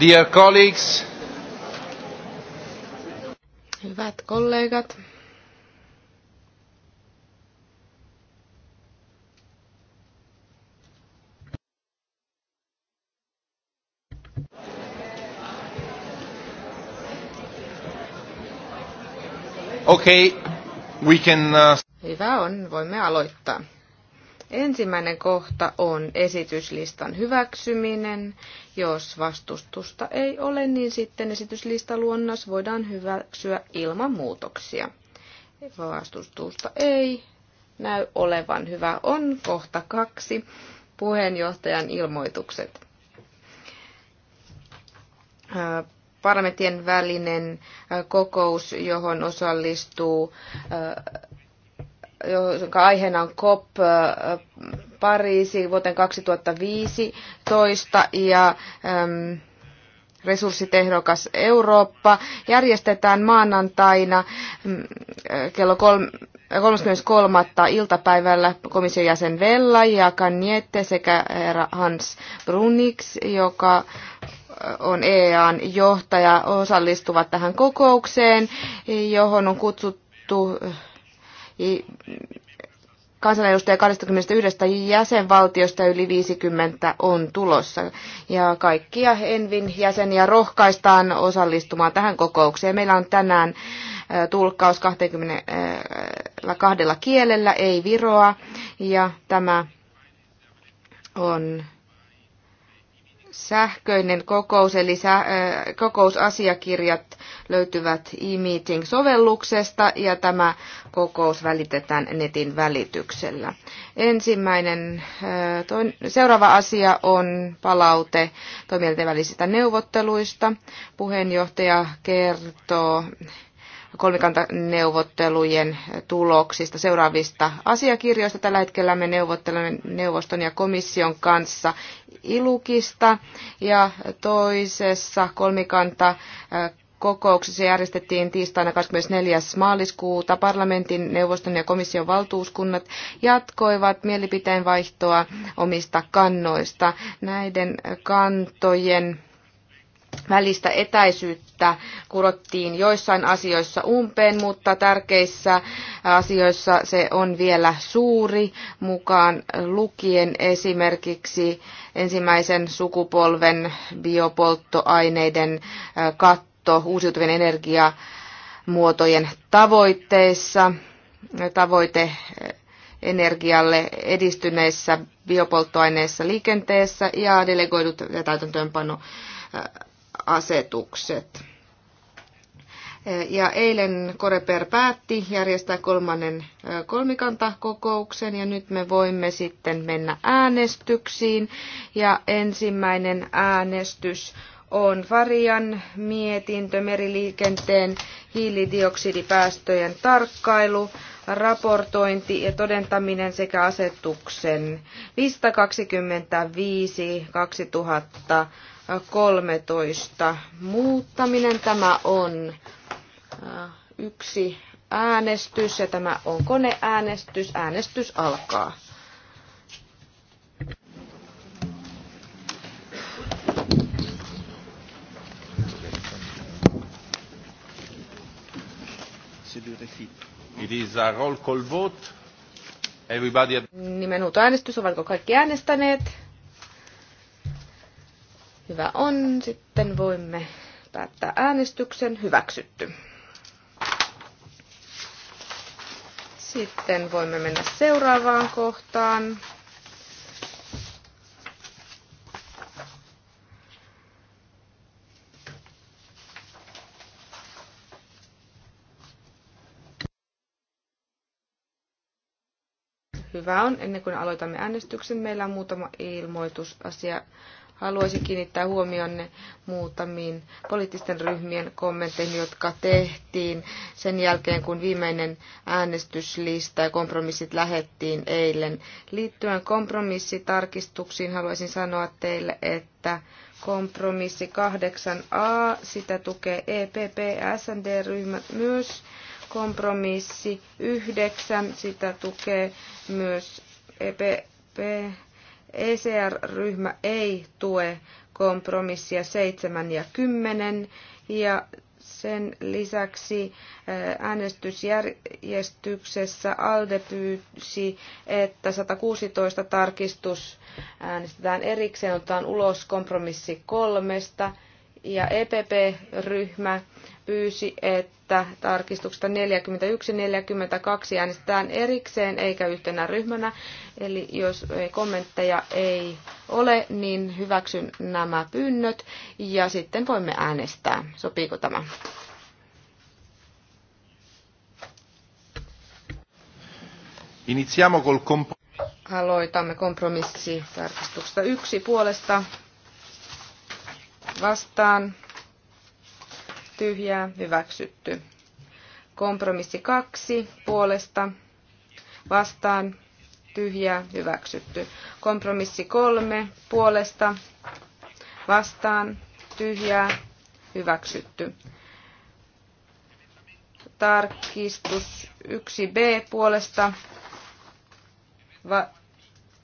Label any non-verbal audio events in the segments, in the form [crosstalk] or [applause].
Dear colleagues. Hyvät kollegat. Okay, we can, uh... Hyvä on, voimme aloittaa. Ensimmäinen kohta on esityslistan hyväksyminen. Jos vastustusta ei ole, niin sitten esityslistaluonnos voidaan hyväksyä ilman muutoksia. Vastustusta ei näy olevan hyvä on kohta kaksi puheenjohtajan ilmoitukset. Parlamenttien välinen kokous, johon osallistuu jonka aiheena on COP äh, Pariisi vuoteen 2015 ja äm, resurssitehdokas Eurooppa järjestetään maanantaina mm, äh, kello 33. Äh, iltapäivällä komission jäsen Vella ja Kanniette sekä herra Hans Brunix, joka on EAN johtaja, osallistuvat tähän kokoukseen, johon on kutsuttu kansanedustajia 21 jäsenvaltiosta yli 50 on tulossa. Ja kaikkia Envin jäseniä rohkaistaan osallistumaan tähän kokoukseen. Meillä on tänään tulkkaus 22 kielellä, ei viroa, ja tämä on sähköinen kokous, eli sä, kokousasiakirjat löytyvät e-meeting-sovelluksesta ja tämä kokous välitetään netin välityksellä. Ensimmäinen, toin, seuraava asia on palaute toimielten välisistä neuvotteluista. Puheenjohtaja kertoo kolmikantaneuvottelujen tuloksista seuraavista asiakirjoista. Tällä hetkellä me neuvottelemme neuvoston ja komission kanssa ilukista ja toisessa kolmikanta kokouksessa järjestettiin tiistaina 24. maaliskuuta parlamentin, neuvoston ja komission valtuuskunnat jatkoivat mielipiteen vaihtoa omista kannoista. Näiden kantojen välistä etäisyyttä kurottiin joissain asioissa umpeen, mutta tärkeissä asioissa se on vielä suuri, mukaan lukien esimerkiksi ensimmäisen sukupolven biopolttoaineiden katto uusiutuvien energiamuotojen tavoitteissa, tavoite energialle edistyneissä biopolttoaineissa liikenteessä ja delegoidut ja täytäntöönpano asetukset. Ja eilen Koreper päätti järjestää kolmannen kolmikantakokouksen ja nyt me voimme sitten mennä äänestyksiin. Ja ensimmäinen äänestys on varian mietintö meriliikenteen hiilidioksidipäästöjen tarkkailu, raportointi ja todentaminen sekä asetuksen 525 2000 13 muuttaminen. Tämä on äh, yksi äänestys ja tämä on koneäänestys. Äänestys alkaa. It is a roll call vote. Everybody... Nimenhuutoäänestys, ovatko kaikki äänestäneet? Hyvä on. Sitten voimme päättää äänestyksen. Hyväksytty. Sitten voimme mennä seuraavaan kohtaan. Hyvä on. Ennen kuin aloitamme äänestyksen, meillä on muutama ilmoitusasia Haluaisin kiinnittää huomionne muutamiin poliittisten ryhmien kommentteihin, jotka tehtiin sen jälkeen, kun viimeinen äänestyslista ja kompromissit lähettiin eilen. Liittyen kompromissitarkistuksiin haluaisin sanoa teille, että kompromissi 8a, sitä tukee EPP ja SND-ryhmät myös. Kompromissi 9, sitä tukee myös EPP ECR-ryhmä ei tue kompromissia 7 ja 10 ja sen lisäksi äänestysjärjestyksessä ALDE pyysi, että 116 tarkistus äänestetään erikseen, otetaan ulos kompromissi kolmesta ja EPP-ryhmä pyysi, että tarkistuksesta 41-42 äänestetään erikseen eikä yhtenä ryhmänä. Eli jos kommentteja ei ole, niin hyväksyn nämä pyynnöt ja sitten voimme äänestää. Sopiiko tämä? Iniziamo col Aloitamme kompromissi tarkistuksesta yksi puolesta vastaan tyhjää hyväksytty. Kompromissi kaksi puolesta vastaan tyhjää hyväksytty. Kompromissi kolme puolesta vastaan tyhjää hyväksytty. Tarkistus 1b puolesta va-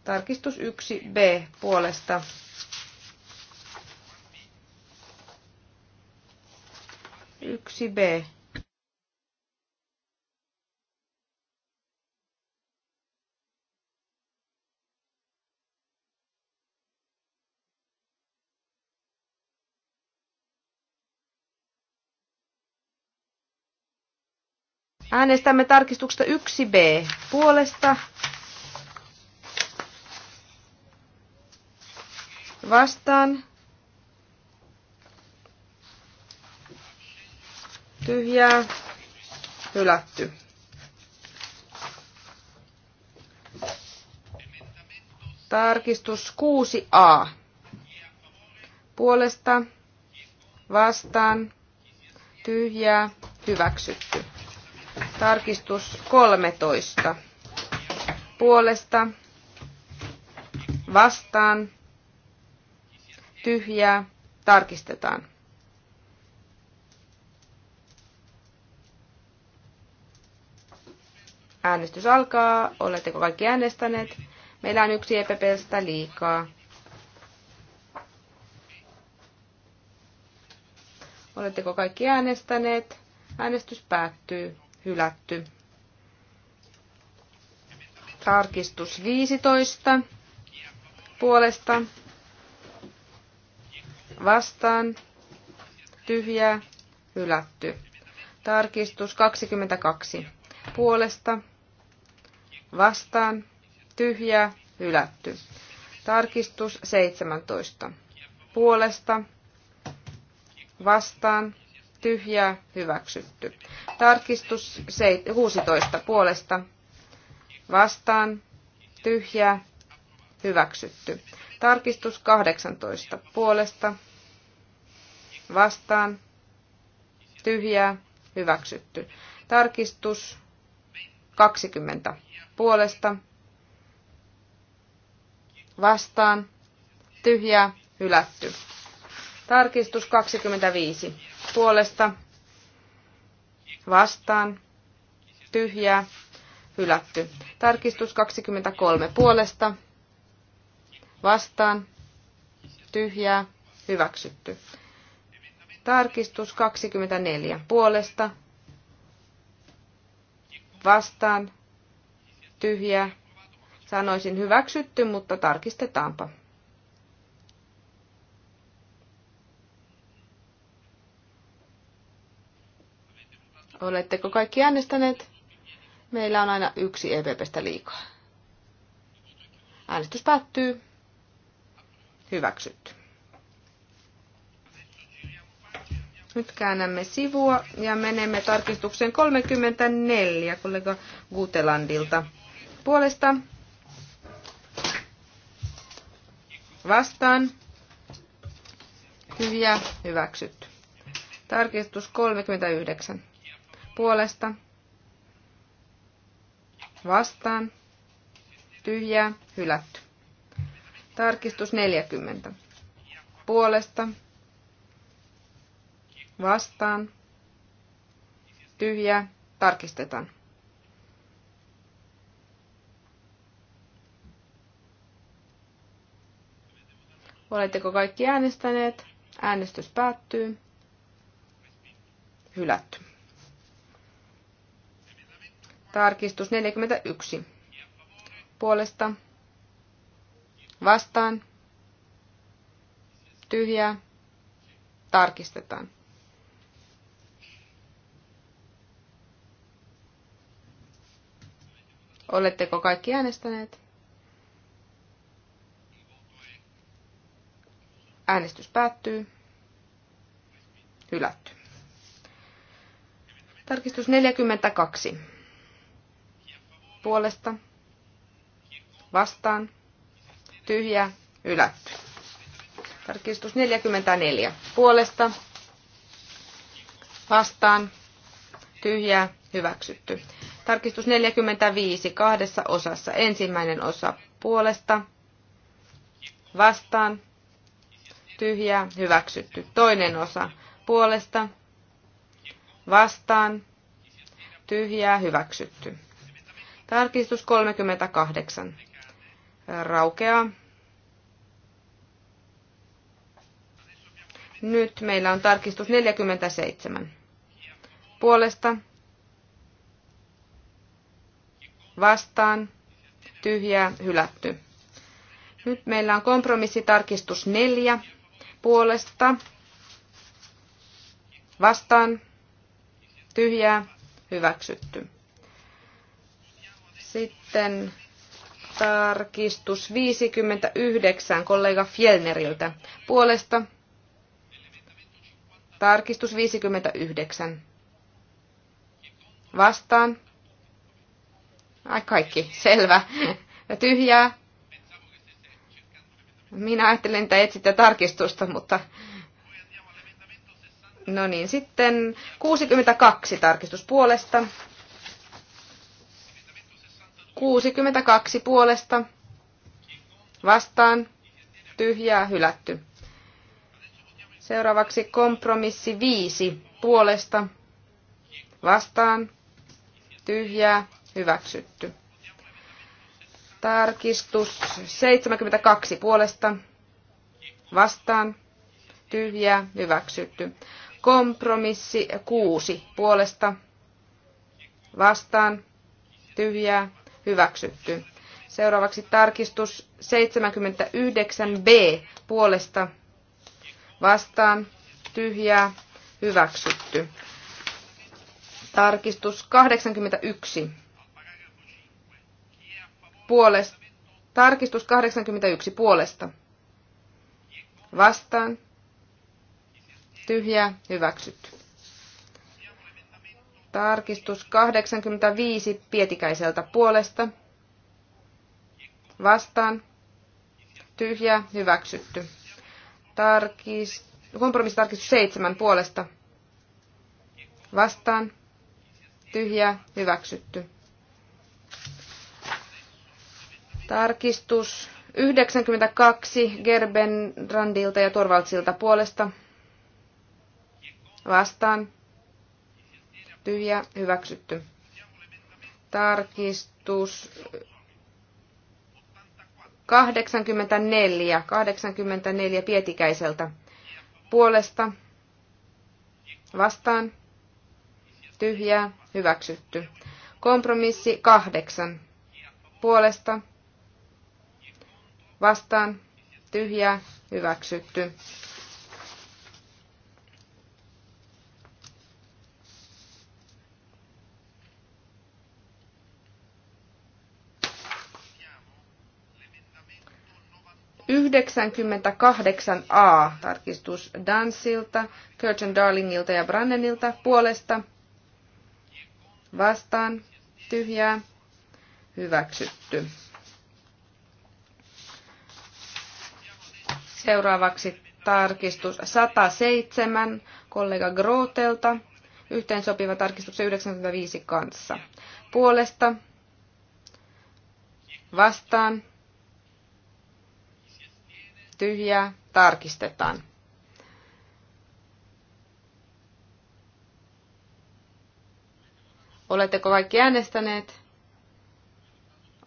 tarkistus 1b puolesta yksi b Äänestämme tarkistuksesta 1b puolesta. Vastaan. tyhjää, hylätty. Tarkistus 6a. Puolesta, vastaan, tyhjää, hyväksytty. Tarkistus 13. Puolesta, vastaan, tyhjää, tarkistetaan. Äänestys alkaa. Oletteko kaikki äänestäneet? Meillä on yksi EPPstä liikaa. Oletteko kaikki äänestäneet? Äänestys päättyy. Hylätty. Tarkistus 15. Puolesta. Vastaan. Tyhjää. Hylätty. Tarkistus 22. Puolesta vastaan, tyhjä hylätty. Tarkistus 17. Puolesta, vastaan, tyhjä hyväksytty. Tarkistus 16. Puolesta, vastaan, tyhjä hyväksytty. Tarkistus 18. Puolesta, vastaan, tyhjä hyväksytty. Tarkistus 20 puolesta vastaan tyhjää hylätty. Tarkistus 25 puolesta vastaan tyhjää hylätty. Tarkistus 23 puolesta vastaan tyhjää hyväksytty. Tarkistus 24 puolesta vastaan tyhjä, sanoisin hyväksytty, mutta tarkistetaanpa. Oletteko kaikki äänestäneet? Meillä on aina yksi EPPstä liikaa. Äänestys päättyy. Hyväksytty. Nyt käännämme sivua ja menemme tarkistukseen 34 kollega Gutelandilta puolesta vastaan hyviä hyväksytty. Tarkistus 39 puolesta vastaan tyhjä hylätty. Tarkistus 40 puolesta vastaan tyhjä tarkistetaan. Oletteko kaikki äänestäneet? Äänestys päättyy. Hylätty. Tarkistus 41. Puolesta. Vastaan. Tyhjää. Tarkistetaan. Oletteko kaikki äänestäneet? Äänestys päättyy. Hylätty. Tarkistus 42. Puolesta. Vastaan. Tyhjä. Hylätty. Tarkistus 44. Puolesta. Vastaan. tyhjä Hyväksytty. Tarkistus 45. Kahdessa osassa. Ensimmäinen osa puolesta. Vastaan tyhjää, hyväksytty. Toinen osa puolesta, vastaan, tyhjää, hyväksytty. Tarkistus 38. Raukeaa. Nyt meillä on tarkistus 47. Puolesta, vastaan, tyhjää, hylätty. Nyt meillä on kompromissitarkistus 4 puolesta vastaan tyhjää hyväksytty. Sitten tarkistus 59 kollega Fjellneriltä puolesta. Tarkistus 59. Vastaan. Ai kaikki, selvä. [laughs] Tyhjää, minä ajattelin, että etsitte tarkistusta, mutta... No niin, sitten 62 tarkistus puolesta. 62 puolesta. Vastaan. Tyhjää hylätty. Seuraavaksi kompromissi 5 puolesta. Vastaan. Tyhjää hyväksytty. Tarkistus 72 puolesta vastaan tyhjää hyväksytty. Kompromissi 6 puolesta vastaan tyhjää hyväksytty. Seuraavaksi tarkistus 79b puolesta vastaan tyhjää hyväksytty. Tarkistus 81 puolesta. Tarkistus 81 puolesta. Vastaan. tyhjä, Hyväksytty. Tarkistus 85 Pietikäiseltä puolesta. Vastaan. tyhjä, Hyväksytty. Tarkist... Kompromissitarkistus 7 puolesta. Vastaan. tyhjä, Hyväksytty. Tarkistus 92 Gerben Randilta ja Torvaltsilta puolesta. Vastaan. Tyhjä. Hyväksytty. Tarkistus 84. 84 Pietikäiseltä. Puolesta. Vastaan. Tyhjää. Hyväksytty. Kompromissi 8. Puolesta vastaan tyhjää hyväksytty. Yhdeksänkymmentäkahdeksan a tarkistus Dansilta, Kirchen Darlingilta ja Brannenilta puolesta vastaan tyhjää hyväksytty. Seuraavaksi tarkistus 107 kollega Grotelta, yhteensopiva tarkistuksen 95 kanssa. Puolesta vastaan tyhjää tarkistetaan. Oletteko kaikki äänestäneet?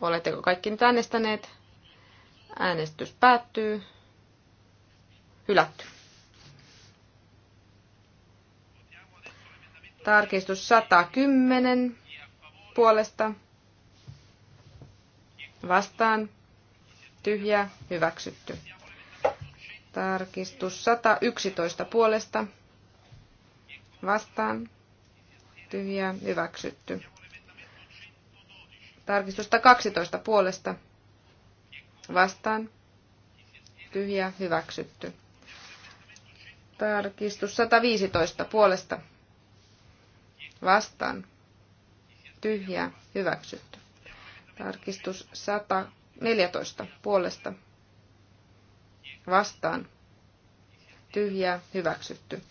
Oletteko kaikki nyt äänestäneet? Äänestys päättyy. Hylätty. Tarkistus 110 puolesta. Vastaan. Tyhjä. Hyväksytty. Tarkistus 111 puolesta. Vastaan. Tyhjä. Hyväksytty. Tarkistus 112 puolesta. Vastaan. Tyhjä. Hyväksytty. Tarkistus 115 puolesta. Vastaan. Tyhjää. Hyväksytty. Tarkistus 114 puolesta. Vastaan. Tyhjää. Hyväksytty.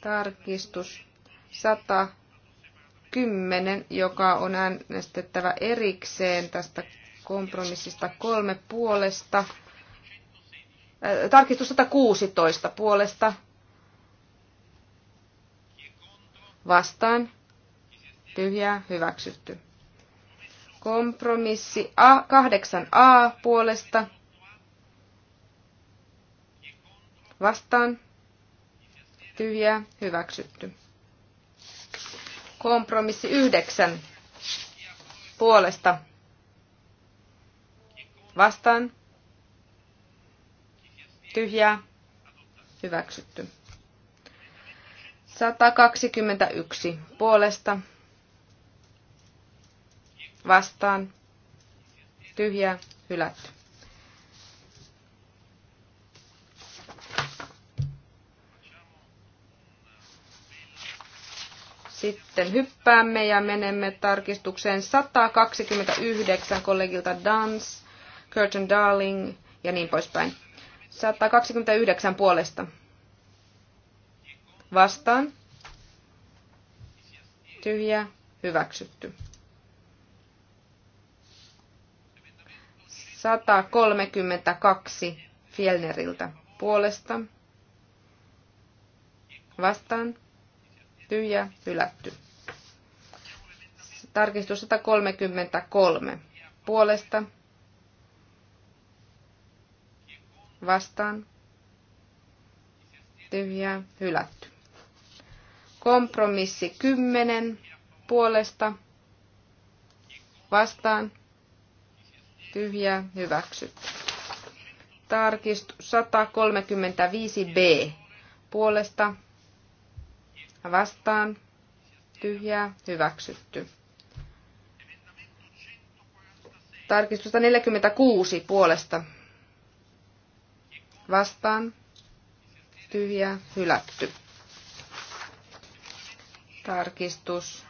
Tarkistus 110, joka on äänestettävä erikseen tästä kompromissista kolme puolesta. Äh, tarkistus 116 puolesta. Vastaan. Tyhjää. Hyväksytty. Kompromissi A, 8a puolesta. Vastaan. Tyhjää. Hyväksytty. Kompromissi 9 puolesta Vastaan. Tyhjää. Hyväksytty. 121 puolesta. Vastaan. Tyhjää. Hylätty. Sitten hyppäämme ja menemme tarkistukseen 129 kollegilta Dans Curtain Darling ja niin poispäin. 129 puolesta. Vastaan. Tyhjä. Hyväksytty. 132 Fielneriltä puolesta. Vastaan. Tyhjä. Hylätty. Tarkistus 133 puolesta vastaan tyhjä hylätty. Kompromissi 10 puolesta vastaan tyhjä hyväksytty. Tarkistus 135b puolesta vastaan tyhjä hyväksytty. Tarkistusta 46 puolesta vastaan tyhjä hylätty. Tarkistus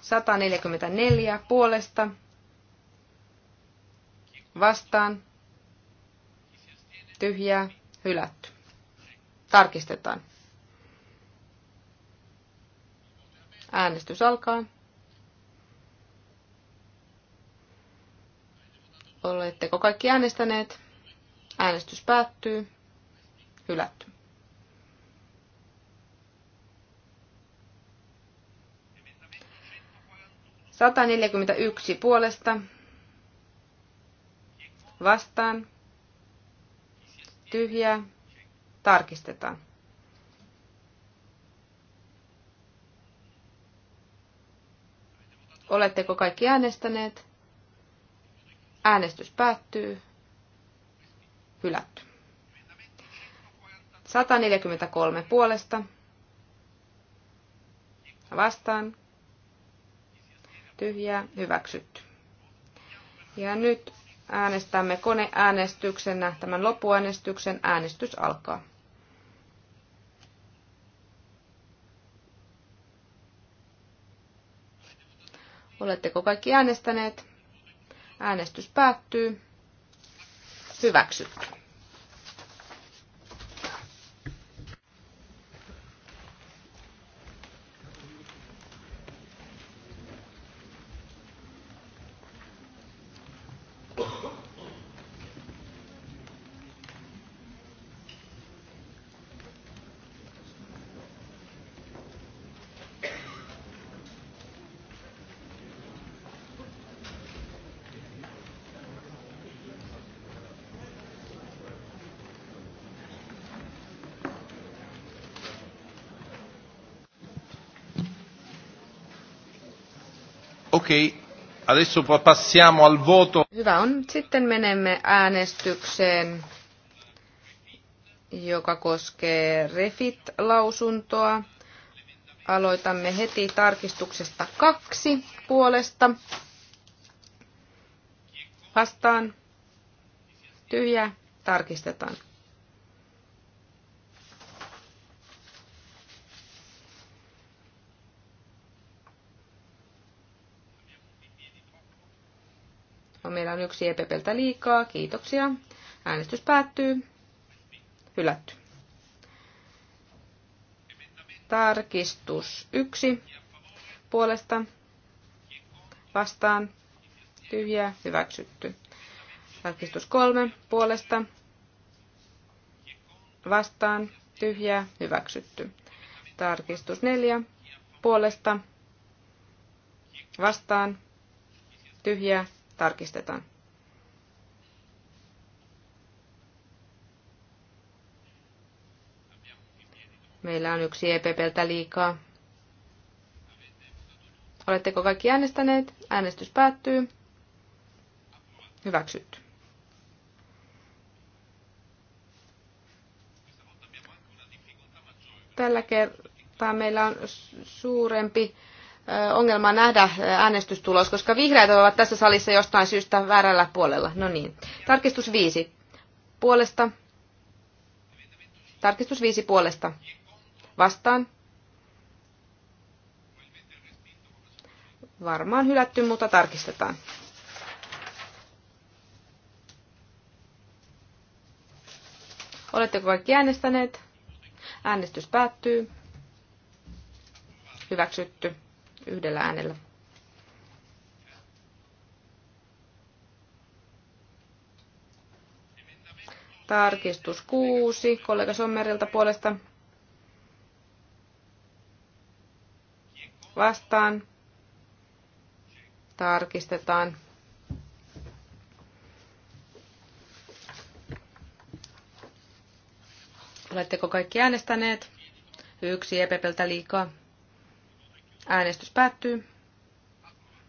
144 puolesta vastaan tyhjää hylätty. Tarkistetaan. Äänestys alkaa. Oletteko kaikki äänestäneet? Äänestys päättyy. Hylätty. Sataneljäkymmentäyksi puolesta. Vastaan. Tyhjää. Tarkistetaan. Oletteko kaikki äänestäneet? Äänestys päättyy hylätty. 143 puolesta vastaan tyhjää hyväksytty. Ja nyt äänestämme koneäänestyksenä tämän loppuäänestyksen. Äänestys alkaa. Oletteko kaikki äänestäneet? Äänestys päättyy. Hyväksytty. Okei. Okay. Adesso passiamo al voto. Hyvä on. Sitten menemme äänestykseen, joka koskee Refit-lausuntoa. Aloitamme heti tarkistuksesta kaksi puolesta. Vastaan. Tyhjä. Tarkistetaan. on yksi EPPltä liikaa. Kiitoksia. Äänestys päättyy. Hylätty. Tarkistus yksi puolesta vastaan Tyhjä. hyväksytty. Tarkistus kolme puolesta vastaan Tyhjä. hyväksytty. Tarkistus neljä puolesta vastaan Tyhjä tarkistetaan. Meillä on yksi EPPltä liikaa. Oletteko kaikki äänestäneet? Äänestys päättyy. Hyväksytty. Tällä kertaa meillä on suurempi ongelma nähdä äänestystulos, koska vihreät ovat tässä salissa jostain syystä väärällä puolella. No niin. Tarkistus viisi puolesta. Tarkistus viisi puolesta. Vastaan. Varmaan hylätty, mutta tarkistetaan. Oletteko kaikki äänestäneet? Äänestys päättyy. Hyväksytty yhdellä äänellä. Tarkistus 6, kollega Sommerilta puolesta. Vastaan. Tarkistetaan. Oletteko kaikki äänestäneet? Yksi EPPltä liikaa. Äänestys päättyy.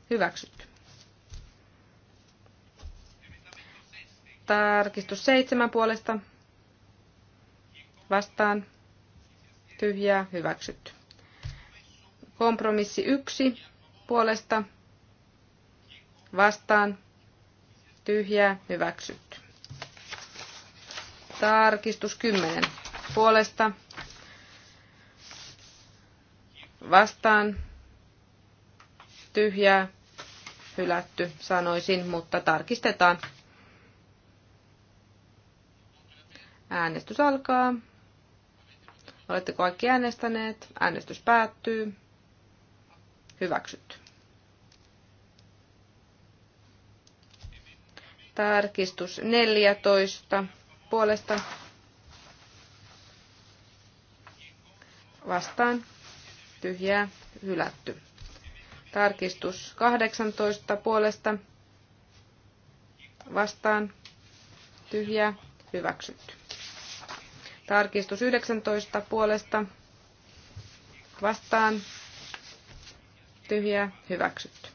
Hyväksytty. Tarkistus seitsemän puolesta. Vastaan. Tyhjää. Hyväksytty. Kompromissi yksi puolesta. Vastaan. Tyhjää. Hyväksytty. Tarkistus kymmenen puolesta. Vastaan tyhjää, hylätty sanoisin, mutta tarkistetaan. Äänestys alkaa. Oletteko kaikki äänestäneet? Äänestys päättyy. Hyväksytty. Tarkistus 14 puolesta vastaan tyhjää hylätty. Tarkistus 18 puolesta vastaan tyhjä hyväksytty. Tarkistus 19 puolesta vastaan tyhjä hyväksytty.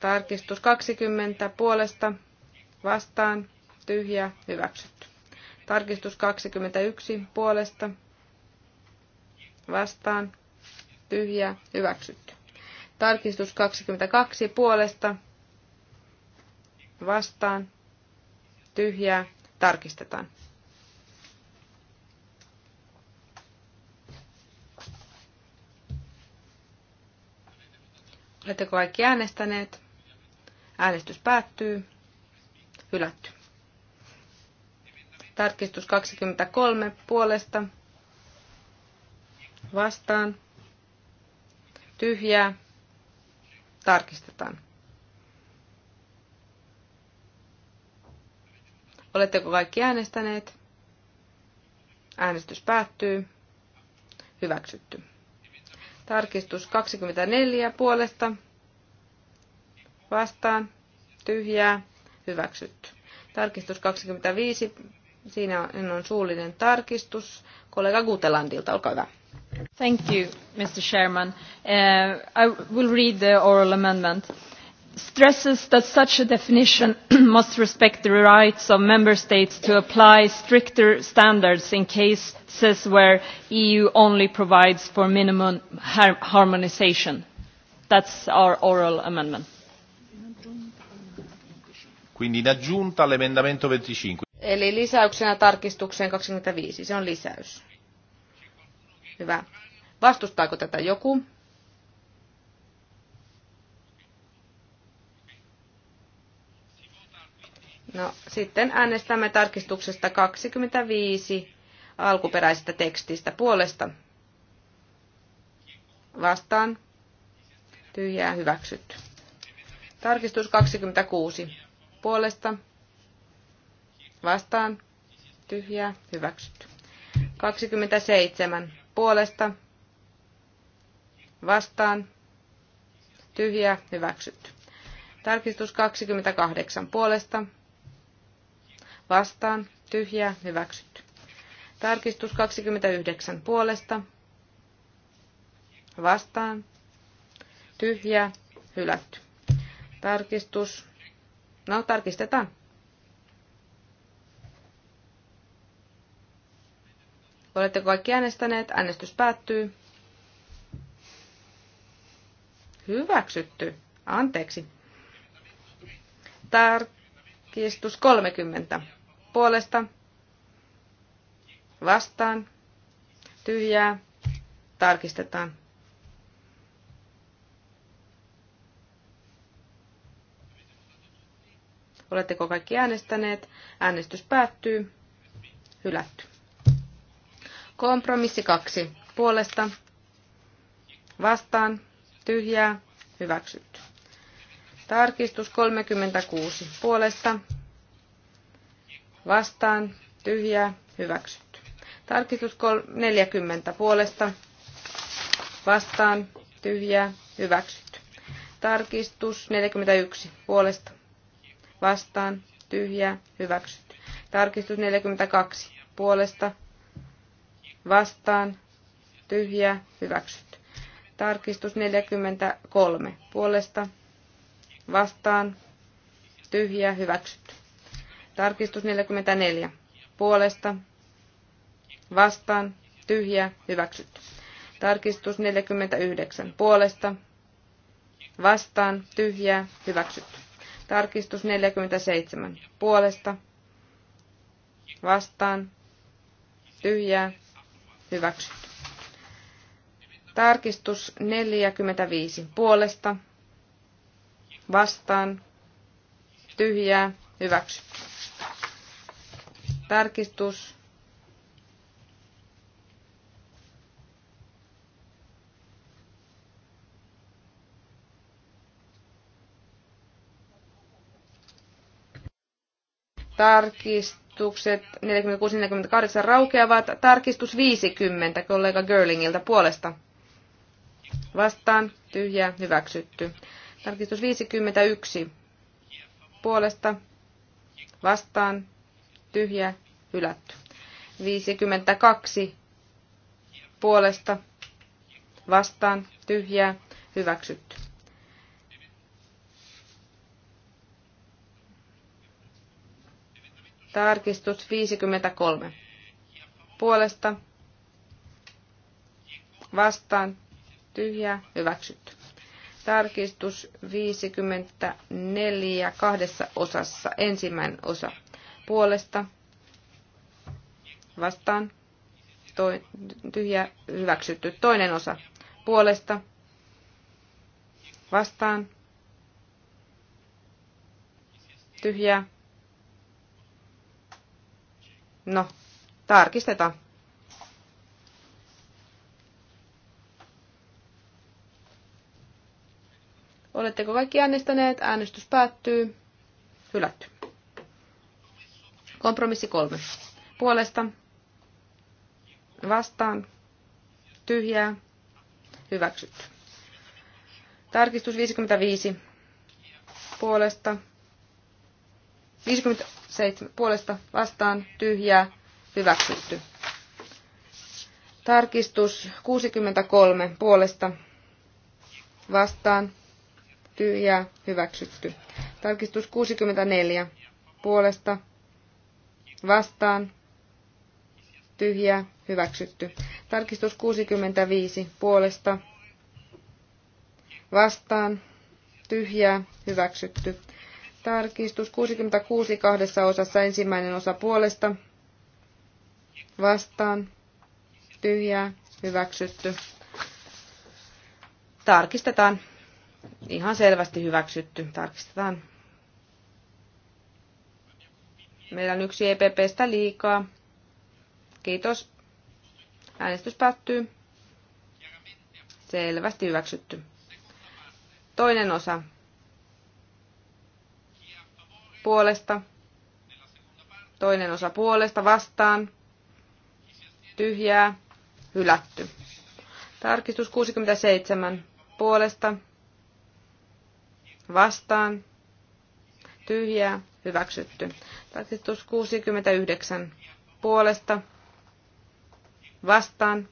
Tarkistus 20 puolesta vastaan tyhjä hyväksytty. Tarkistus 21 puolesta vastaan tyhjä hyväksytty. Tarkistus 22 puolesta vastaan tyhjää tarkistetaan. Oletteko kaikki äänestäneet? Äänestys päättyy. Hylätty. Tarkistus 23 puolesta. Vastaan. Tyhjää. Tarkistetaan. Oletteko kaikki äänestäneet? Äänestys päättyy. Hyväksytty. Tarkistus 24 puolesta. Vastaan. Tyhjää. Hyväksytty. Tarkistus 25. Siinä on suullinen tarkistus. Kollega Gutelandilta, olkaa hyvä. Thank you, Mr. Chairman. Uh, I will read the oral amendment stresses that such a definition [clears throat] must respect the rights of member states to apply stricter standards in cases where the eu only provides for minimum harmonisation. that is our oral amendment. Quindi in aggiunta all'emendamento 25. Eli lisäyksenä tarkistukseen 25. Se on lisäys. Hyvä. Vastustaako tätä joku? No, sitten äänestämme tarkistuksesta 25 alkuperäisestä tekstistä puolesta. Vastaan. Tyhjää hyväksytty. Tarkistus 26 puolesta. Vastaan. Tyhjää hyväksytty. 27 puolesta vastaan tyhjä hyväksytty. Tarkistus 28 puolesta vastaan tyhjä hyväksytty. Tarkistus 29 puolesta vastaan tyhjä hylätty. Tarkistus. No, tarkistetaan. Oletteko kaikki äänestäneet? Äänestys päättyy. Hyväksytty. Anteeksi. Tarkistus 30. Puolesta. Vastaan. Tyhjää. Tarkistetaan. Oletteko kaikki äänestäneet? Äänestys päättyy. Hylätty. Kompromissi kaksi. Puolesta. Vastaan. Tyhjää. Hyväksytty. Tarkistus 36. Puolesta. Vastaan. Tyhjää. Hyväksytty. Tarkistus 40. Puolesta. Vastaan. Tyhjää. Hyväksytty. Tarkistus 41. Puolesta. Vastaan. Tyhjää. Hyväksytty. Tarkistus 42. Puolesta vastaan, tyhjä, hyväksytty. Tarkistus 43 puolesta, vastaan, tyhjä, hyväksytty. Tarkistus 44 puolesta, vastaan, tyhjä, hyväksytty. Tarkistus 49 puolesta, vastaan, tyhjä, hyväksytty. Tarkistus 47 puolesta, vastaan, tyhjä Hyväksytty. Tarkistus 45. Puolesta. Vastaan. Tyhjää. Hyväksy. Tarkistus. Tarkistus tarkistukset 46-48 raukeavat. Tarkistus 50 kollega Görlingiltä puolesta. Vastaan. Tyhjä. Hyväksytty. Tarkistus 51 puolesta. Vastaan. Tyhjä. Hylätty. 52 puolesta. Vastaan. tyhjä Hyväksytty. Tarkistus 53. Puolesta vastaan tyhjä hyväksytty. Tarkistus 54 kahdessa osassa. Ensimmäinen osa puolesta vastaan toi, tyhjä hyväksytty. Toinen osa puolesta vastaan tyhjä No, tarkistetaan. Oletteko kaikki äänestäneet? Äänestys päättyy. Hylätty. Kompromissi kolme. Puolesta. Vastaan. Tyhjää. Hyväksytty. Tarkistus 55. Puolesta 57 puolesta vastaan tyhjää hyväksytty. Tarkistus 63 puolesta vastaan tyhjää hyväksytty. Tarkistus 64 puolesta vastaan tyhjää hyväksytty. Tarkistus 65 puolesta vastaan tyhjää hyväksytty. Tarkistus 66 kahdessa osassa ensimmäinen osa puolesta. Vastaan. Tyhjää. Hyväksytty. Tarkistetaan. Ihan selvästi hyväksytty. Tarkistetaan. Meillä on yksi EPPstä liikaa. Kiitos. Äänestys päättyy. Selvästi hyväksytty. Toinen osa puolesta, toinen osa puolesta vastaan, tyhjää, hylätty. Tarkistus 67 puolesta, vastaan, tyhjää, hyväksytty. Tarkistus 69 puolesta, vastaan,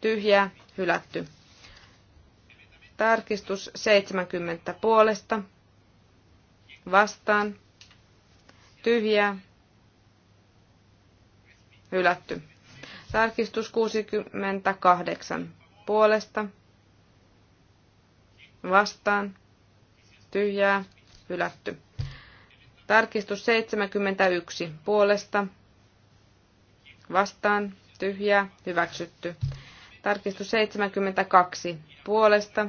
tyhjää, hylätty. Tarkistus 70 puolesta, vastaan, tyhjää, hylätty. Tarkistus 68 puolesta, vastaan, tyhjää, hylätty. Tarkistus 71 puolesta, vastaan, tyhjää, hyväksytty. Tarkistus 72 puolesta,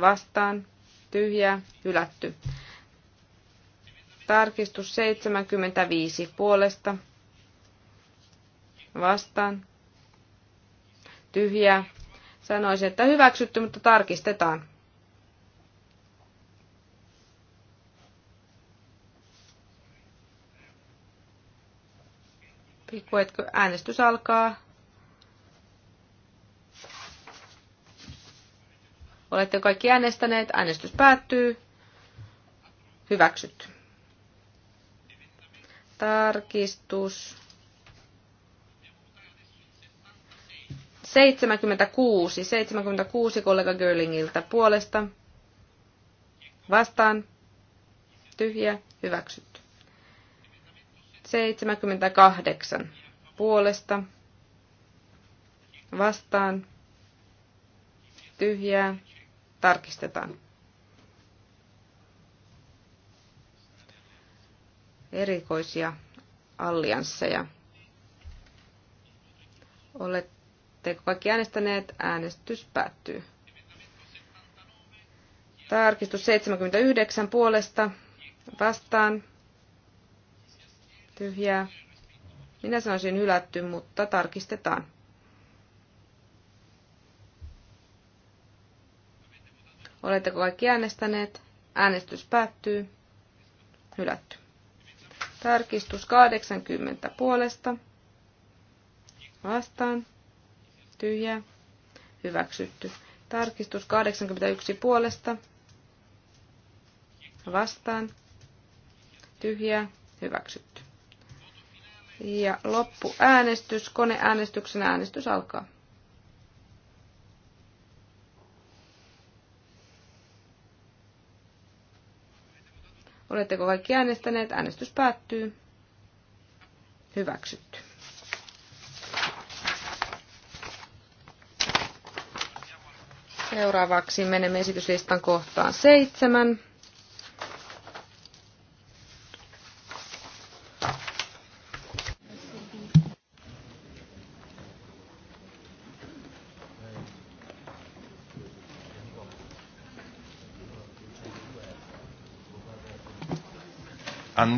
vastaan, tyhjää, hylätty. Tarkistus 75 puolesta. Vastaan. Tyhjää. Sanoisin, että hyväksytty, mutta tarkistetaan. Pikkuetkö äänestys alkaa? Olette kaikki äänestäneet. Äänestys päättyy. Hyväksytty. Tarkistus. 76. 76 kollega Görlingiltä puolesta. Vastaan. Tyhjä. Hyväksytty. 78 puolesta. Vastaan. Tyhjää. Tarkistetaan. erikoisia alliansseja. Oletteko kaikki äänestäneet? Äänestys päättyy. Tarkistus 79 puolesta vastaan. Tyhjää. Minä sanoisin hylätty, mutta tarkistetaan. Oletteko kaikki äänestäneet? Äänestys päättyy. Hylätty. Tarkistus 80 puolesta. Vastaan. tyhjä Hyväksytty. Tarkistus 81 puolesta. Vastaan. tyhjä Hyväksytty. Ja loppuäänestys. Koneäänestyksen äänestys alkaa. Oletteko kaikki äänestäneet? Äänestys päättyy. Hyväksytty. Seuraavaksi menemme esityslistan kohtaan seitsemän.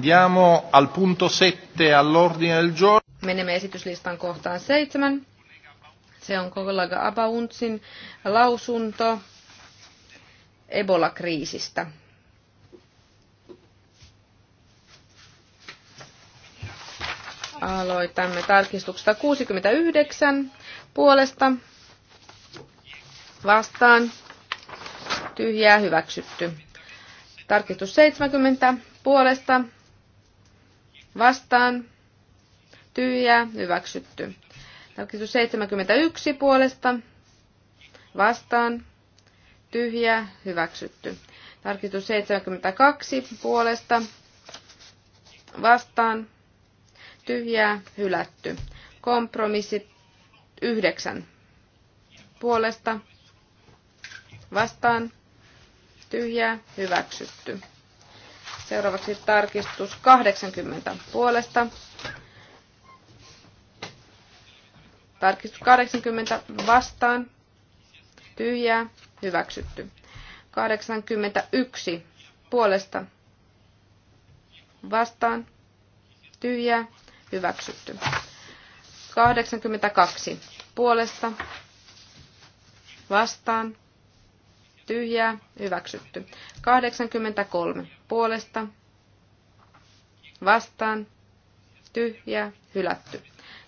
Andiamo al punto 7 all'ordine del giorno. Menemme esityslistan kohtaan 7. Se on kollega Abauntsin lausunto Ebola-kriisistä. Aloitamme tarkistuksesta 69 puolesta vastaan tyhjää hyväksytty. Tarkistus 70 puolesta vastaan, tyhjää, hyväksytty. Tarkistus 71 puolesta, vastaan, tyhjää, hyväksytty. Tarkistus 72 puolesta, vastaan, tyhjää, hylätty. Kompromissi 9 puolesta, vastaan, tyhjää, hyväksytty. Seuraavaksi tarkistus 80 puolesta. Tarkistus 80 vastaan. Tyhjää. Hyväksytty. 81 puolesta. Vastaan. Tyhjää. Hyväksytty. 82 puolesta. Vastaan tyhjää, hyväksytty. 83 puolesta, vastaan, tyhjää, hylätty.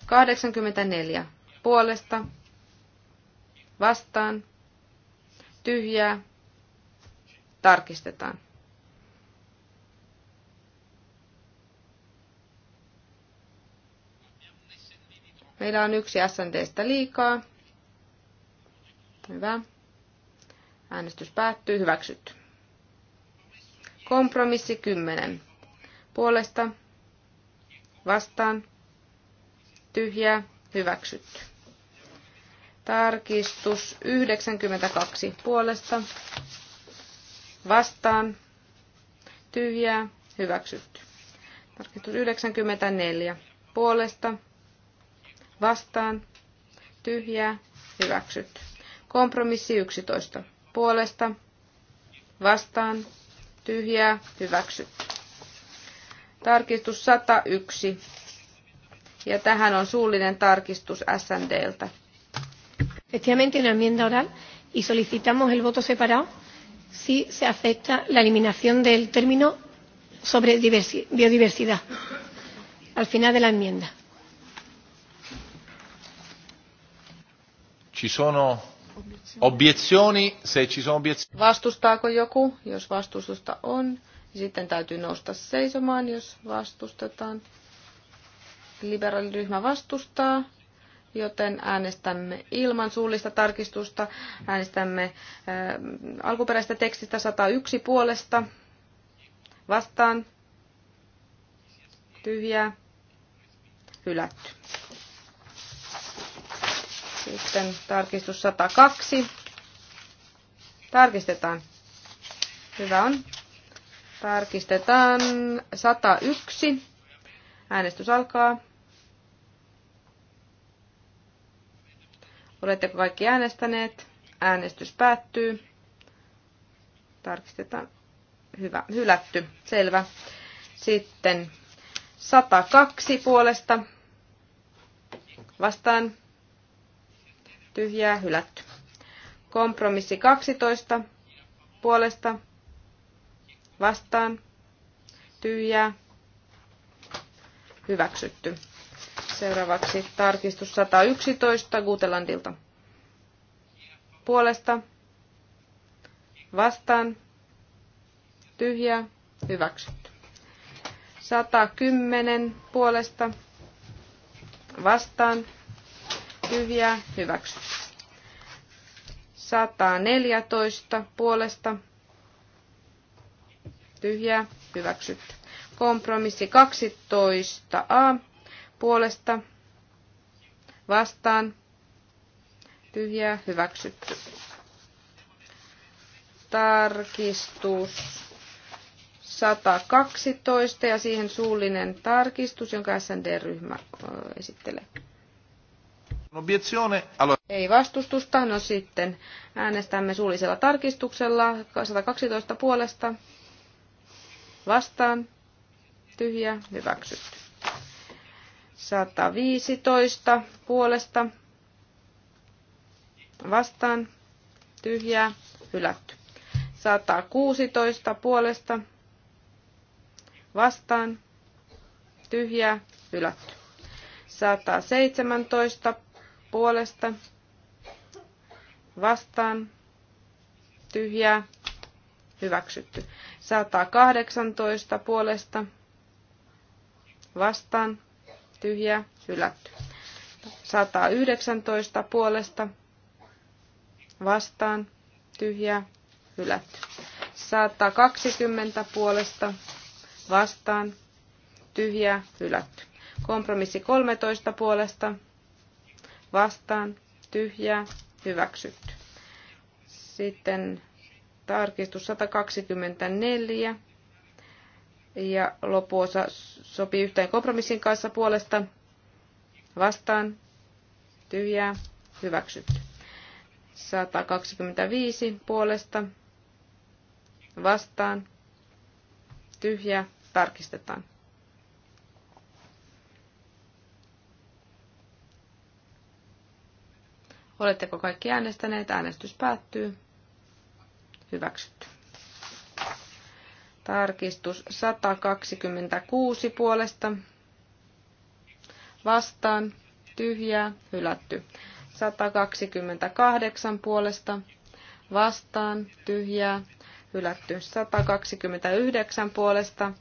84 puolesta, vastaan, tyhjää, tarkistetaan. Meillä on yksi SNDstä liikaa. Hyvä. Äänestys päättyy. Hyväksytty. Kompromissi 10. Puolesta. Vastaan. Tyhjää. Hyväksytty. Tarkistus 92. Puolesta. Vastaan. Tyhjää. Hyväksytty. Tarkistus 94. Puolesta. Vastaan. Tyhjää. Hyväksytty. Kompromissi 11 puolesta vastaan tyhjää hyväksyt. Tarkistus 101. Ja tähän on suullinen tarkistus SNDltä. Efectivamente, en la enmienda oral y solicitamos el voto separado si se acepta la eliminación del término sobre biodiversidad al final de la enmienda. Ci sono Obiezioni, se ci sono obiezioni. Vastustaako joku? Jos vastustusta on, niin sitten täytyy nousta seisomaan, jos vastustetaan. Liberaaliryhmä vastustaa, joten äänestämme ilman suullista tarkistusta. Äänestämme äh, alkuperäistä tekstistä 101 puolesta. Vastaan. Tyhjää. Hylätty. Sitten tarkistus 102. Tarkistetaan. Hyvä on. Tarkistetaan 101. Äänestys alkaa. Oletteko kaikki äänestäneet? Äänestys päättyy. Tarkistetaan. Hyvä. Hylätty. Selvä. Sitten 102 puolesta. Vastaan tyhjää hylätty. Kompromissi 12 puolesta vastaan tyhjää hyväksytty. Seuraavaksi tarkistus 111 Gutelandilta puolesta vastaan tyhjää hyväksytty. 110 puolesta vastaan tyhjää, hyväksytty. 114 puolesta, tyhjää, hyväksytty. Kompromissi 12a puolesta, vastaan, tyhjää, hyväksytty. Tarkistus 112 ja siihen suullinen tarkistus, jonka SND-ryhmä esittelee. Ei vastustusta, no sitten äänestämme suullisella tarkistuksella 112 puolesta vastaan tyhjä hyväksytty. 115 puolesta vastaan tyhjää hylätty. 116 puolesta vastaan tyhjää hylätty. 117 puolesta vastaan tyhjää hyväksytty. 118 puolesta vastaan tyhjää hylätty. 119 puolesta vastaan tyhjää hylätty. 120 puolesta vastaan tyhjää hylätty. Kompromissi 13 puolesta vastaan, tyhjää, hyväksytty. Sitten tarkistus 124 ja lopuosa sopii yhteen kompromissin kanssa puolesta vastaan, tyhjää, hyväksytty. 125 puolesta vastaan, tyhjä, tarkistetaan. Oletteko kaikki äänestäneet? Äänestys päättyy. Hyväksytty. Tarkistus 126 puolesta. Vastaan. Tyhjää. Hylätty. 128 puolesta. Vastaan. Tyhjää. Hylätty. 129 puolesta.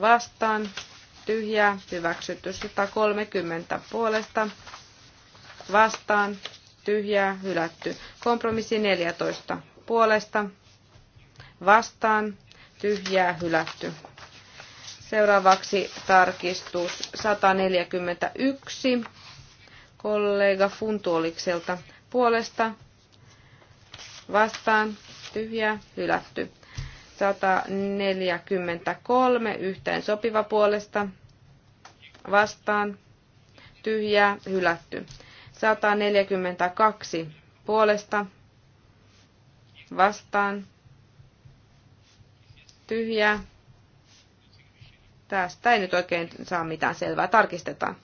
Vastaan. Tyhjää. Hyväksytty. 130 puolesta vastaan, tyhjää, hylätty. Kompromissi 14 puolesta, vastaan, tyhjää, hylätty. Seuraavaksi tarkistus 141 kollega Funtuolikselta puolesta, vastaan, tyhjää, hylätty. 143 yhteen sopiva puolesta, vastaan, tyhjää, hylätty. 142 puolesta vastaan tyhjää. Tästä ei nyt oikein saa mitään selvää. Tarkistetaan.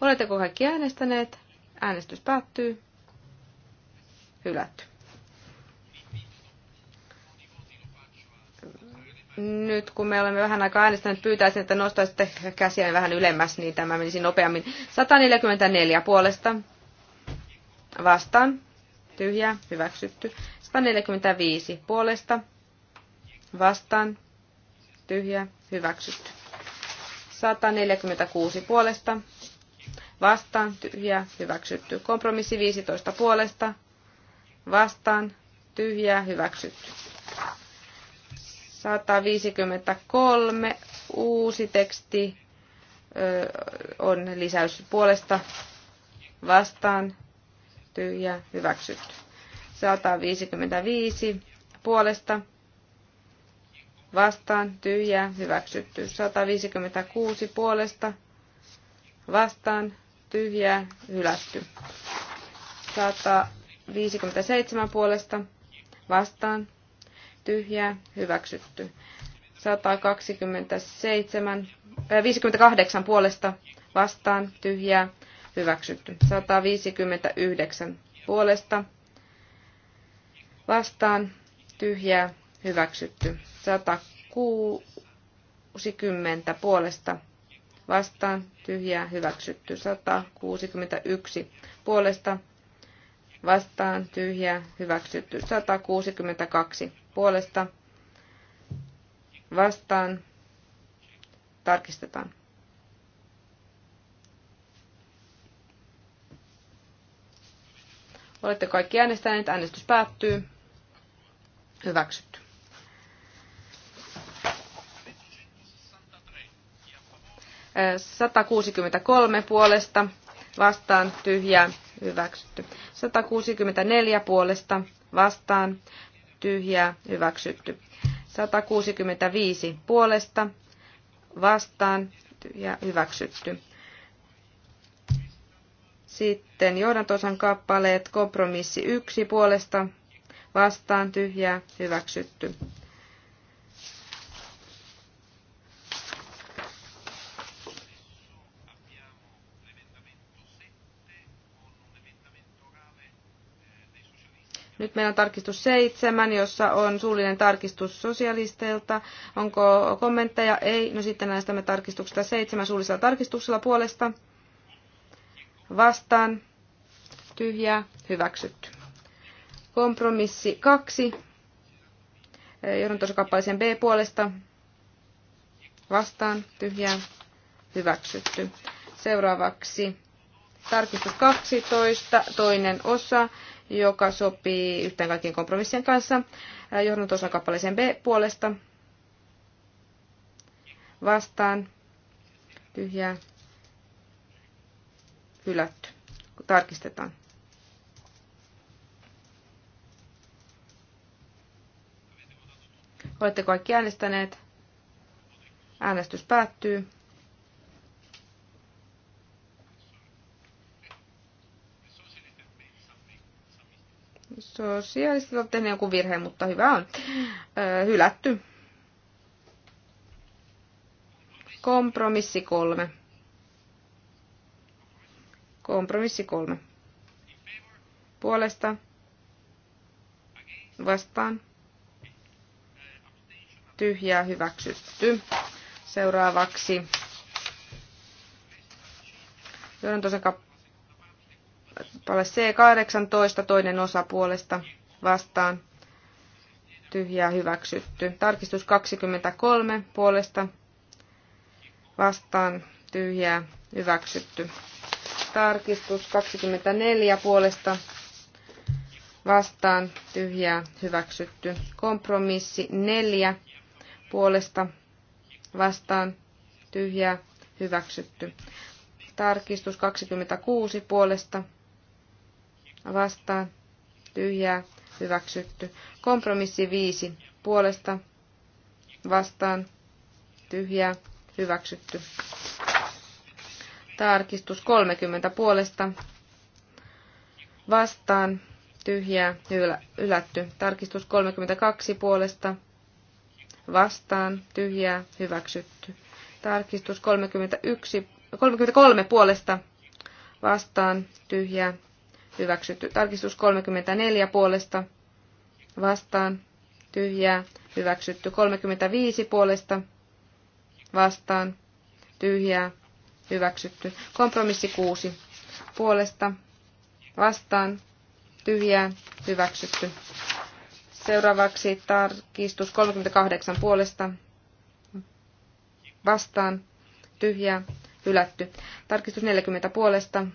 Oletteko kaikki äänestäneet? Äänestys päättyy. Hylätty. Nyt kun me olemme vähän aikaa äänestäneet, pyytäisin, että nostaisitte käsiä vähän ylemmäs, niin tämä menisi nopeammin. 144 puolesta. Vastaan. Tyhjä. Hyväksytty. 145 puolesta. Vastaan. Tyhjä. Hyväksytty. 146 puolesta. Vastaan. Tyhjä. Hyväksytty. Kompromissi 15 puolesta. Vastaan. Tyhjä. Hyväksytty. 153. Uusi teksti on lisäys puolesta vastaan tyhjä hyväksytty. 155 puolesta vastaan tyhjä hyväksytty. 156 puolesta vastaan tyhjä hylätty. 157 puolesta vastaan tyhjää, hyväksytty. 127, äh, 58 puolesta vastaan, tyhjää, hyväksytty. 159 puolesta vastaan, tyhjää, hyväksytty. 160 puolesta vastaan, tyhjää, hyväksytty. 161 puolesta vastaan, tyhjää, hyväksytty. 162 puolesta vastaan tarkistetaan. Olette kaikki äänestäneet, äänestys päättyy. Hyväksytty. 163 puolesta vastaan tyhjää hyväksytty. 164 puolesta vastaan tyhjää, hyväksytty. 165 puolesta, vastaan, tyhjää, hyväksytty. Sitten johdantosan kappaleet, kompromissi 1 puolesta, vastaan, tyhjää, hyväksytty. Nyt meillä on tarkistus seitsemän, jossa on suullinen tarkistus sosialisteilta. Onko kommentteja? Ei. No sitten näistä me tarkistuksesta seitsemän suullisella tarkistuksella puolesta. Vastaan. Tyhjää. Hyväksytty. Kompromissi kaksi. Johdantosakappaisen B puolesta. Vastaan. Tyhjää. Hyväksytty. Seuraavaksi tarkistus 12, toinen osa, joka sopii yhteen kaikkien kompromissien kanssa. Äh, Johdantosan kappaleen B puolesta vastaan tyhjää hylätty. Tarkistetaan. Olette kaikki äänestäneet. Äänestys päättyy. sosiaalisesti ovat tehneet jonkun virheen, mutta hyvä on. Hylätty. Kompromissi kolme. Kompromissi kolme. Puolesta. Vastaan. Tyhjää hyväksytty. Seuraavaksi. Joudun tuossa Kappale C18, toinen osa puolesta vastaan. Tyhjää hyväksytty. Tarkistus 23 puolesta vastaan. Tyhjää hyväksytty. Tarkistus 24 puolesta vastaan. Tyhjää hyväksytty. Kompromissi 4 puolesta vastaan. Tyhjää hyväksytty. Tarkistus 26 puolesta vastaan, tyhjää, hyväksytty. Kompromissi 5 puolesta, vastaan, tyhjää, hyväksytty. Tarkistus 30 puolesta, vastaan, tyhjää, ylätty Tarkistus 32 puolesta, vastaan, tyhjää, hyväksytty. Tarkistus 31, 33 puolesta, vastaan, tyhjää, hyväksytty. Tarkistus 34 puolesta vastaan, tyhjää, hyväksytty. 35 puolesta vastaan, tyhjää, hyväksytty. Kompromissi 6 puolesta vastaan, tyhjää, hyväksytty. Seuraavaksi tarkistus 38 puolesta vastaan, tyhjää, hylätty. Tarkistus 40 puolesta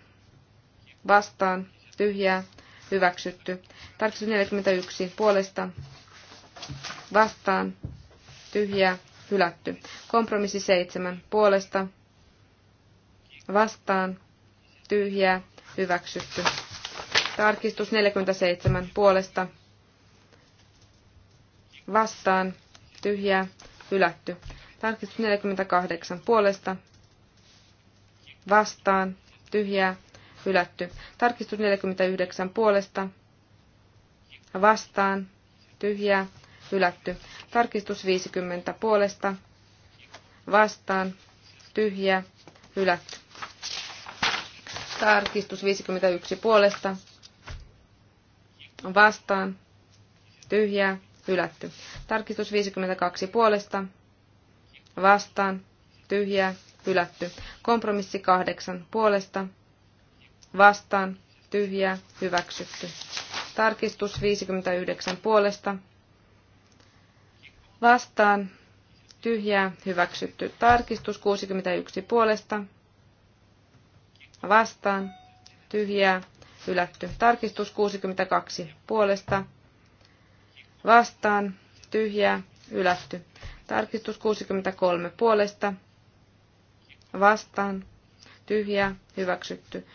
vastaan, tyhjää, hyväksytty. Tarkistus 41 puolesta vastaan, tyhjää, hylätty. Kompromissi 7 puolesta vastaan, tyhjää, hyväksytty. Tarkistus 47 puolesta vastaan, tyhjää, hylätty. Tarkistus 48 puolesta vastaan, tyhjää, hylätty. Tarkistus 49 puolesta vastaan tyhjää hylätty. Tarkistus 50 puolesta vastaan tyhjää hylätty. Tarkistus 51 puolesta vastaan tyhjää hylätty. Tarkistus 52 puolesta vastaan tyhjää hylätty. Kompromissi 8 puolesta vastaan, tyhjää, hyväksytty. Tarkistus 59 puolesta, vastaan, tyhjää, hyväksytty. Tarkistus 61 puolesta, vastaan, tyhjää, hylätty. Tarkistus 62 puolesta, vastaan, tyhjää, hylätty. Tarkistus 63 puolesta, vastaan, tyhjää, hyväksytty.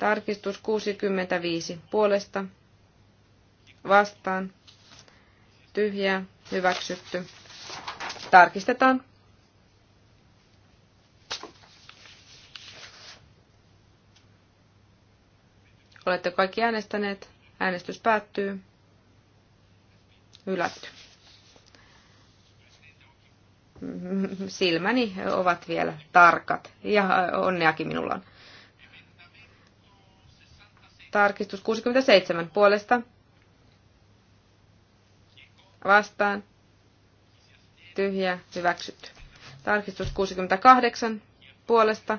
Tarkistus 65 puolesta vastaan tyhjää hyväksytty. Tarkistetaan. Olette kaikki äänestäneet. Äänestys päättyy. Hylätty. Silmäni ovat vielä tarkat ja onneakin minulla on. Tarkistus 67 puolesta. Vastaan. Tyhjä. Hyväksytty. Tarkistus 68 puolesta.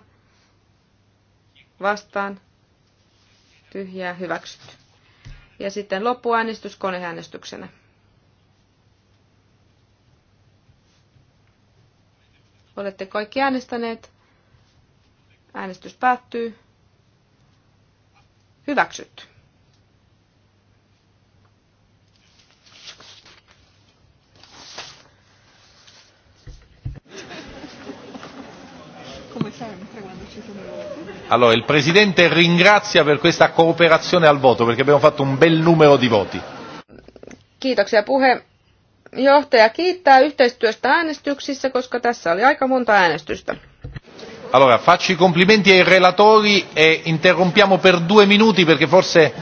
Vastaan. Tyhjä. Hyväksytty. Ja sitten loppuäänestys koneäänestyksenä. Olette kaikki äänestäneet. Äänestys päättyy. Hyväksytty. Allora, il Presidente ringrazia per questa cooperazione al voto perché abbiamo fatto un bel numero di voti. Kiitoksia puheenjohtaja kiittää yhteistyöstä äänestyksissä, koska tässä oli aika monta äänestystä. Allora, faccio i complimenti ai relatori e interrompiamo per due minuti perché forse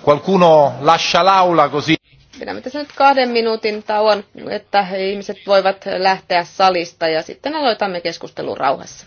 qualcuno lascia l'aula così. Pidämme tässä nyt kahden minuutin tauon, että ihmiset voivat lähteä salista ja sitten aloitamme keskustelun rauhassa.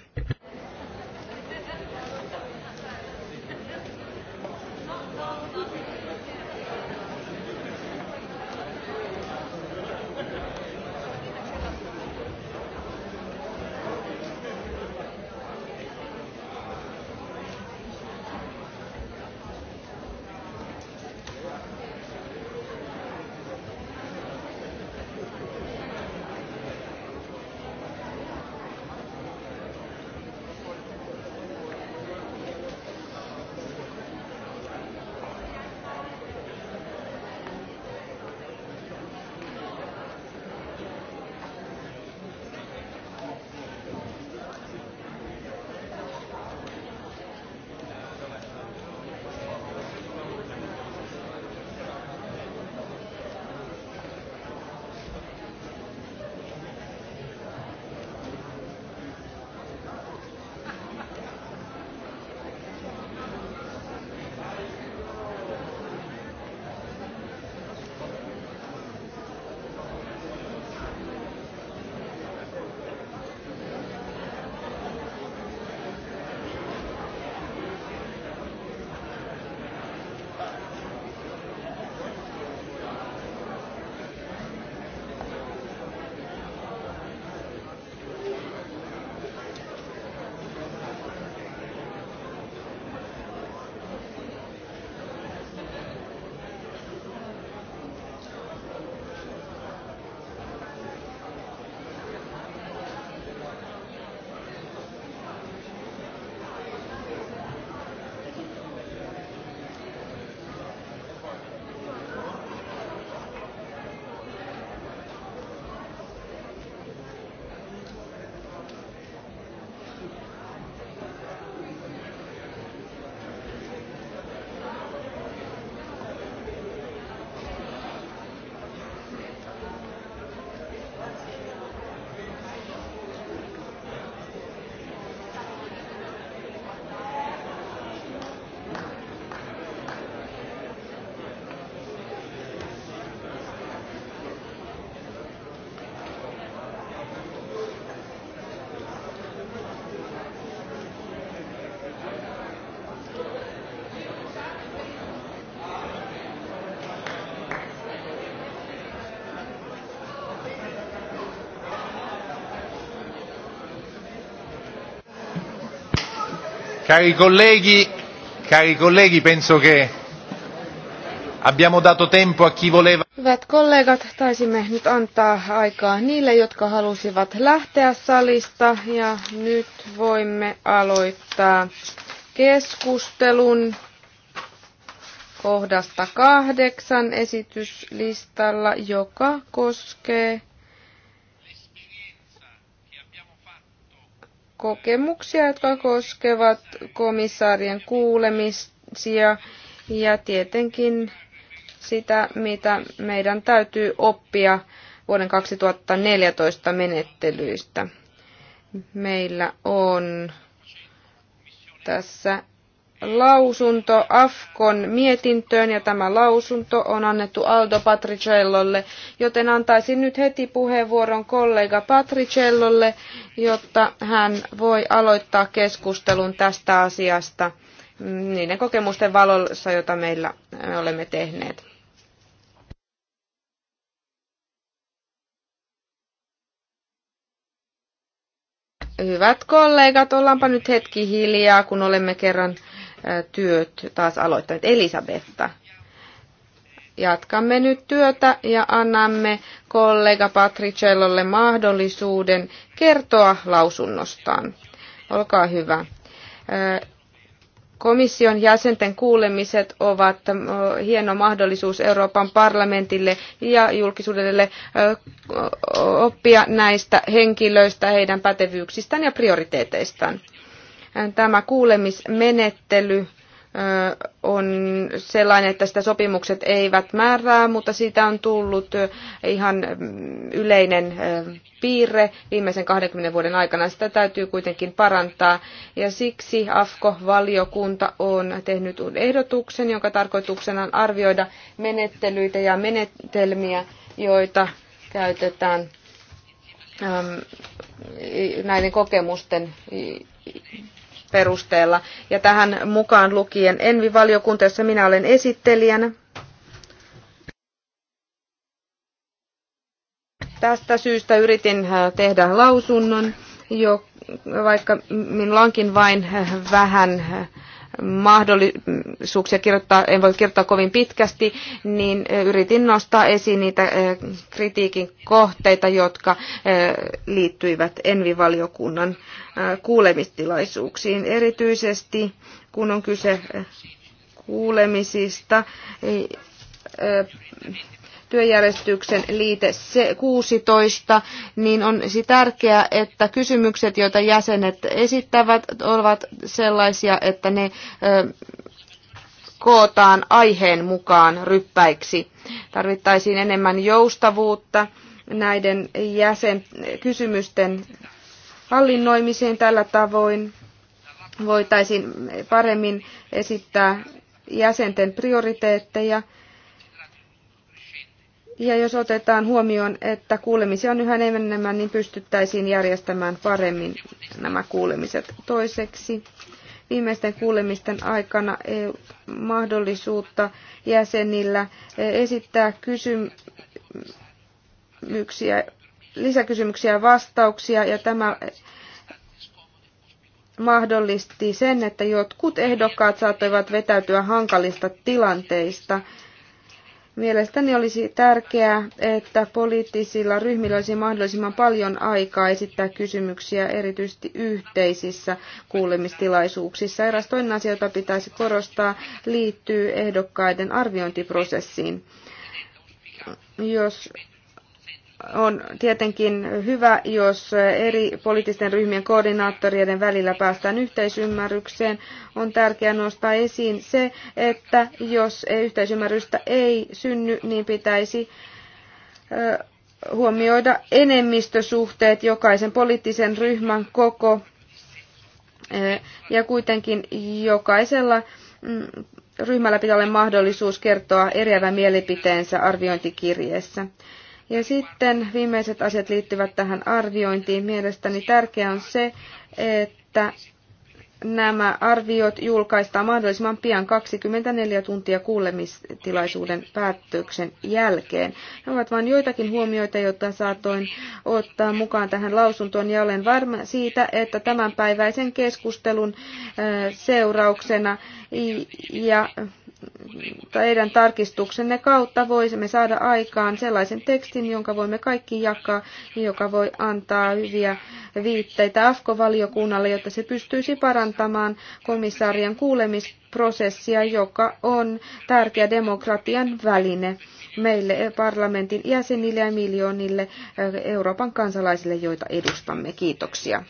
Cari colleghi, cari colleghi, penso che abbiamo dato tempo a chi voleva. Hyvät kollegat, taisimme nyt antaa aikaa niille, jotka halusivat lähteä salista ja nyt voimme aloittaa keskustelun kohdasta kahdeksan esityslistalla, joka koskee kokemuksia, jotka koskevat komissaarien kuulemisia ja tietenkin sitä, mitä meidän täytyy oppia vuoden 2014 menettelyistä. Meillä on tässä lausunto Afkon mietintöön ja tämä lausunto on annettu Aldo Patricellolle, joten antaisin nyt heti puheenvuoron kollega Patricellolle, jotta hän voi aloittaa keskustelun tästä asiasta niiden kokemusten valossa, jota meillä me olemme tehneet. Hyvät kollegat, ollaanpa nyt hetki hiljaa, kun olemme kerran työt taas aloittanut Elisabetta. Jatkamme nyt työtä ja annamme kollega Patricellolle mahdollisuuden kertoa lausunnostaan. Olkaa hyvä. Komission jäsenten kuulemiset ovat hieno mahdollisuus Euroopan parlamentille ja julkisuudelle oppia näistä henkilöistä, heidän pätevyyksistään ja prioriteeteistaan. Tämä kuulemismenettely on sellainen, että sitä sopimukset eivät määrää, mutta siitä on tullut ihan mm, yleinen piirre viimeisen 20 vuoden aikana. Sitä täytyy kuitenkin parantaa ja siksi AFKO-valiokunta on tehnyt ehdotuksen, jonka tarkoituksena on arvioida menettelyitä ja menetelmiä, joita käytetään näiden kokemusten perusteella. Ja tähän mukaan lukien Envi-valiokunta, jossa minä olen esittelijänä. Tästä syystä yritin äh, tehdä lausunnon, jo, vaikka minulla onkin vain äh, vähän äh, mahdollisuuksia kirjoittaa, en voi kirjoittaa kovin pitkästi, niin yritin nostaa esiin niitä kritiikin kohteita, jotka liittyivät Envivaliokunnan kuulemistilaisuuksiin. Erityisesti kun on kyse kuulemisista, työjärjestyksen liite 16, niin on tärkeää, että kysymykset, joita jäsenet esittävät, ovat sellaisia, että ne kootaan aiheen mukaan ryppäiksi. Tarvittaisiin enemmän joustavuutta näiden jäsen kysymysten hallinnoimiseen tällä tavoin. Voitaisiin paremmin esittää jäsenten prioriteetteja ja jos otetaan huomioon, että kuulemisia on yhä enemmän, niin pystyttäisiin järjestämään paremmin nämä kuulemiset. Toiseksi viimeisten kuulemisten aikana e mahdollisuutta jäsenillä esittää kysymyksiä, lisäkysymyksiä ja vastauksia, ja tämä mahdollisti sen, että jotkut ehdokkaat saattoivat vetäytyä hankalista tilanteista – Mielestäni olisi tärkeää, että poliittisilla ryhmillä olisi mahdollisimman paljon aikaa esittää kysymyksiä erityisesti yhteisissä kuulemistilaisuuksissa. Eräs toinen asia, jota pitäisi korostaa, liittyy ehdokkaiden arviointiprosessiin. Jos on tietenkin hyvä, jos eri poliittisten ryhmien koordinaattoreiden välillä päästään yhteisymmärrykseen. On tärkeää nostaa esiin se, että jos yhteisymmärrystä ei synny, niin pitäisi huomioida enemmistösuhteet jokaisen poliittisen ryhmän koko ja kuitenkin jokaisella mm, ryhmällä pitää olla mahdollisuus kertoa eriävä mielipiteensä arviointikirjeessä. Ja sitten viimeiset asiat liittyvät tähän arviointiin. Mielestäni tärkeää on se, että nämä arviot julkaistaan mahdollisimman pian 24 tuntia kuulemistilaisuuden päätöksen jälkeen. Ne ovat vain joitakin huomioita, joita saatoin ottaa mukaan tähän lausuntoon ja olen varma siitä, että tämänpäiväisen keskustelun seurauksena ja teidän tarkistuksenne kautta voisimme saada aikaan sellaisen tekstin, jonka voimme kaikki jakaa ja joka voi antaa hyviä viitteitä AFKO-valiokunnalle, jotta se pystyisi parantamaan komissaarien kuulemisprosessia, joka on tärkeä demokratian väline meille parlamentin jäsenille ja miljoonille Euroopan kansalaisille, joita edustamme. Kiitoksia.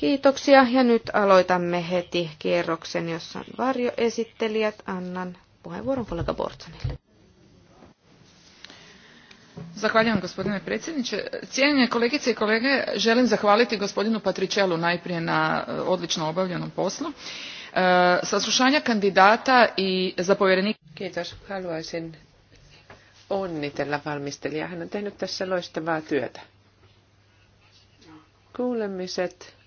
Kiitoksia ja nyt aloitamme heti kierroksen, jossa on varjoesittelijät. Annan puheenvuoron kollega Bortsanille. Zahvaljujem gospodine predsjedniče. Cijenjene kolegice i kolege, želim zahvaliti gospodinu Patričelu najprije na eh, odlično obavljenom poslu. Eh, saslušanja kandidata i za povjerenika... Kiitos. Haluaisin onnitella valmistelijaa. Hän on tehnyt tässä loistavaa työtä. Kuulemiset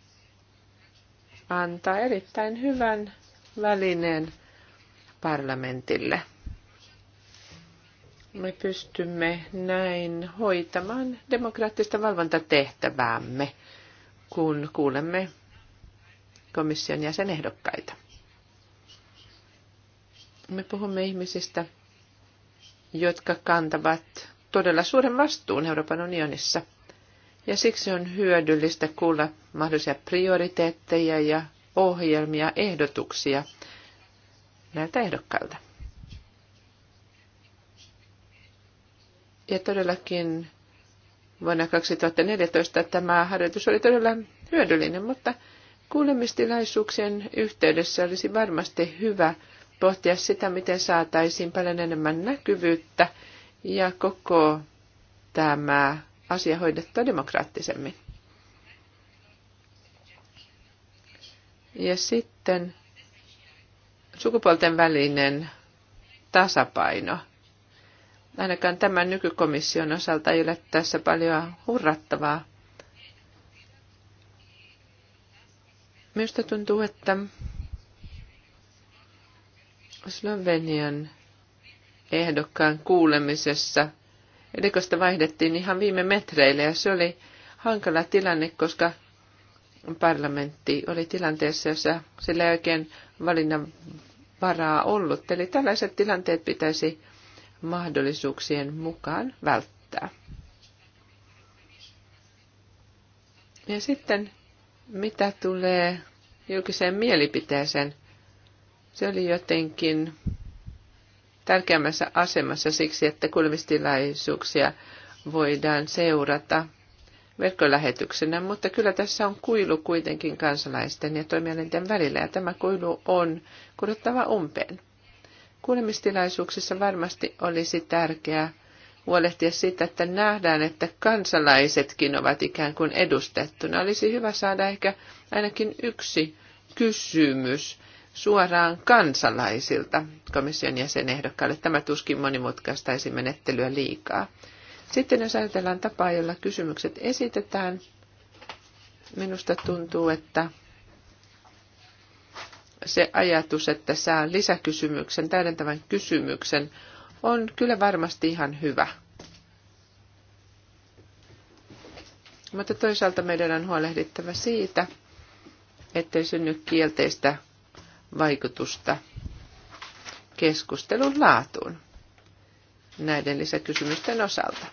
antaa erittäin hyvän välineen parlamentille. Me pystymme näin hoitamaan demokraattista valvontatehtäväämme, kun kuulemme komission jäsenehdokkaita. Me puhumme ihmisistä, jotka kantavat todella suuren vastuun Euroopan unionissa – ja siksi on hyödyllistä kuulla mahdollisia prioriteetteja ja ohjelmia, ehdotuksia näiltä ehdokkailta. Ja todellakin vuonna 2014 tämä harjoitus oli todella hyödyllinen, mutta kuulemistilaisuuksien yhteydessä olisi varmasti hyvä pohtia sitä, miten saataisiin paljon enemmän näkyvyyttä ja koko tämä asia hoidettua demokraattisemmin. Ja sitten sukupuolten välinen tasapaino. Ainakaan tämän nykykomission osalta ei ole tässä paljon hurrattavaa. Minusta tuntuu, että Slovenian ehdokkaan kuulemisessa rikosta vaihdettiin ihan viime metreille ja se oli hankala tilanne, koska parlamentti oli tilanteessa, jossa sillä ei oikein valinnan varaa ollut. Eli tällaiset tilanteet pitäisi mahdollisuuksien mukaan välttää. Ja sitten mitä tulee julkiseen mielipiteeseen, se oli jotenkin tärkeämmässä asemassa siksi, että kuulemistilaisuuksia voidaan seurata verkkolähetyksenä, mutta kyllä tässä on kuilu kuitenkin kansalaisten ja toimielinten välillä, ja tämä kuilu on kurottava umpeen. Kuulemistilaisuuksissa varmasti olisi tärkeää huolehtia siitä, että nähdään, että kansalaisetkin ovat ikään kuin edustettuna. Olisi hyvä saada ehkä ainakin yksi kysymys suoraan kansalaisilta komission jäsenehdokkaille. Tämä tuskin monimutkaistaisi menettelyä liikaa. Sitten jos ajatellaan tapaa, jolla kysymykset esitetään, minusta tuntuu, että se ajatus, että saa lisäkysymyksen, täydentävän kysymyksen, on kyllä varmasti ihan hyvä. Mutta toisaalta meidän on huolehdittava siitä, ettei synny kielteistä vaikutusta keskustelun laatuun näiden lisäkysymysten osalta.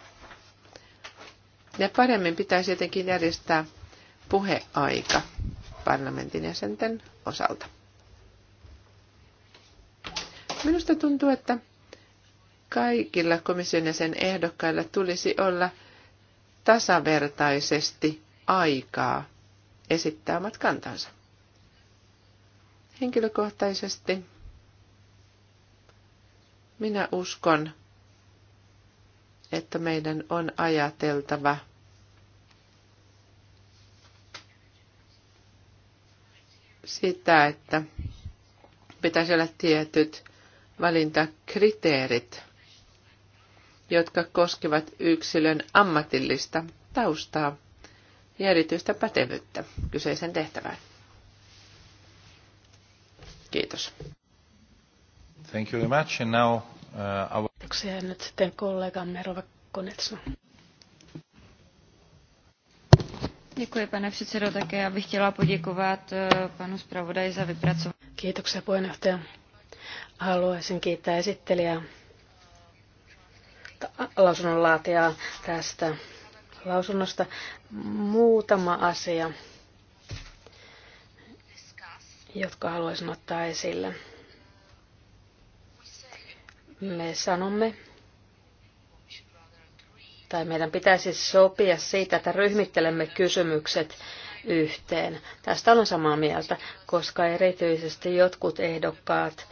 Ja paremmin pitäisi jotenkin järjestää puheaika parlamentin jäsenten osalta. Minusta tuntuu, että kaikilla komission jäsen ehdokkailla tulisi olla tasavertaisesti aikaa esittää omat kantansa. Henkilökohtaisesti minä uskon, että meidän on ajateltava sitä, että pitäisi olla tietyt valintakriteerit, jotka koskevat yksilön ammatillista taustaa ja erityistä pätevyyttä kyseisen tehtävään. Kiitos. Thank you very much. And now, uh, our... Kiitoksia nyt sitten kollegamme Rova Konecno. Děkuji, pane předsedo, také já bych chtěla poděkovat eh, panu zpravodaji za vypracování. Kiitoksia puheenjohtaja. Haluaisin kiittää esittelijää lausunnon laatijaa tästä lausunnosta. Muutama asia jotka haluaisin ottaa esille. Me sanomme, tai meidän pitäisi sopia siitä, että ryhmittelemme kysymykset yhteen. Tästä olen samaa mieltä, koska erityisesti jotkut ehdokkaat,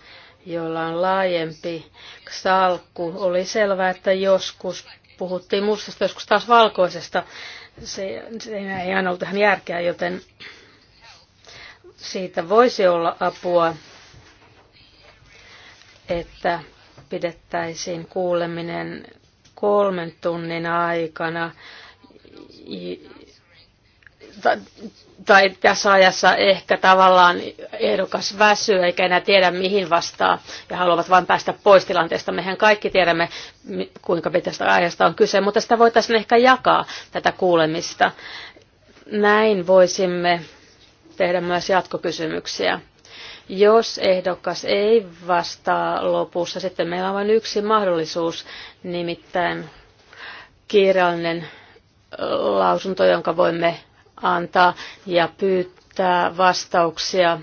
joilla on laajempi salkku, oli selvää, että joskus puhuttiin mustasta, joskus taas valkoisesta. Se, se ei aina ollut tähän järkeä, joten siitä voisi olla apua, että pidettäisiin kuuleminen kolmen tunnin aikana tai, tai tässä ajassa ehkä tavallaan ehdokas väsyy eikä enää tiedä mihin vastaa ja haluavat vain päästä pois tilanteesta. Mehän kaikki tiedämme, kuinka pitästä ajasta on kyse, mutta sitä voitaisiin ehkä jakaa tätä kuulemista. Näin voisimme tehdä myös jatkokysymyksiä. Jos ehdokas ei vastaa lopussa, sitten meillä on vain yksi mahdollisuus, nimittäin kirjallinen lausunto, jonka voimme antaa ja pyytää vastauksia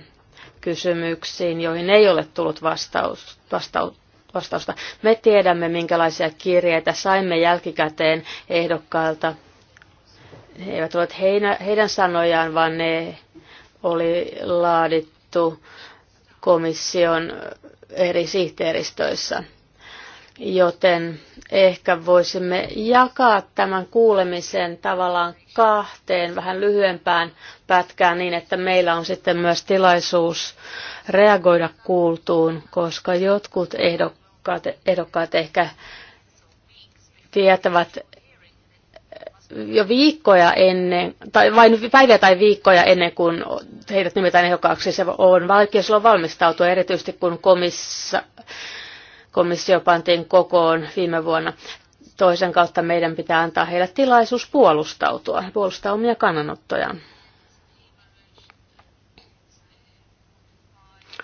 kysymyksiin, joihin ei ole tullut vastaus, vastaus, vastausta. Me tiedämme, minkälaisia kirjeitä saimme jälkikäteen ehdokkailta. He eivät ole heidän sanojaan, vaan ne oli laadittu komission eri sihteeristöissä. Joten ehkä voisimme jakaa tämän kuulemisen tavallaan kahteen vähän lyhyempään pätkään niin, että meillä on sitten myös tilaisuus reagoida kuultuun, koska jotkut ehdokkaat, ehdokkaat ehkä tietävät jo viikkoja ennen, tai vain päiviä tai viikkoja ennen kuin heidät nimetään ehdokkaaksi. Se on vaikea silloin valmistautua, erityisesti kun komissa, komissio pantiin kokoon viime vuonna. Toisen kautta meidän pitää antaa heille tilaisuus puolustautua, puolustaa omia kannanottojaan.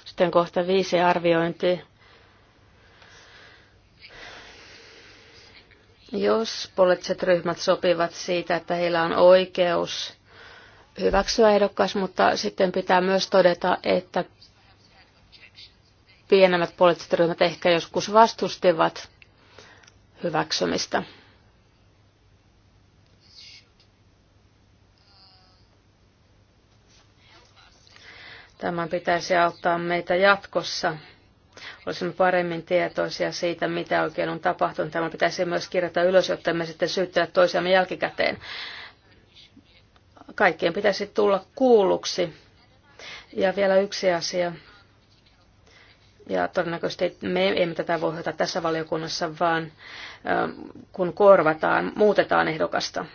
Sitten kohta viisi arviointi Jos poliittiset ryhmät sopivat siitä, että heillä on oikeus hyväksyä ehdokas, mutta sitten pitää myös todeta, että pienemmät poliittiset ryhmät ehkä joskus vastustivat hyväksymistä. Tämän pitäisi auttaa meitä jatkossa olisimme paremmin tietoisia siitä, mitä oikein on tapahtunut. Tämä pitäisi myös kirjata ylös, jotta me sitten syyttää toisiamme jälkikäteen. Kaikkien pitäisi tulla kuulluksi. Ja vielä yksi asia. Ja todennäköisesti me emme tätä voi hoitaa tässä valiokunnassa, vaan kun korvataan, muutetaan ehdokasta.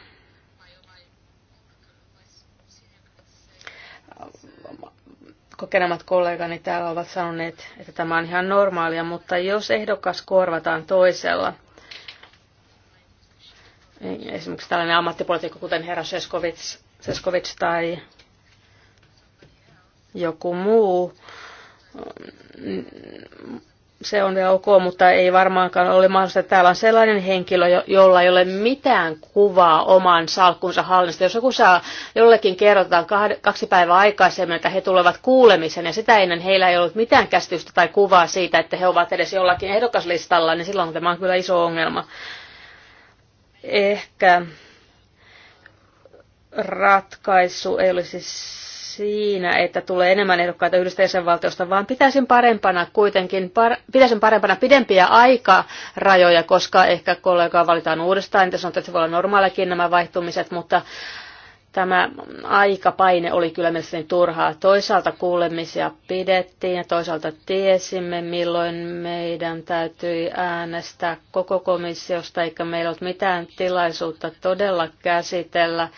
kokenemat kollegani täällä ovat sanoneet, että tämä on ihan normaalia, mutta jos ehdokas korvataan toisella, niin esimerkiksi tällainen ammattipolitiikko, kuten herra Seskovits, Seskovits tai joku muu, se on ok, mutta ei varmaankaan ole mahdollista, että täällä on sellainen henkilö, jolla ei ole mitään kuvaa oman salkkunsa hallinnasta. Jos joku saa, jollekin kerrotaan kaksi päivää aikaisemmin, että he tulevat kuulemisen ja sitä ennen heillä ei ollut mitään käsitystä tai kuvaa siitä, että he ovat edes jollakin ehdokaslistalla, niin silloin tämä on kyllä iso ongelma. Ehkä ratkaisu ei olisi siis siinä, että tulee enemmän ehdokkaita yhdestä jäsenvaltiosta, vaan pitäisin parempana kuitenkin, par, pitäisin parempana pidempiä aikarajoja, koska ehkä kollegaa valitaan uudestaan, niin sanotaan, että se voi olla normaalikin nämä vaihtumiset, mutta tämä aikapaine oli kyllä mielestäni turhaa. Toisaalta kuulemisia pidettiin ja toisaalta tiesimme, milloin meidän täytyi äänestää koko komissiosta, eikä meillä ollut mitään tilaisuutta todella käsitellä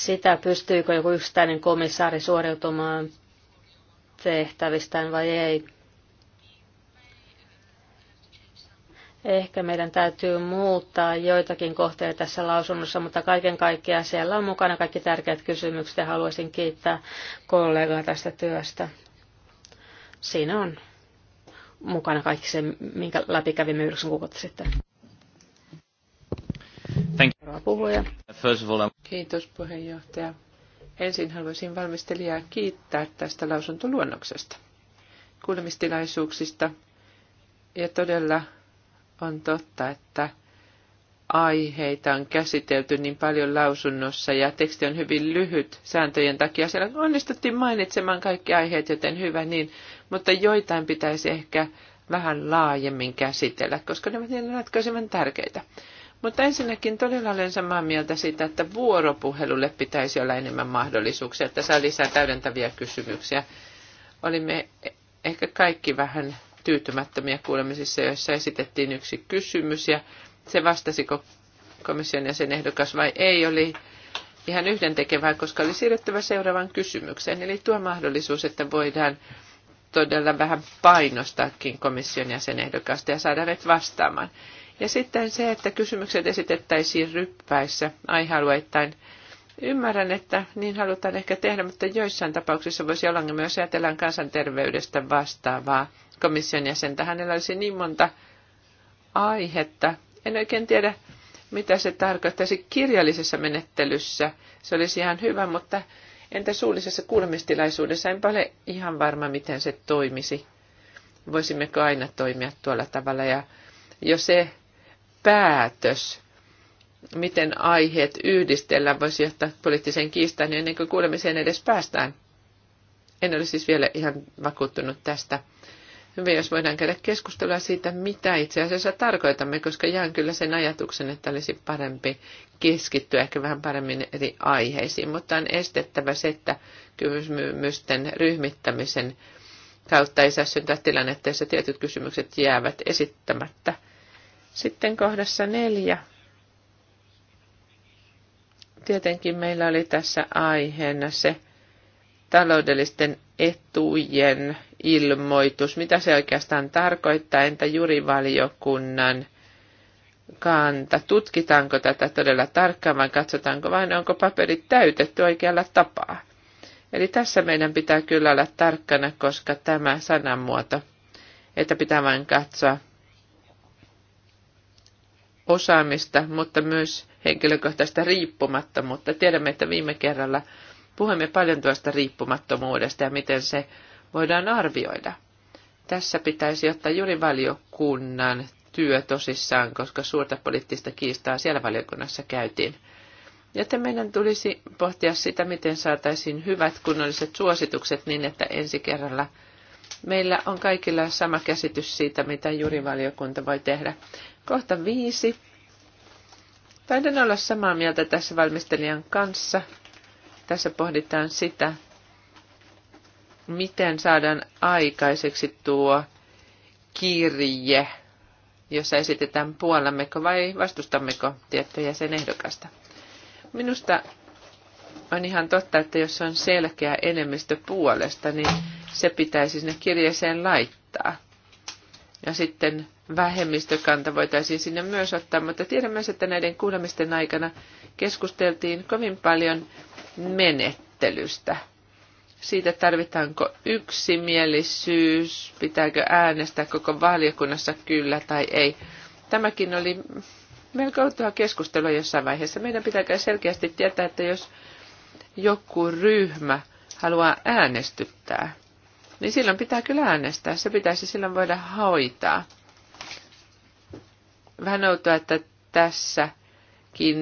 sitä, pystyykö joku yksittäinen komissaari suoriutumaan tehtävistään vai ei. Ehkä meidän täytyy muuttaa joitakin kohteita tässä lausunnossa, mutta kaiken kaikkiaan siellä on mukana kaikki tärkeät kysymykset ja haluaisin kiittää kollegaa tästä työstä. Siinä on mukana kaikki se, minkä läpi kävimme yhdeksän kuukautta sitten. Thank Puhuja. First of all, Kiitos puheenjohtaja. Ensin haluaisin valmistelijaa kiittää tästä lausuntoluonnoksesta, kuulemistilaisuuksista. Ja todella on totta, että aiheita on käsitelty niin paljon lausunnossa ja teksti on hyvin lyhyt sääntöjen takia. Siellä onnistuttiin mainitsemaan kaikki aiheet, joten hyvä niin, mutta joitain pitäisi ehkä vähän laajemmin käsitellä, koska ne ovat niin ratkaisevan tärkeitä. Mutta ensinnäkin todella olen samaa mieltä siitä, että vuoropuhelulle pitäisi olla enemmän mahdollisuuksia. Tässä on lisää täydentäviä kysymyksiä. Olimme ehkä kaikki vähän tyytymättömiä kuulemisissa, joissa esitettiin yksi kysymys ja se vastasiko komission ja sen ehdokas vai ei oli ihan yhdentekevää, koska oli siirrettävä seuraavan kysymykseen. Eli tuo mahdollisuus, että voidaan todella vähän painostaakin komission ja sen ehdokasta ja saada heidät vastaamaan. Ja sitten se, että kysymykset esitettäisiin ryppäissä aihealueittain. Ymmärrän, että niin halutaan ehkä tehdä, mutta joissain tapauksissa voisi olla myös ajatellaan kansanterveydestä vastaavaa komission jäsentä. Hänellä olisi niin monta aihetta. En oikein tiedä, mitä se tarkoittaisi kirjallisessa menettelyssä. Se olisi ihan hyvä, mutta entä suullisessa kuulemistilaisuudessa? En ole ihan varma, miten se toimisi. Voisimmeko aina toimia tuolla tavalla ja jos se, päätös, miten aiheet yhdistellä voisi johtaa poliittiseen kiistaan, niin ennen kuin kuulemiseen edes päästään. En ole siis vielä ihan vakuuttunut tästä. Hyvä, jos voidaan käydä keskustelua siitä, mitä itse asiassa tarkoitamme, koska jaan kyllä sen ajatuksen, että olisi parempi keskittyä ehkä vähän paremmin eri aiheisiin, mutta on estettävä se, että kysymysten ryhmittämisen kautta ei saa syntyä tilannetta, jossa tietyt kysymykset jäävät esittämättä – sitten kohdassa neljä. Tietenkin meillä oli tässä aiheena se taloudellisten etujen ilmoitus. Mitä se oikeastaan tarkoittaa? Entä jurivaliokunnan kanta? Tutkitaanko tätä todella tarkkaan vai katsotaanko vain, onko paperit täytetty oikealla tapaa? Eli tässä meidän pitää kyllä olla tarkkana, koska tämä sanamuoto, että pitää vain katsoa osaamista, mutta myös henkilökohtaista riippumattomuutta. Tiedämme, että viime kerralla puhuimme paljon tuosta riippumattomuudesta ja miten se voidaan arvioida. Tässä pitäisi ottaa juuri valiokunnan työ tosissaan, koska suurta poliittista kiistaa siellä valiokunnassa käytiin. Joten meidän tulisi pohtia sitä, miten saataisiin hyvät kunnolliset suositukset niin, että ensi kerralla meillä on kaikilla sama käsitys siitä, mitä jurivaliokunta voi tehdä. Kohta viisi. Taidan olla samaa mieltä tässä valmistelijan kanssa. Tässä pohditaan sitä, miten saadaan aikaiseksi tuo kirje, jossa esitetään puolammeko vai vastustammeko tiettyjä sen ehdokasta. Minusta on ihan totta, että jos on selkeä enemmistö puolesta, niin se pitäisi sinne kirjeeseen laittaa. Ja sitten vähemmistökanta voitaisiin sinne myös ottaa, mutta tiedän myös, että näiden kuulemisten aikana keskusteltiin kovin paljon menettelystä. Siitä tarvitaanko yksimielisyys, pitääkö äänestää koko valiokunnassa kyllä tai ei. Tämäkin oli melko outoa keskustelua jossain vaiheessa. Meidän pitää selkeästi tietää, että jos joku ryhmä haluaa äänestyttää, niin silloin pitää kyllä äänestää. Se pitäisi silloin voida hoitaa vähän outoa, että tässäkin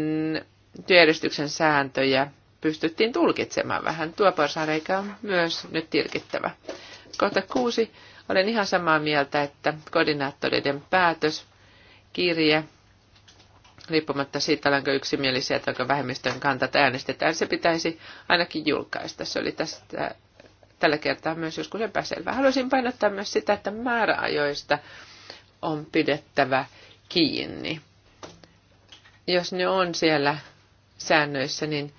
työjärjestyksen sääntöjä pystyttiin tulkitsemaan vähän. Tuo porsareikä on myös nyt tilkittävä. Kohta kuusi. Olen ihan samaa mieltä, että koordinaattoreiden päätöskirje riippumatta siitä, olenko yksimielisiä tai onko vähemmistön kantat äänestetään, se pitäisi ainakin julkaista. Se oli tästä, tällä kertaa myös joskus epäselvää. Haluaisin painottaa myös sitä, että määräajoista on pidettävä kiinni. Jos ne on siellä säännöissä, niin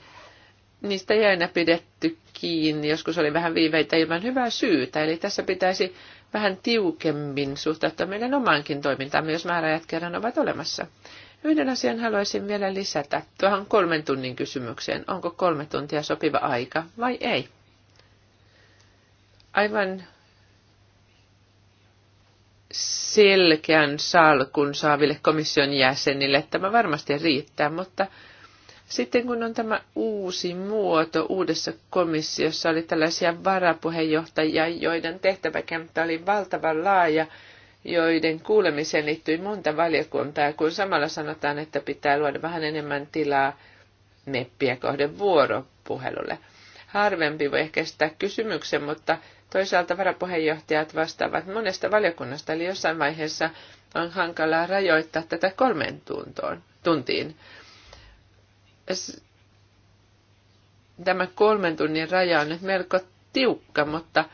niistä ei aina pidetty kiinni. Joskus oli vähän viiveitä ilman hyvää syytä. Eli tässä pitäisi vähän tiukemmin suhtautua meidän omaankin toimintaamme, jos määräajat kerran ovat olemassa. Yhden asian haluaisin vielä lisätä tuohon kolmen tunnin kysymykseen. Onko kolme tuntia sopiva aika vai ei? Aivan selkeän salkun saaville komission jäsenille. Tämä varmasti riittää, mutta sitten kun on tämä uusi muoto uudessa komissiossa, oli tällaisia varapuheenjohtajia, joiden tehtäväkenttä oli valtavan laaja, joiden kuulemiseen liittyi monta valiokuntaa, kun samalla sanotaan, että pitää luoda vähän enemmän tilaa meppiä kohden vuoropuhelulle. Harvempi voi ehkä sitä kysymyksen, mutta Toisaalta varapuheenjohtajat vastaavat monesta valiokunnasta, eli jossain vaiheessa on hankalaa rajoittaa tätä kolmeen tuntoon, tuntiin. Tämä kolmen tunnin raja on nyt melko tiukka, mutta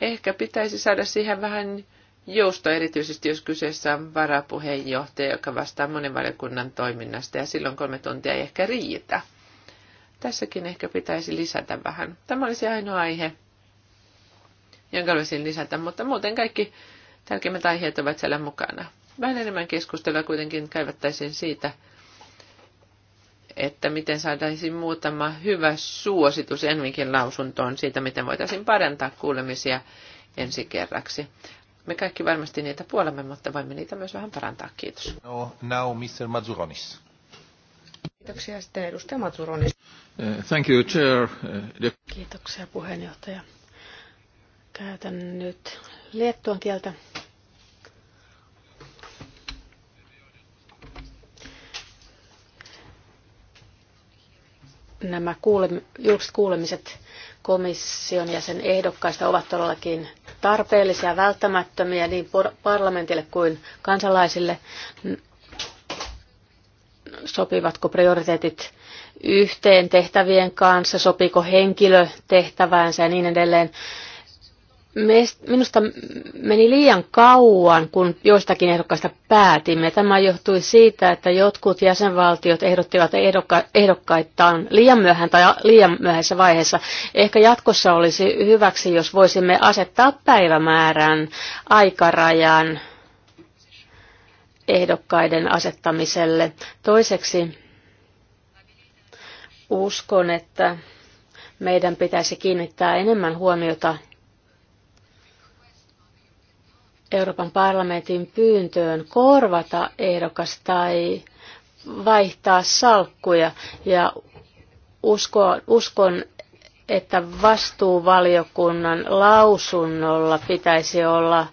ehkä pitäisi saada siihen vähän jousto, erityisesti jos kyseessä on varapuheenjohtaja, joka vastaa monen valiokunnan toiminnasta, ja silloin kolme tuntia ei ehkä riitä. Tässäkin ehkä pitäisi lisätä vähän. Tämä olisi ainoa aihe, jonka haluaisin lisätä, mutta muuten kaikki tärkeimmät aiheet ovat siellä mukana. Vähän enemmän keskustelua kuitenkin kaivattaisiin siitä, että miten saataisiin muutama hyvä suositus Envinkin lausuntoon siitä, miten voitaisiin parantaa kuulemisia ensi kerraksi. Me kaikki varmasti niitä puolemme, mutta voimme niitä myös vähän parantaa. Kiitos. No, now Mr. Mazuronis. Kiitoksia sitten edustaja Mazuronis. Eh, thank you, chair. Eh, Kiitoksia puheenjohtaja. Käytän nyt liettuan kieltä. Nämä kuule, julkiset kuulemiset komission ja sen ehdokkaista ovat todellakin tarpeellisia ja välttämättömiä niin parlamentille kuin kansalaisille. Sopivatko prioriteetit yhteen tehtävien kanssa, sopiiko henkilö tehtäväänsä ja niin edelleen. Minusta meni liian kauan, kun joistakin ehdokkaista päätimme. Tämä johtui siitä, että jotkut jäsenvaltiot ehdottivat ehdokka- ehdokkaittaan liian myöhään tai liian myöhäisessä vaiheessa. Ehkä jatkossa olisi hyväksi, jos voisimme asettaa päivämäärän, aikarajan ehdokkaiden asettamiselle. Toiseksi uskon, että meidän pitäisi kiinnittää enemmän huomiota Euroopan parlamentin pyyntöön korvata ehdokas tai vaihtaa salkkuja ja usko, uskon, että vastuuvaliokunnan lausunnolla pitäisi olla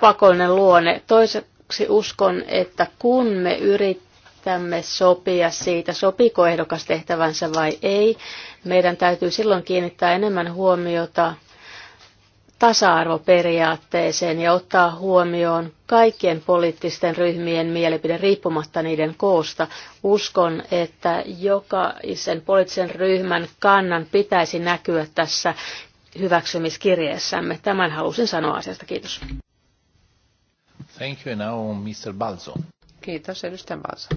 pakollinen luonne. Toiseksi uskon, että kun me yritämme sopia siitä, sopiko ehdokas tehtävänsä vai ei, meidän täytyy silloin kiinnittää enemmän huomiota tasa-arvoperiaatteeseen ja ottaa huomioon kaikkien poliittisten ryhmien mielipide riippumatta niiden koosta. Uskon, että jokaisen poliittisen ryhmän kannan pitäisi näkyä tässä hyväksymiskirjeessämme. Tämän halusin sanoa asiasta. Kiitos. Thank you now, Mr. Balzo. Kiitos, edustaja Balzo.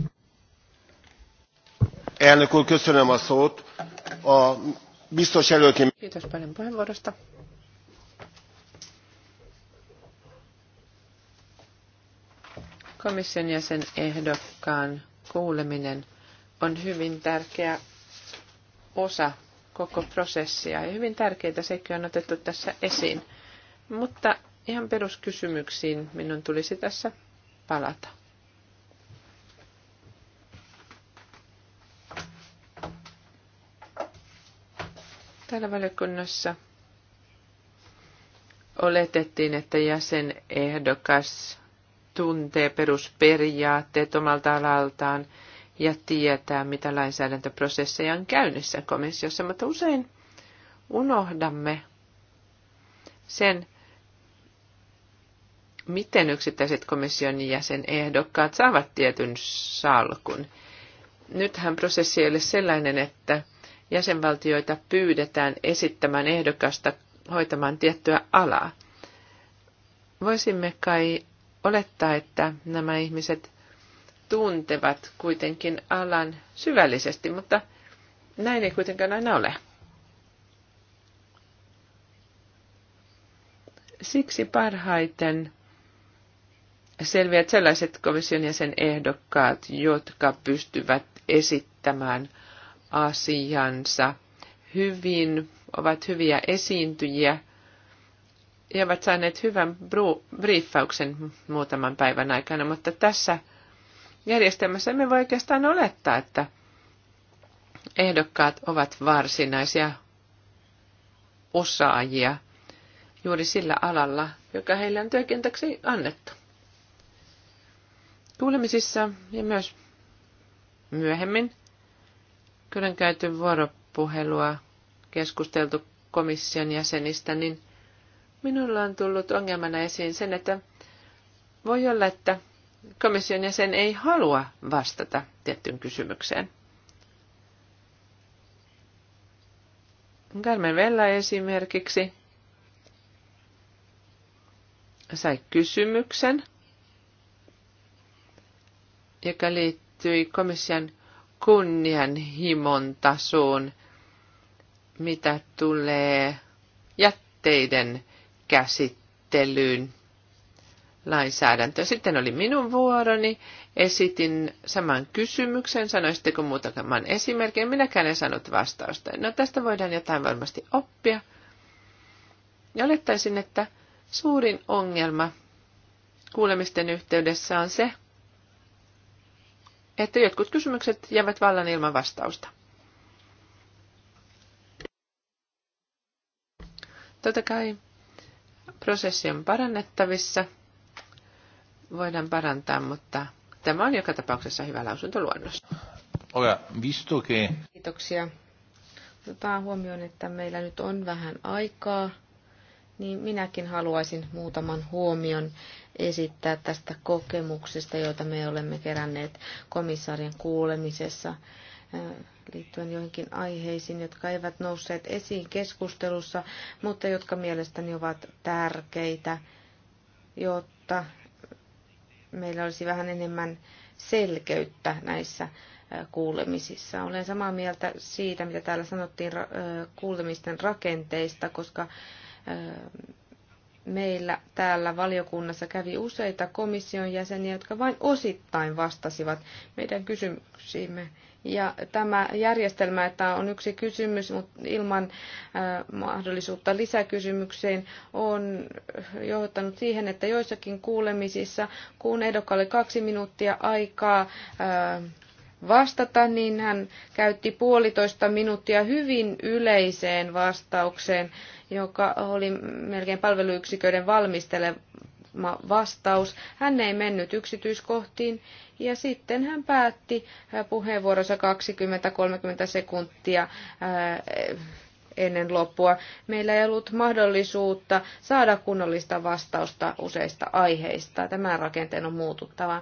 Elnök úr, köszönöm a szót. A biztos Kiitos paljon puheenvuorosta. komission jäsen ehdokkaan kuuleminen on hyvin tärkeä osa koko prosessia ja hyvin tärkeitä sekin on otettu tässä esiin. Mutta ihan peruskysymyksiin minun tulisi tässä palata. Täällä valiokunnassa oletettiin, että jäsenehdokas tuntee perusperiaatteet omalta alaltaan ja tietää, mitä lainsäädäntöprosesseja on käynnissä komissiossa, mutta usein unohdamme sen, miten yksittäiset komission jäsenehdokkaat saavat tietyn salkun. Nythän prosessi ei ole sellainen, että jäsenvaltioita pyydetään esittämään ehdokasta hoitamaan tiettyä alaa. Voisimme kai olettaa, että nämä ihmiset tuntevat kuitenkin alan syvällisesti, mutta näin ei kuitenkaan aina ole. Siksi parhaiten selviät sellaiset komission jäsen ehdokkaat, jotka pystyvät esittämään asiansa hyvin, ovat hyviä esiintyjiä – he ovat saaneet hyvän briefauksen muutaman päivän aikana, mutta tässä järjestelmässä me voi oikeastaan olettaa, että ehdokkaat ovat varsinaisia osaajia juuri sillä alalla, joka heille on työkentäksi annettu. Kuulemisissa ja myös myöhemmin kyllä käyty vuoropuhelua, keskusteltu komission jäsenistä, niin Minulla on tullut ongelmana esiin sen, että voi olla, että komission jäsen ei halua vastata tiettyyn kysymykseen. Carmen Vella esimerkiksi sai kysymyksen, joka liittyi komission kunnianhimon tasoon, mitä tulee jätteiden käsittelyyn lainsäädäntö. Sitten oli minun vuoroni, esitin saman kysymyksen, sanoisitteko muutaman esimerkin, minäkään en saanut vastausta. No tästä voidaan jotain varmasti oppia. Ja olettaisin, että suurin ongelma kuulemisten yhteydessä on se, että jotkut kysymykset jäävät vallan ilman vastausta. Totta kai Prosessi on parannettavissa. Voidaan parantaa, mutta tämä on joka tapauksessa hyvä lausuntoluonnos. Ora, visto che... Kiitoksia. Otetaan huomioon, että meillä nyt on vähän aikaa, niin minäkin haluaisin muutaman huomion esittää tästä kokemuksesta, joita me olemme keränneet komissaarien kuulemisessa liittyen joihinkin aiheisiin, jotka eivät nousseet esiin keskustelussa, mutta jotka mielestäni ovat tärkeitä, jotta meillä olisi vähän enemmän selkeyttä näissä kuulemisissa. Olen samaa mieltä siitä, mitä täällä sanottiin kuulemisten rakenteista, koska meillä täällä valiokunnassa kävi useita komission jäseniä, jotka vain osittain vastasivat meidän kysymyksiimme ja tämä järjestelmä, että on yksi kysymys, mutta ilman äh, mahdollisuutta lisäkysymykseen, on johtanut siihen, että joissakin kuulemisissa, kun ehdokkaalle kaksi minuuttia aikaa äh, vastata, niin hän käytti puolitoista minuuttia hyvin yleiseen vastaukseen, joka oli melkein palveluyksiköiden valmistele vastaus. Hän ei mennyt yksityiskohtiin ja sitten hän päätti puheenvuorossa 20-30 sekuntia ennen loppua. Meillä ei ollut mahdollisuutta saada kunnollista vastausta useista aiheista. Tämän rakenteen on muututtava.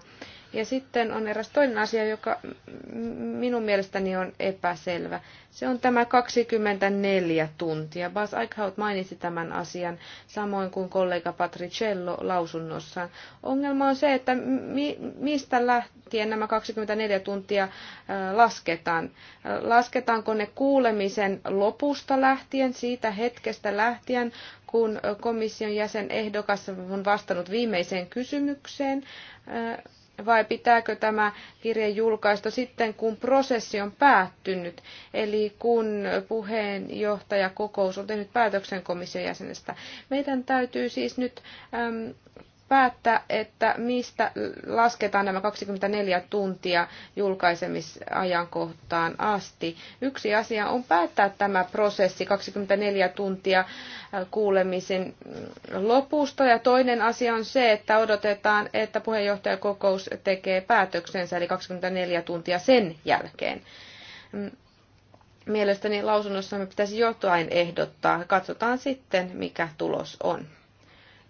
Ja sitten on eräs toinen asia, joka minun mielestäni on epäselvä. Se on tämä 24 tuntia. Bas Eichhout mainitsi tämän asian, samoin kuin kollega Patricello lausunnossaan. Ongelma on se, että mi- mistä lähtien nämä 24 tuntia lasketaan. Lasketaanko ne kuulemisen lopusta lähtien, siitä hetkestä lähtien, kun komission jäsen ehdokas on vastannut viimeiseen kysymykseen, vai pitääkö tämä kirje julkaista sitten, kun prosessi on päättynyt, eli kun puheenjohtajakokous on tehnyt päätöksen komission jäsenestä. Meidän täytyy siis nyt äm, päättää, että mistä lasketaan nämä 24 tuntia julkaisemisajankohtaan asti. Yksi asia on päättää tämä prosessi 24 tuntia kuulemisen lopusta ja toinen asia on se, että odotetaan, että puheenjohtajakokous tekee päätöksensä eli 24 tuntia sen jälkeen. Mielestäni lausunnossamme pitäisi jotain ehdottaa. Katsotaan sitten, mikä tulos on.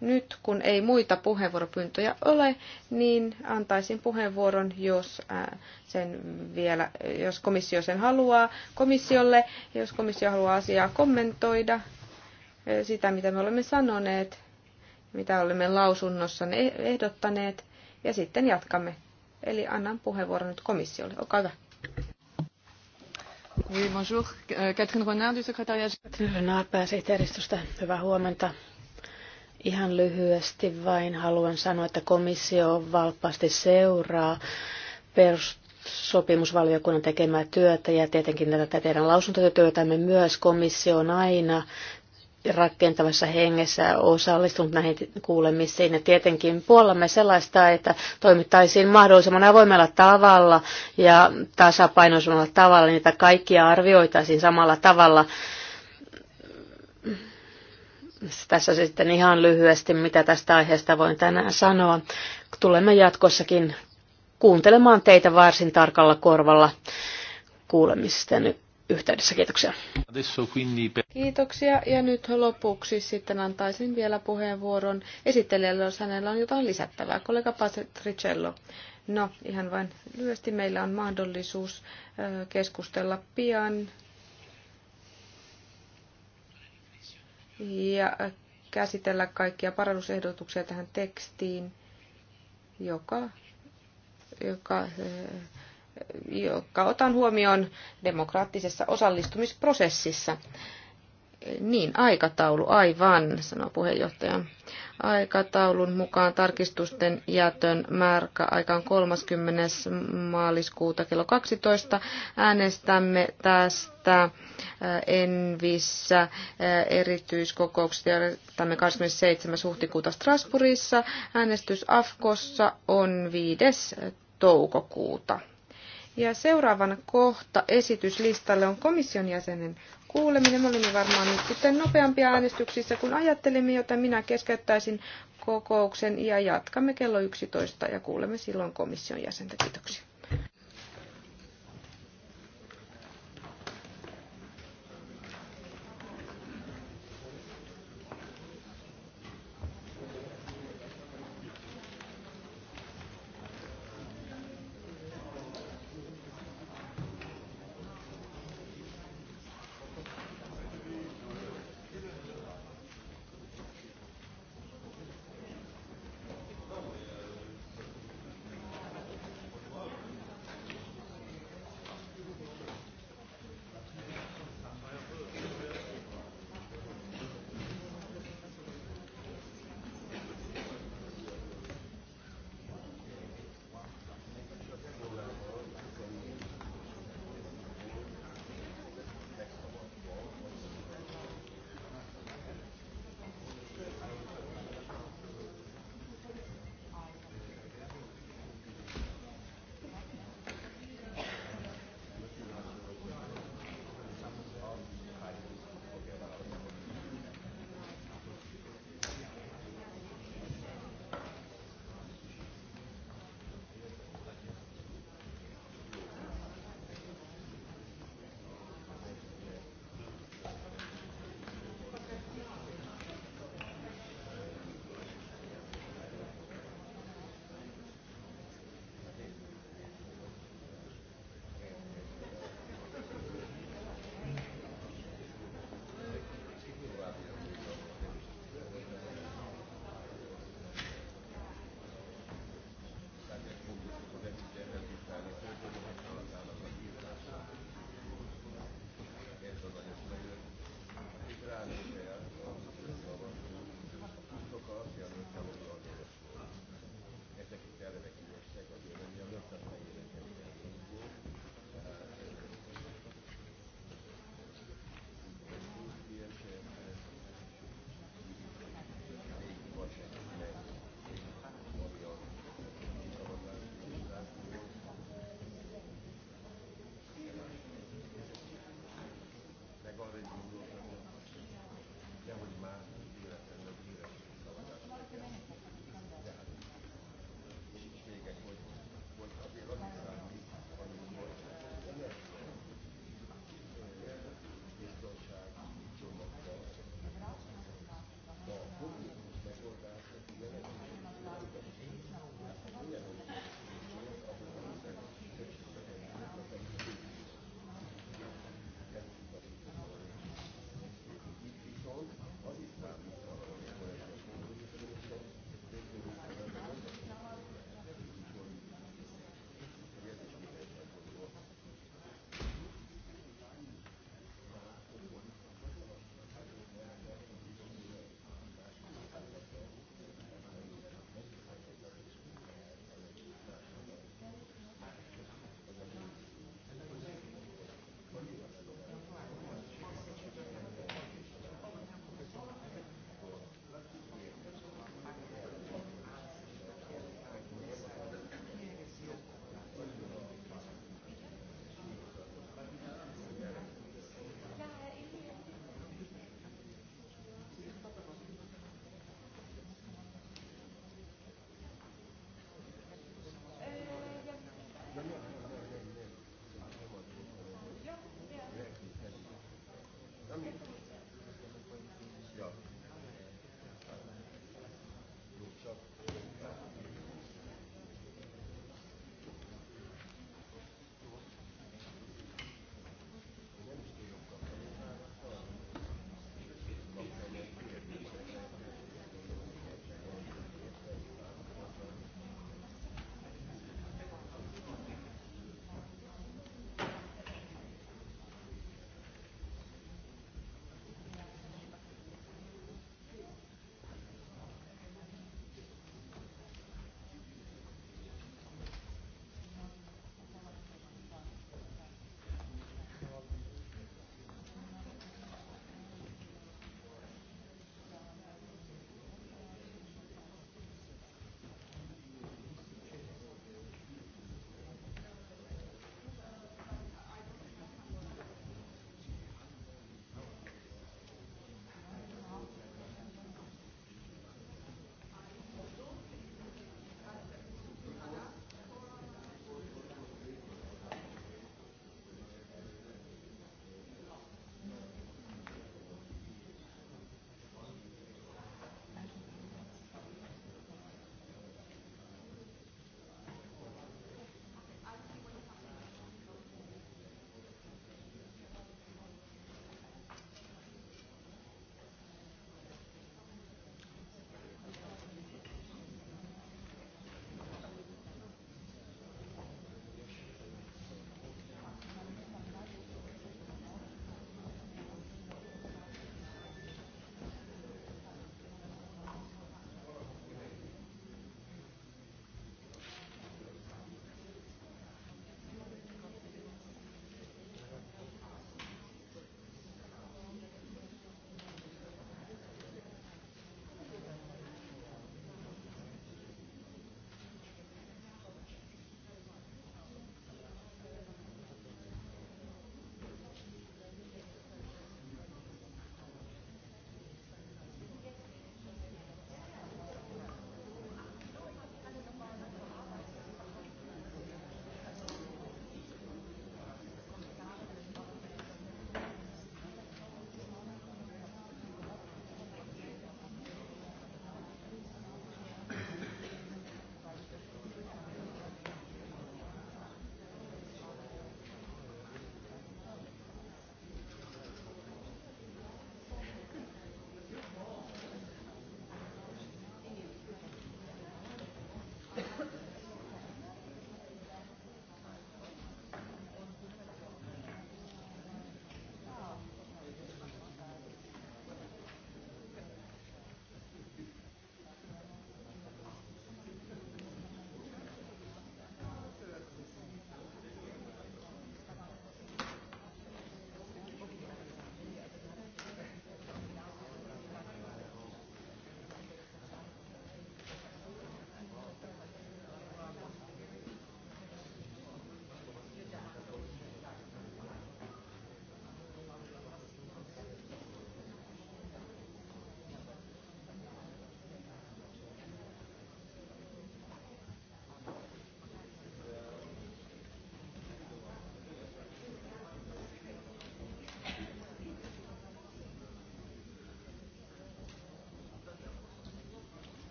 Nyt kun ei muita puheenvuoropyyntöjä ole, niin antaisin puheenvuoron, jos, sen vielä, jos komissio sen haluaa, komissiolle. Jos komissio haluaa asiaa kommentoida, sitä mitä me olemme sanoneet, mitä olemme lausunnossa ehdottaneet, ja sitten jatkamme. Eli annan puheenvuoron nyt komissiolle. Olkaa hyvä. Oui, bonjour. Catherine Renard du secrétariat. Catherine Renard, pääsihteeristöstä. Hyvää huomenta. Ihan lyhyesti vain haluan sanoa, että komissio valppaasti seuraa perussopimusvaliokunnan tekemää työtä ja tietenkin tätä teidän lausuntotyötämme myös. Komissio on aina rakentavassa hengessä osallistunut näihin kuulemisiin ja tietenkin puolamme sellaista, että toimittaisiin mahdollisimman avoimella tavalla ja tasapainoisella tavalla, niitä kaikkia arvioitaisiin samalla tavalla tässä sitten ihan lyhyesti, mitä tästä aiheesta voin tänään sanoa. Tulemme jatkossakin kuuntelemaan teitä varsin tarkalla korvalla kuulemisten yhteydessä. Kiitoksia. Kiitoksia. Ja nyt lopuksi sitten antaisin vielä puheenvuoron esittelijälle, jos hänellä on jotain lisättävää. Kollega Patricello. No, ihan vain lyhyesti meillä on mahdollisuus keskustella pian ja käsitellä kaikkia parannusehdotuksia tähän tekstiin, joka, joka, joka otan huomioon demokraattisessa osallistumisprosessissa. Niin, aikataulu, aivan, sanoo puheenjohtaja. Aikataulun mukaan tarkistusten jätön märkä aika on 30. maaliskuuta kello 12. Äänestämme tästä Envissä erityiskokoukset järjestämme 27. huhtikuuta Strasbourgissa. Äänestys Afkossa on 5. toukokuuta. Ja seuraavana kohta esityslistalle on komission jäsenen kuuleminen. Me olimme varmaan nyt sitten nopeampia äänestyksissä kuin ajattelimme, joten minä keskeyttäisin kokouksen ja jatkamme kello 11 ja kuulemme silloin komission jäsentä. Kiitoksia.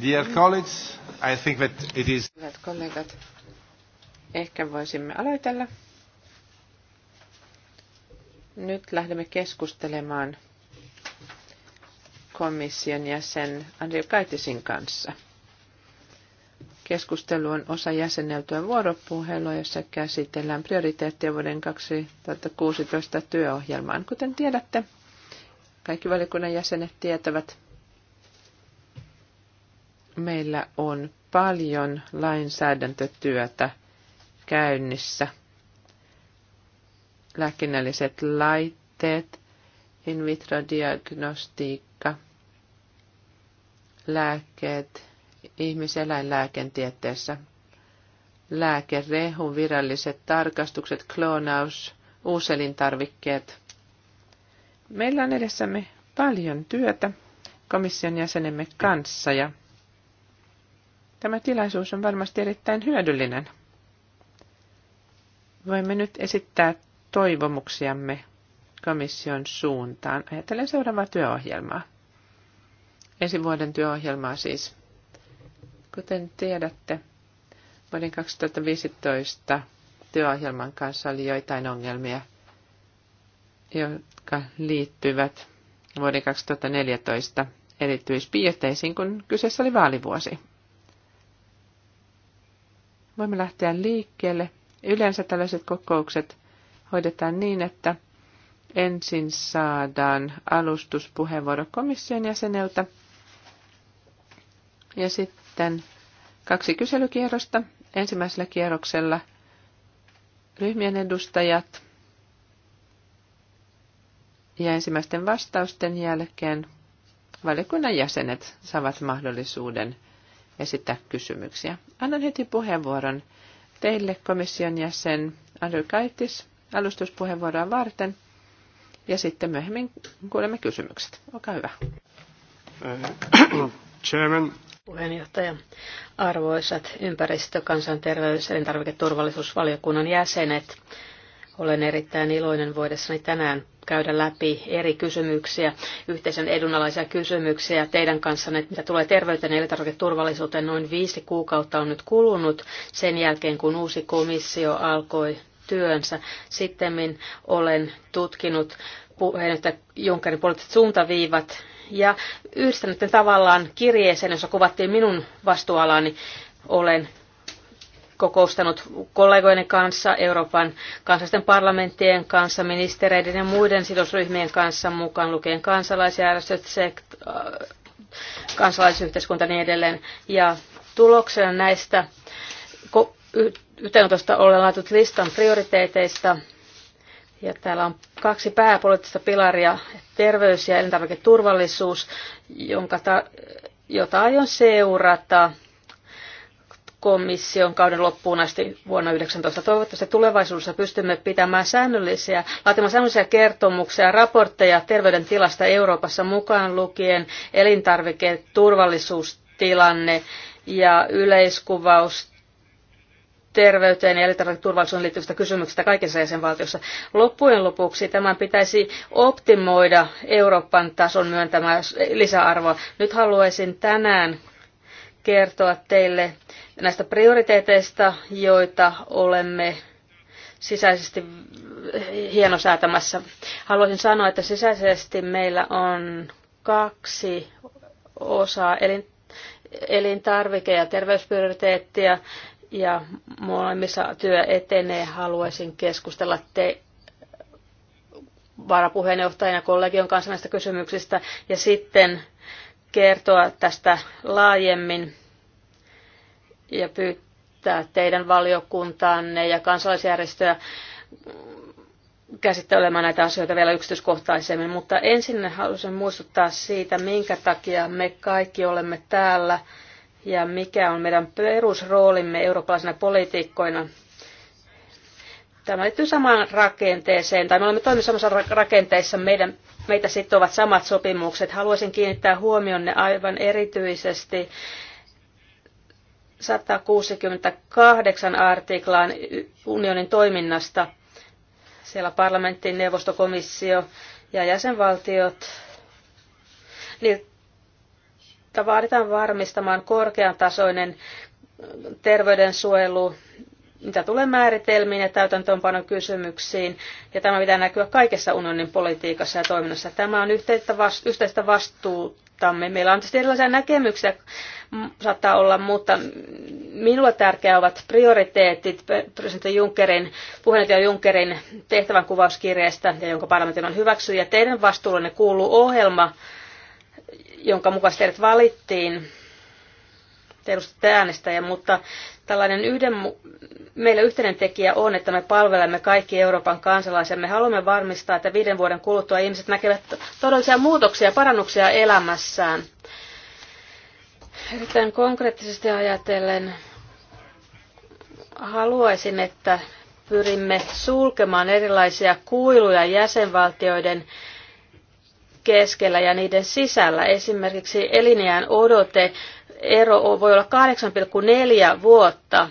Dear colleagues, I think that it is... Hyvät kollegat, ehkä voisimme aloitella. Nyt lähdemme keskustelemaan komission jäsen Andrew Kaitisin kanssa. Keskustelu on osa jäsenneltyä vuoropuhelua, jossa käsitellään prioriteettia vuoden 2016 työohjelmaan. Kuten tiedätte, kaikki valiokunnan jäsenet tietävät, meillä on paljon lainsäädäntötyötä käynnissä. Lääkinnälliset laitteet, in vitro-diagnostiikka, lääkkeet, ihmiseläinlääkentieteessä, lääkerehu, viralliset tarkastukset, kloonaus, uuselintarvikkeet. Meillä on edessämme paljon työtä komission jäsenemme kanssa ja Tämä tilaisuus on varmasti erittäin hyödyllinen. Voimme nyt esittää toivomuksiamme komission suuntaan. Ajattelen seuraavaa työohjelmaa. Ensi vuoden työohjelmaa siis. Kuten tiedätte, vuoden 2015 työohjelman kanssa oli joitain ongelmia, jotka liittyvät vuoden 2014 erityispiirteisiin, kun kyseessä oli vaalivuosi voimme lähteä liikkeelle. Yleensä tällaiset kokoukset hoidetaan niin, että ensin saadaan alustuspuheenvuoro komission jäseneltä ja sitten kaksi kyselykierrosta. Ensimmäisellä kierroksella ryhmien edustajat ja ensimmäisten vastausten jälkeen valiokunnan jäsenet saavat mahdollisuuden – esittää kysymyksiä. Annan heti puheenvuoron teille komission jäsen Andrew Kaitis alustuspuheenvuoroa varten ja sitten myöhemmin kuulemme kysymykset. Olkaa hyvä. Äh, [clears throat] Chairman. Puheenjohtaja, arvoisat ympäristö-, kansanterveys- ja elintarviketurvallisuusvaliokunnan jäsenet, olen erittäin iloinen voidessani tänään käydä läpi eri kysymyksiä, yhteisen edunalaisia kysymyksiä teidän kanssanne, mitä tulee terveyteen ja elintarviketurvallisuuteen. Noin viisi kuukautta on nyt kulunut sen jälkeen, kun uusi komissio alkoi työnsä. Sitten olen tutkinut puheenjohtaja Junckerin poliittiset suuntaviivat ja yhdistänyt tavallaan kirjeeseen, jossa kuvattiin minun vastuualani. Olen kokoustanut kollegoiden kanssa, Euroopan kansallisten parlamenttien kanssa, ministereiden ja muiden sidosryhmien kanssa, mukaan lukien kansalaisjärjestöt, sekt- äh, kansalaisyhteiskunta ja niin edelleen. Ja tuloksena näistä yhteenotosta ollaan laitut listan prioriteeteista. Ja täällä on kaksi pääpoliittista pilaria, terveys ja elintarviketurvallisuus, jonka ta, jota aion seurata komission kauden loppuun asti vuonna 2019. Toivottavasti tulevaisuudessa pystymme pitämään säännöllisiä, laatimaan säännöllisiä kertomuksia ja raportteja terveydentilasta Euroopassa mukaan lukien elintarviketurvallisuustilanne ja yleiskuvaus terveyteen ja elintarviketurvallisuuteen liittyvistä kysymyksistä kaikissa jäsenvaltioissa. Loppujen lopuksi tämän pitäisi optimoida Euroopan tason myöntämää lisäarvoa. Nyt haluaisin tänään kertoa teille näistä prioriteeteista, joita olemme sisäisesti hienosäätämässä. Haluaisin sanoa, että sisäisesti meillä on kaksi osaa, elin, elintarvike- ja terveysprioriteettia, ja molemmissa työ etenee. Haluaisin keskustella te varapuheenjohtajan ja kollegion kanssa näistä kysymyksistä, ja sitten kertoa tästä laajemmin ja pyytää teidän valiokuntaanne ja kansalaisjärjestöjä käsittelemään näitä asioita vielä yksityiskohtaisemmin, mutta ensin haluaisin muistuttaa siitä, minkä takia me kaikki olemme täällä ja mikä on meidän perusroolimme eurooppalaisina poliitikkoina Tämä liittyy samaan rakenteeseen, tai me olemme toimineet samassa rakenteessa, meidän, meitä sitovat samat sopimukset. Haluaisin kiinnittää huomionne aivan erityisesti 168 artiklaan unionin toiminnasta. Siellä parlamentti, neuvostokomissio ja jäsenvaltiot. Niiltä vaaditaan varmistamaan korkean tasoinen terveydensuojelu, mitä tulee määritelmiin ja täytäntöönpanon kysymyksiin, ja tämä pitää näkyä kaikessa unionin politiikassa ja toiminnassa. Tämä on yhteistä, vastuutamme. Meillä on tietysti erilaisia näkemyksiä, mm, saattaa olla, mutta minulle tärkeää ovat prioriteetit presidentti Junckerin, puheenjohtaja Junckerin tehtävänkuvauskirjeestä, ja jonka parlamentin on hyväksynyt, ja teidän vastuullenne kuuluu ohjelma, jonka mukaan teidät valittiin te edustatte äänestäjä, mutta tällainen yhden, meillä yhteinen tekijä on, että me palvelemme kaikki Euroopan kansalaisia. Me haluamme varmistaa, että viiden vuoden kuluttua ihmiset näkevät todellisia muutoksia ja parannuksia elämässään. Erittäin konkreettisesti ajatellen haluaisin, että pyrimme sulkemaan erilaisia kuiluja jäsenvaltioiden keskellä ja niiden sisällä. Esimerkiksi elinjään odote ero voi olla 8,4 vuotta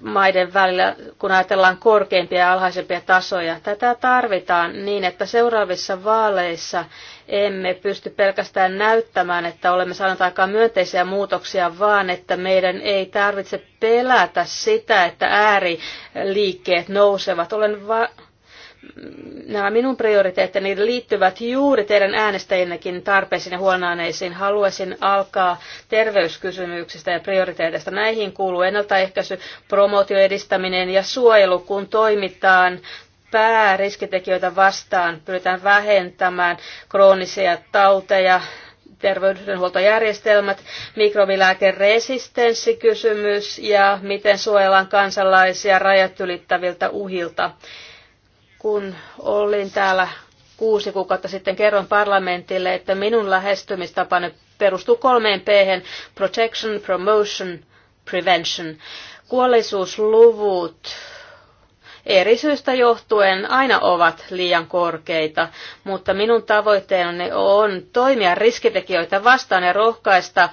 maiden välillä, kun ajatellaan korkeimpia ja alhaisempia tasoja. Tätä tarvitaan niin, että seuraavissa vaaleissa emme pysty pelkästään näyttämään, että olemme saaneet aikaan myönteisiä muutoksia, vaan että meidän ei tarvitse pelätä sitä, että ääriliikkeet nousevat. Olen va- nämä minun prioriteettini liittyvät juuri teidän äänestäjiennekin tarpeisiin ja huonaaneisiin. Haluaisin alkaa terveyskysymyksistä ja prioriteeteista. Näihin kuuluu ennaltaehkäisy, promootio, edistäminen ja suojelu, kun toimitaan pääriskitekijöitä vastaan. Pyritään vähentämään kroonisia tauteja, terveydenhuoltojärjestelmät, mikrobilääkeresistenssikysymys ja miten suojellaan kansalaisia rajat ylittäviltä uhilta. Kun olin täällä kuusi kuukautta sitten, kerron parlamentille, että minun lähestymistapani perustuu kolmeen p protection, promotion, prevention. Kuolleisuusluvut eri syistä johtuen aina ovat liian korkeita, mutta minun tavoitteeni on toimia riskitekijöitä vastaan ja rohkaista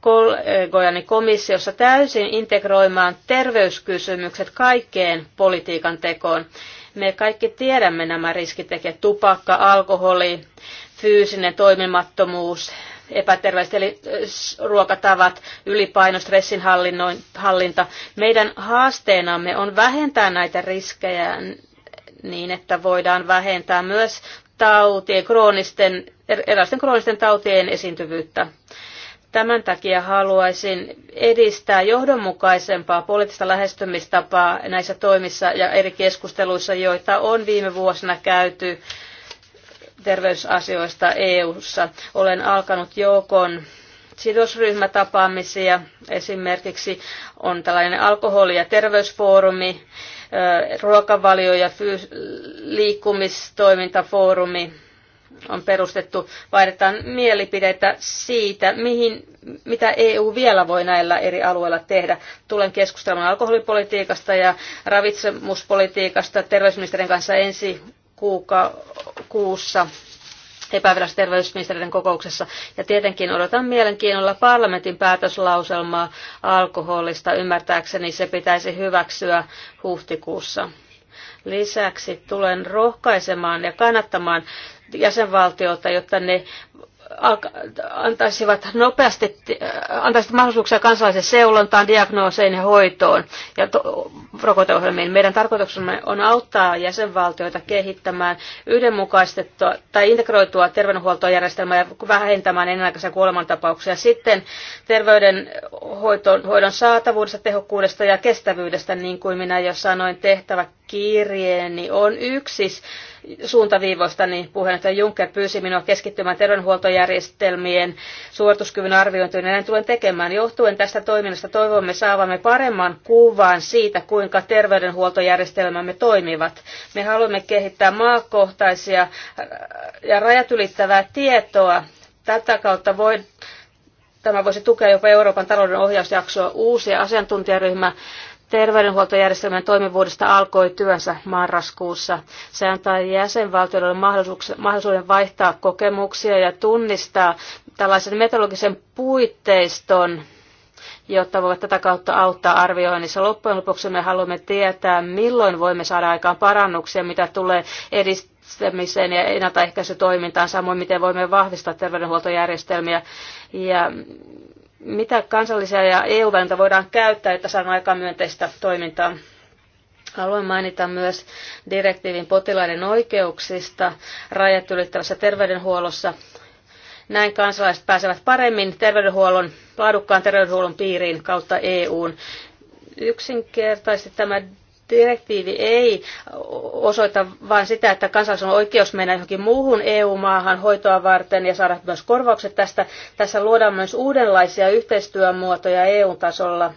kollegojani komissiossa täysin integroimaan terveyskysymykset kaikkeen politiikan tekoon. Me kaikki tiedämme nämä riskitekijät, tupakka, alkoholi, fyysinen toimimattomuus, epäterveelliset eli ruokatavat, ylipaino, stressin hallinta. Meidän haasteenamme on vähentää näitä riskejä niin, että voidaan vähentää myös tautien, kroonisten, erilaisten kroonisten tautien esiintyvyyttä Tämän takia haluaisin edistää johdonmukaisempaa poliittista lähestymistapaa näissä toimissa ja eri keskusteluissa, joita on viime vuosina käyty terveysasioista EU:ssa. Olen alkanut joukon sidosryhmätapaamisia. Esimerkiksi on tällainen alkoholi- ja terveysfoorumi, ruokavalio- ja liikkumistoimintafoorumi on perustettu, vaihdetaan mielipideitä siitä, mihin, mitä EU vielä voi näillä eri alueilla tehdä. Tulen keskustelemaan alkoholipolitiikasta ja ravitsemuspolitiikasta terveysministerin kanssa ensi kuuka, kuussa epävirallisessa terveysministeriön kokouksessa. Ja tietenkin odotan mielenkiinnolla parlamentin päätöslauselmaa alkoholista. Ymmärtääkseni se pitäisi hyväksyä huhtikuussa. Lisäksi tulen rohkaisemaan ja kannattamaan jäsenvaltiota, jotta ne antaisivat nopeasti äh, antaisivat mahdollisuuksia kansalaisen seulontaan, diagnooseihin ja hoitoon ja to- rokoteohjelmiin. Meidän tarkoituksemme on auttaa jäsenvaltioita kehittämään yhdenmukaistettua tai integroitua terveydenhuoltojärjestelmää ja vähentämään ennenaikaisia kuolemantapauksia. Sitten terveydenhoidon saatavuudesta, tehokkuudesta ja kestävyydestä, niin kuin minä jo sanoin, tehtävä kirjeeni on yksis suuntaviivoista, niin puheenjohtaja Juncker pyysi minua keskittymään terveydenhuoltojärjestelmien suorituskyvyn arviointiin, ja näin tulen tekemään. Johtuen tästä toiminnasta toivomme saavamme paremman kuvan siitä, kuinka terveydenhuoltojärjestelmämme toimivat. Me haluamme kehittää maakohtaisia äh, ja rajat ylittävää tietoa. Tätä kautta voi Tämä voisi tukea jopa Euroopan talouden ohjausjaksoa. Uusi asiantuntijaryhmä Terveydenhuoltojärjestelmän toimivuudesta alkoi työnsä marraskuussa. Se antaa jäsenvaltioille mahdollisuuden vaihtaa kokemuksia ja tunnistaa tällaisen metodologisen puitteiston, jotta voivat tätä kautta auttaa arvioinnissa. Loppujen lopuksi me haluamme tietää, milloin voimme saada aikaan parannuksia, mitä tulee edistämiseen ja ennaltaehkäisytoimintaan, samoin miten voimme vahvistaa terveydenhuoltojärjestelmiä ja mitä kansallisia ja EU-välintä voidaan käyttää, että saadaan aika myönteistä toimintaa. Haluan mainita myös direktiivin potilaiden oikeuksista rajat ylittävässä terveydenhuollossa. Näin kansalaiset pääsevät paremmin terveydenhuollon, laadukkaan terveydenhuollon piiriin kautta EUn. Yksinkertaisesti tämä direktiivi ei osoita vain sitä, että kansalaisilla on oikeus mennä johonkin muuhun EU-maahan hoitoa varten ja saada myös korvaukset tästä. Tässä luodaan myös uudenlaisia yhteistyömuotoja EU-tasolla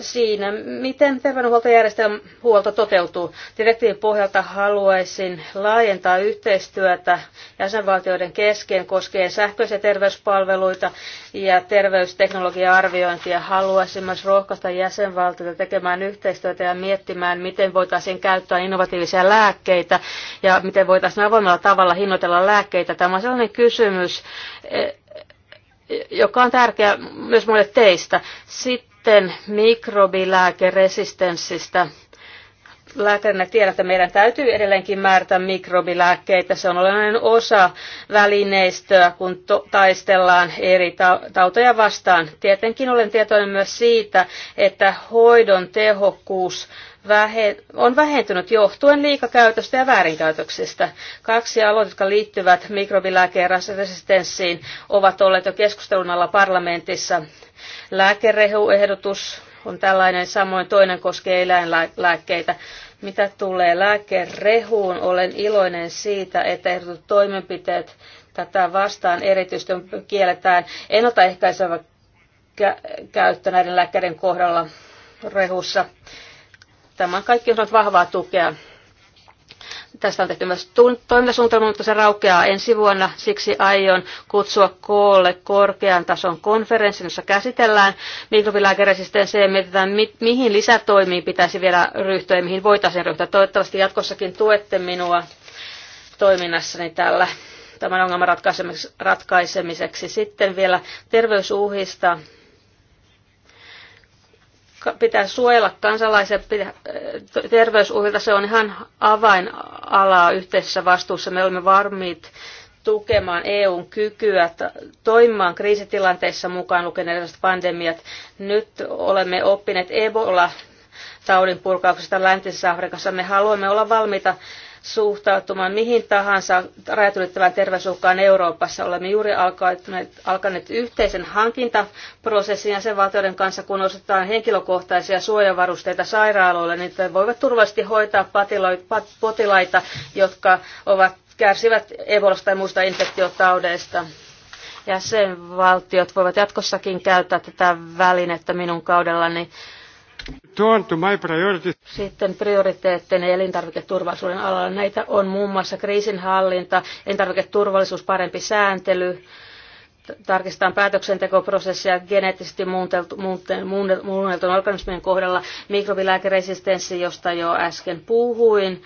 siinä, miten terveydenhuoltojärjestelmähuolto toteutuu. Direktiivin pohjalta haluaisin laajentaa yhteistyötä jäsenvaltioiden kesken koskien sähköisiä terveyspalveluita ja terveysteknologia-arviointia. Haluaisin myös rohkaista jäsenvaltioita tekemään yhteistyötä ja miettimään, miten voitaisiin käyttää innovatiivisia lääkkeitä ja miten voitaisiin avoimella tavalla hinnoitella lääkkeitä. Tämä on sellainen kysymys, e, joka on tärkeä myös monille teistä. Sitten sitten mikrobilääkeresistenssistä. Lääkärinä tiedän, että meidän täytyy edelleenkin määrätä mikrobilääkkeitä. Se on olennainen osa välineistöä, kun taistellaan eri tautoja vastaan. Tietenkin olen tietoinen myös siitä, että hoidon tehokkuus on vähentynyt johtuen liikakäytöstä ja väärinkäytöksistä. Kaksi aloitetta, jotka liittyvät mikrobilääkeresistenssiin, ovat olleet jo keskustelun alla parlamentissa Lääkerehuehdotus on tällainen, samoin toinen koskee eläinlääkkeitä. Mitä tulee lääkerehuun, olen iloinen siitä, että ehdotut toimenpiteet tätä vastaan erityisesti kielletään ennaltaehkäisevä kä- käyttö näiden lääkkeiden kohdalla rehussa. Tämä kaikki on vahvaa tukea Tästä on tehty myös toimintasuunnitelma, mutta se raukeaa ensi vuonna. Siksi aion kutsua koolle korkean tason konferenssin, jossa käsitellään mikrobilääkeresistenssiä ja mietitään, mi- mihin lisätoimiin pitäisi vielä ryhtyä ja mihin voitaisiin ryhtyä. Toivottavasti jatkossakin tuette minua toiminnassani tällä tämän ongelman ratkaisemiseksi. Sitten vielä terveysuhista pitää suojella kansalaisen äh, terveysuhilta. Se on ihan avainalaa yhteisessä vastuussa. Me olemme varmiit tukemaan EUn kykyä toimimaan kriisitilanteissa mukaan lukien erilaiset pandemiat. Nyt olemme oppineet Ebola taudin purkauksesta Läntisessä Afrikassa. Me haluamme olla valmiita suhtautumaan mihin tahansa rajat ylittävään terveysuhkaan Euroopassa. Olemme juuri alkaneet, alkaneet yhteisen hankintaprosessin jäsenvaltioiden kanssa, kun osataan henkilökohtaisia suojavarusteita sairaaloille, niin ne voivat turvallisesti hoitaa potilaita, jotka ovat kärsivät ebolasta tai muista infektiotaudeista jäsenvaltiot voivat jatkossakin käyttää tätä välinettä minun kaudellani sitten prioriteetteina elintarviketurvallisuuden alalla. Näitä on muun muassa kriisinhallinta, elintarviketurvallisuus, parempi sääntely, tarkistetaan päätöksentekoprosessia geneettisesti muunneltun organismien kohdalla, mikrobilääkeresistenssi, josta jo äsken puhuin,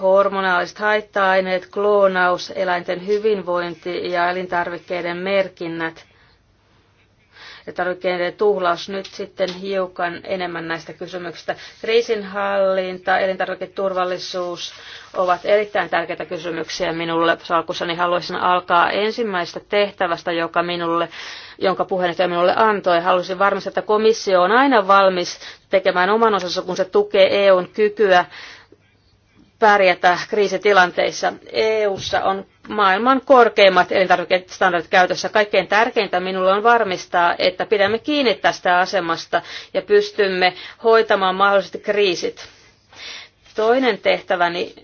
hormonaaliset haitta-aineet, kloonaus, eläinten hyvinvointi ja elintarvikkeiden merkinnät ja tarvikkeiden tuhlaus. Nyt sitten hiukan enemmän näistä kysymyksistä. Kriisinhallinta, elintarviketurvallisuus ovat erittäin tärkeitä kysymyksiä minulle salkussani. Haluaisin alkaa ensimmäisestä tehtävästä, joka minulle jonka puheenjohtaja minulle antoi. Halusin varmistaa, että komissio on aina valmis tekemään oman osansa, kun se tukee EUn kykyä pärjätä kriisitilanteissa. EU:ssa on maailman korkeimmat elintarvikestandardit käytössä. Kaikkein tärkeintä minulle on varmistaa, että pidämme kiinni tästä asemasta ja pystymme hoitamaan mahdolliset kriisit. Toinen tehtäväni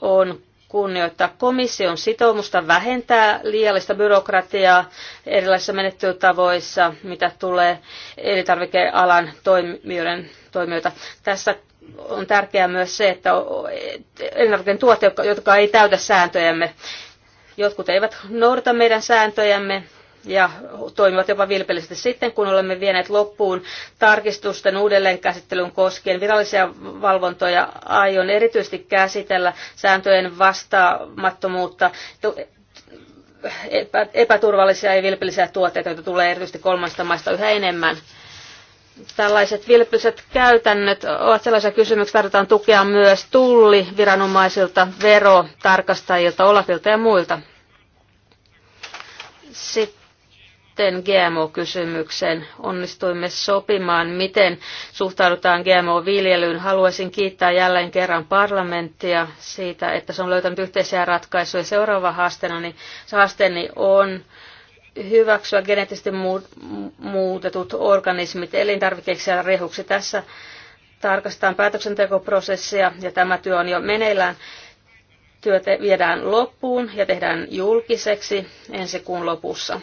on kunnioittaa komission sitoumusta vähentää liiallista byrokratiaa erilaisissa menettelytavoissa, mitä tulee elintarvikealan toimijoiden toimijoita. Tässä on tärkeää myös se, että elintarvikkeiden tuotteet, jotka ei täytä sääntöjämme, jotkut eivät noudata meidän sääntöjämme ja toimivat jopa vilpillisesti sitten, kun olemme vieneet loppuun tarkistusten uudelleenkäsittelyn koskien virallisia valvontoja. Aion erityisesti käsitellä sääntöjen vastaamattomuutta epäturvallisia ja vilpillisiä tuotteita, joita tulee erityisesti kolmasta maista yhä enemmän tällaiset vilpilliset käytännöt ovat sellaisia kysymyksiä, tarvitaan tukea myös tulli, viranomaisilta, verotarkastajilta, Olafilta ja muilta. Sitten GMO-kysymykseen onnistuimme sopimaan, miten suhtaudutaan GMO-viljelyyn. Haluaisin kiittää jälleen kerran parlamenttia siitä, että se on löytänyt yhteisiä ratkaisuja. Seuraava haasteeni, haasteeni on hyväksyä geneettisesti muutetut organismit elintarvikkeiksi ja rehuksi. Tässä tarkastetaan päätöksentekoprosessia ja tämä työ on jo meneillään. Työ viedään loppuun ja tehdään julkiseksi ensi kuun lopussa.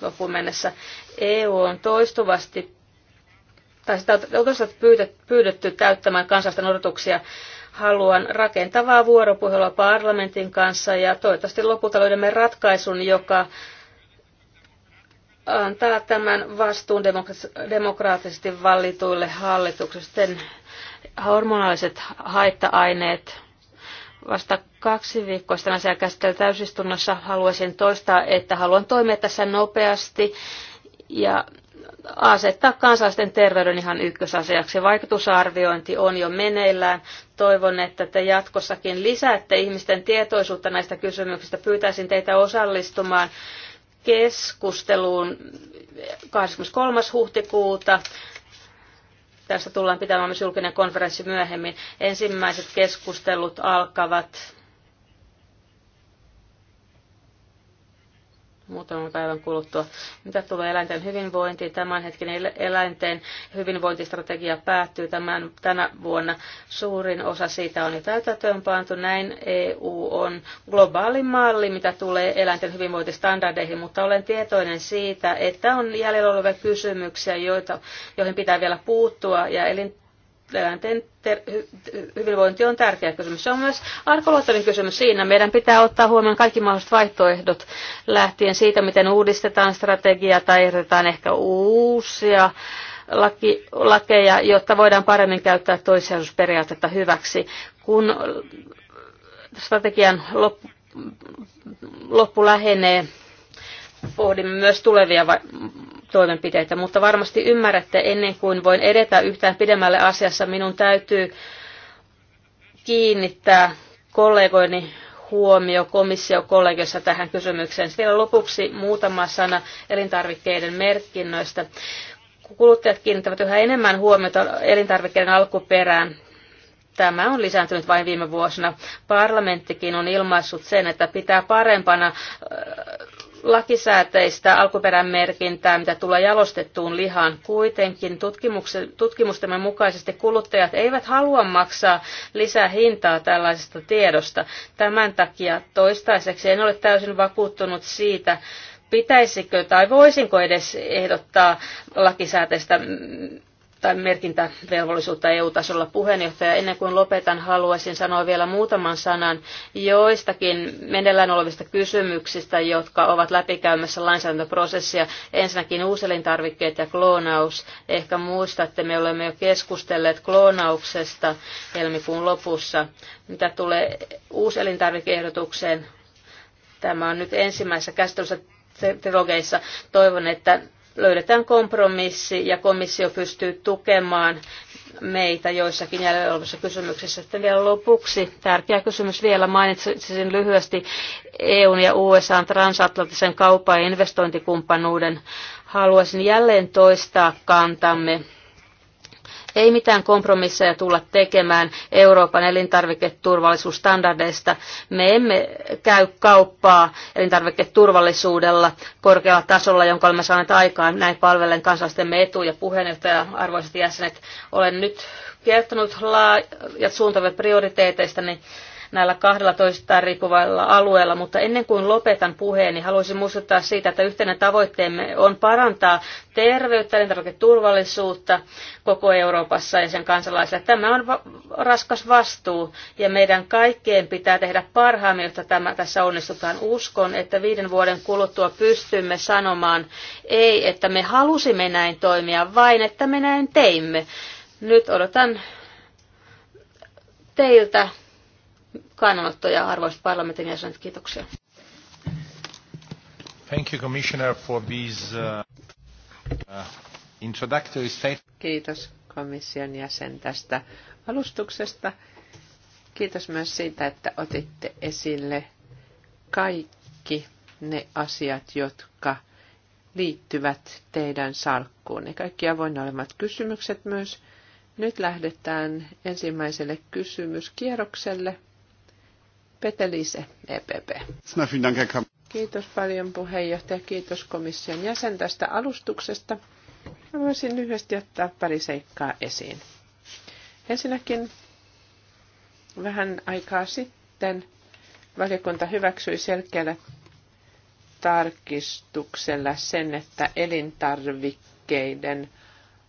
Loppuun mennessä EU on toistuvasti tai sitä on toistuvasti pyydetty täyttämään kansallisten odotuksia haluan rakentavaa vuoropuhelua parlamentin kanssa ja toivottavasti lopulta löydämme ratkaisun, joka antaa tämän vastuun demokraattisesti valituille hallituksesten hormonaaliset haitta-aineet. Vasta kaksi viikkoa sitten asiaa käsitellä täysistunnossa haluaisin toistaa, että haluan toimia tässä nopeasti ja asettaa kansalaisten terveyden ihan ykkösasiaksi. Vaikutusarviointi on jo meneillään. Toivon, että te jatkossakin lisäätte ihmisten tietoisuutta näistä kysymyksistä. Pyytäisin teitä osallistumaan keskusteluun 23. huhtikuuta. Tästä tullaan pitämään myös julkinen konferenssi myöhemmin. Ensimmäiset keskustelut alkavat muutaman päivän kuluttua. Mitä tulee eläinten hyvinvointiin, tämänhetkinen eläinten hyvinvointistrategia päättyy tämän, tänä vuonna. Suurin osa siitä on jo täytäntöönpantu. Näin EU on globaali malli, mitä tulee eläinten hyvinvointistandardeihin, mutta olen tietoinen siitä, että on jäljellä olevia kysymyksiä, joita, joihin pitää vielä puuttua ja elin eläinten ter- hyvinvointi on tärkeä kysymys. Se on myös arkoluottainen kysymys siinä. Meidän pitää ottaa huomioon kaikki mahdolliset vaihtoehdot lähtien siitä, miten uudistetaan strategiaa tai ehdotetaan ehkä uusia laki, lakeja, jotta voidaan paremmin käyttää toissijaisuusperiaatetta hyväksi. Kun strategian loppu, loppu lähenee, pohdimme myös tulevia toimenpiteitä, mutta varmasti ymmärrätte, ennen kuin voin edetä yhtään pidemmälle asiassa, minun täytyy kiinnittää kollegoini huomio komissiokollegiossa tähän kysymykseen. Vielä lopuksi muutama sana elintarvikkeiden merkinnöistä. Kuluttajat kiinnittävät yhä enemmän huomiota elintarvikkeiden alkuperään. Tämä on lisääntynyt vain viime vuosina. Parlamenttikin on ilmaissut sen, että pitää parempana lakisääteistä alkuperämerkintää, mitä tulee jalostettuun lihaan. Kuitenkin tutkimustemme mukaisesti kuluttajat eivät halua maksaa lisää hintaa tällaisesta tiedosta. Tämän takia toistaiseksi en ole täysin vakuuttunut siitä, pitäisikö tai voisinko edes ehdottaa lakisääteistä tai merkintävelvollisuutta EU-tasolla puheenjohtaja. Ennen kuin lopetan, haluaisin sanoa vielä muutaman sanan joistakin meneillään olevista kysymyksistä, jotka ovat läpikäymässä lainsäädäntöprosessia. Ensinnäkin uuselintarvikkeet ja kloonaus. Ehkä muistatte, me olemme jo keskustelleet kloonauksesta helmikuun lopussa. Mitä tulee uuselintarvikeehdotukseen, tämä on nyt ensimmäisessä käsittelyssä trilogeissa. Toivon, että löydetään kompromissi ja komissio pystyy tukemaan meitä joissakin jäljellä olevissa kysymyksissä. Sitten vielä lopuksi tärkeä kysymys vielä mainitsisin lyhyesti EUn ja USAn transatlanttisen kaupan ja investointikumppanuuden. Haluaisin jälleen toistaa kantamme ei mitään kompromisseja tulla tekemään Euroopan elintarviketurvallisuusstandardeista. Me emme käy kauppaa elintarviketurvallisuudella korkealla tasolla, jonka olemme saaneet aikaan näin palvellen kansalaistemme etuja. Puheenjohtaja, arvoisat jäsenet, olen nyt kertonut laajat suuntavat prioriteeteista, niin näillä 12 riippuvalla alueella, mutta ennen kuin lopetan puheen, niin haluaisin muistuttaa siitä, että yhtenä tavoitteemme on parantaa terveyttä, elintarviketurvallisuutta koko Euroopassa ja sen kansalaisille. Tämä on raskas vastuu ja meidän kaikkien pitää tehdä parhaamme, jotta tämä, tässä onnistutaan. Uskon, että viiden vuoden kuluttua pystymme sanomaan ei, että me halusimme näin toimia, vain että me näin teimme. Nyt odotan teiltä kannanottoja, arvoisat parlamentin jäsenet. Kiitoksia. Thank you, Commissioner, for these uh, uh, introductory statements. Kiitos komission jäsen tästä alustuksesta. Kiitos myös siitä, että otitte esille kaikki ne asiat, jotka liittyvät teidän salkkuun. Ne Kaikki avoin olemat kysymykset myös. Nyt lähdetään ensimmäiselle kysymyskierrokselle. Petelise, EPP. Kiitos paljon puheenjohtaja, kiitos komission jäsen tästä alustuksesta. Voisin lyhyesti ottaa pari seikkaa esiin. Ensinnäkin vähän aikaa sitten valiokunta hyväksyi selkeällä tarkistuksella sen, että elintarvikkeiden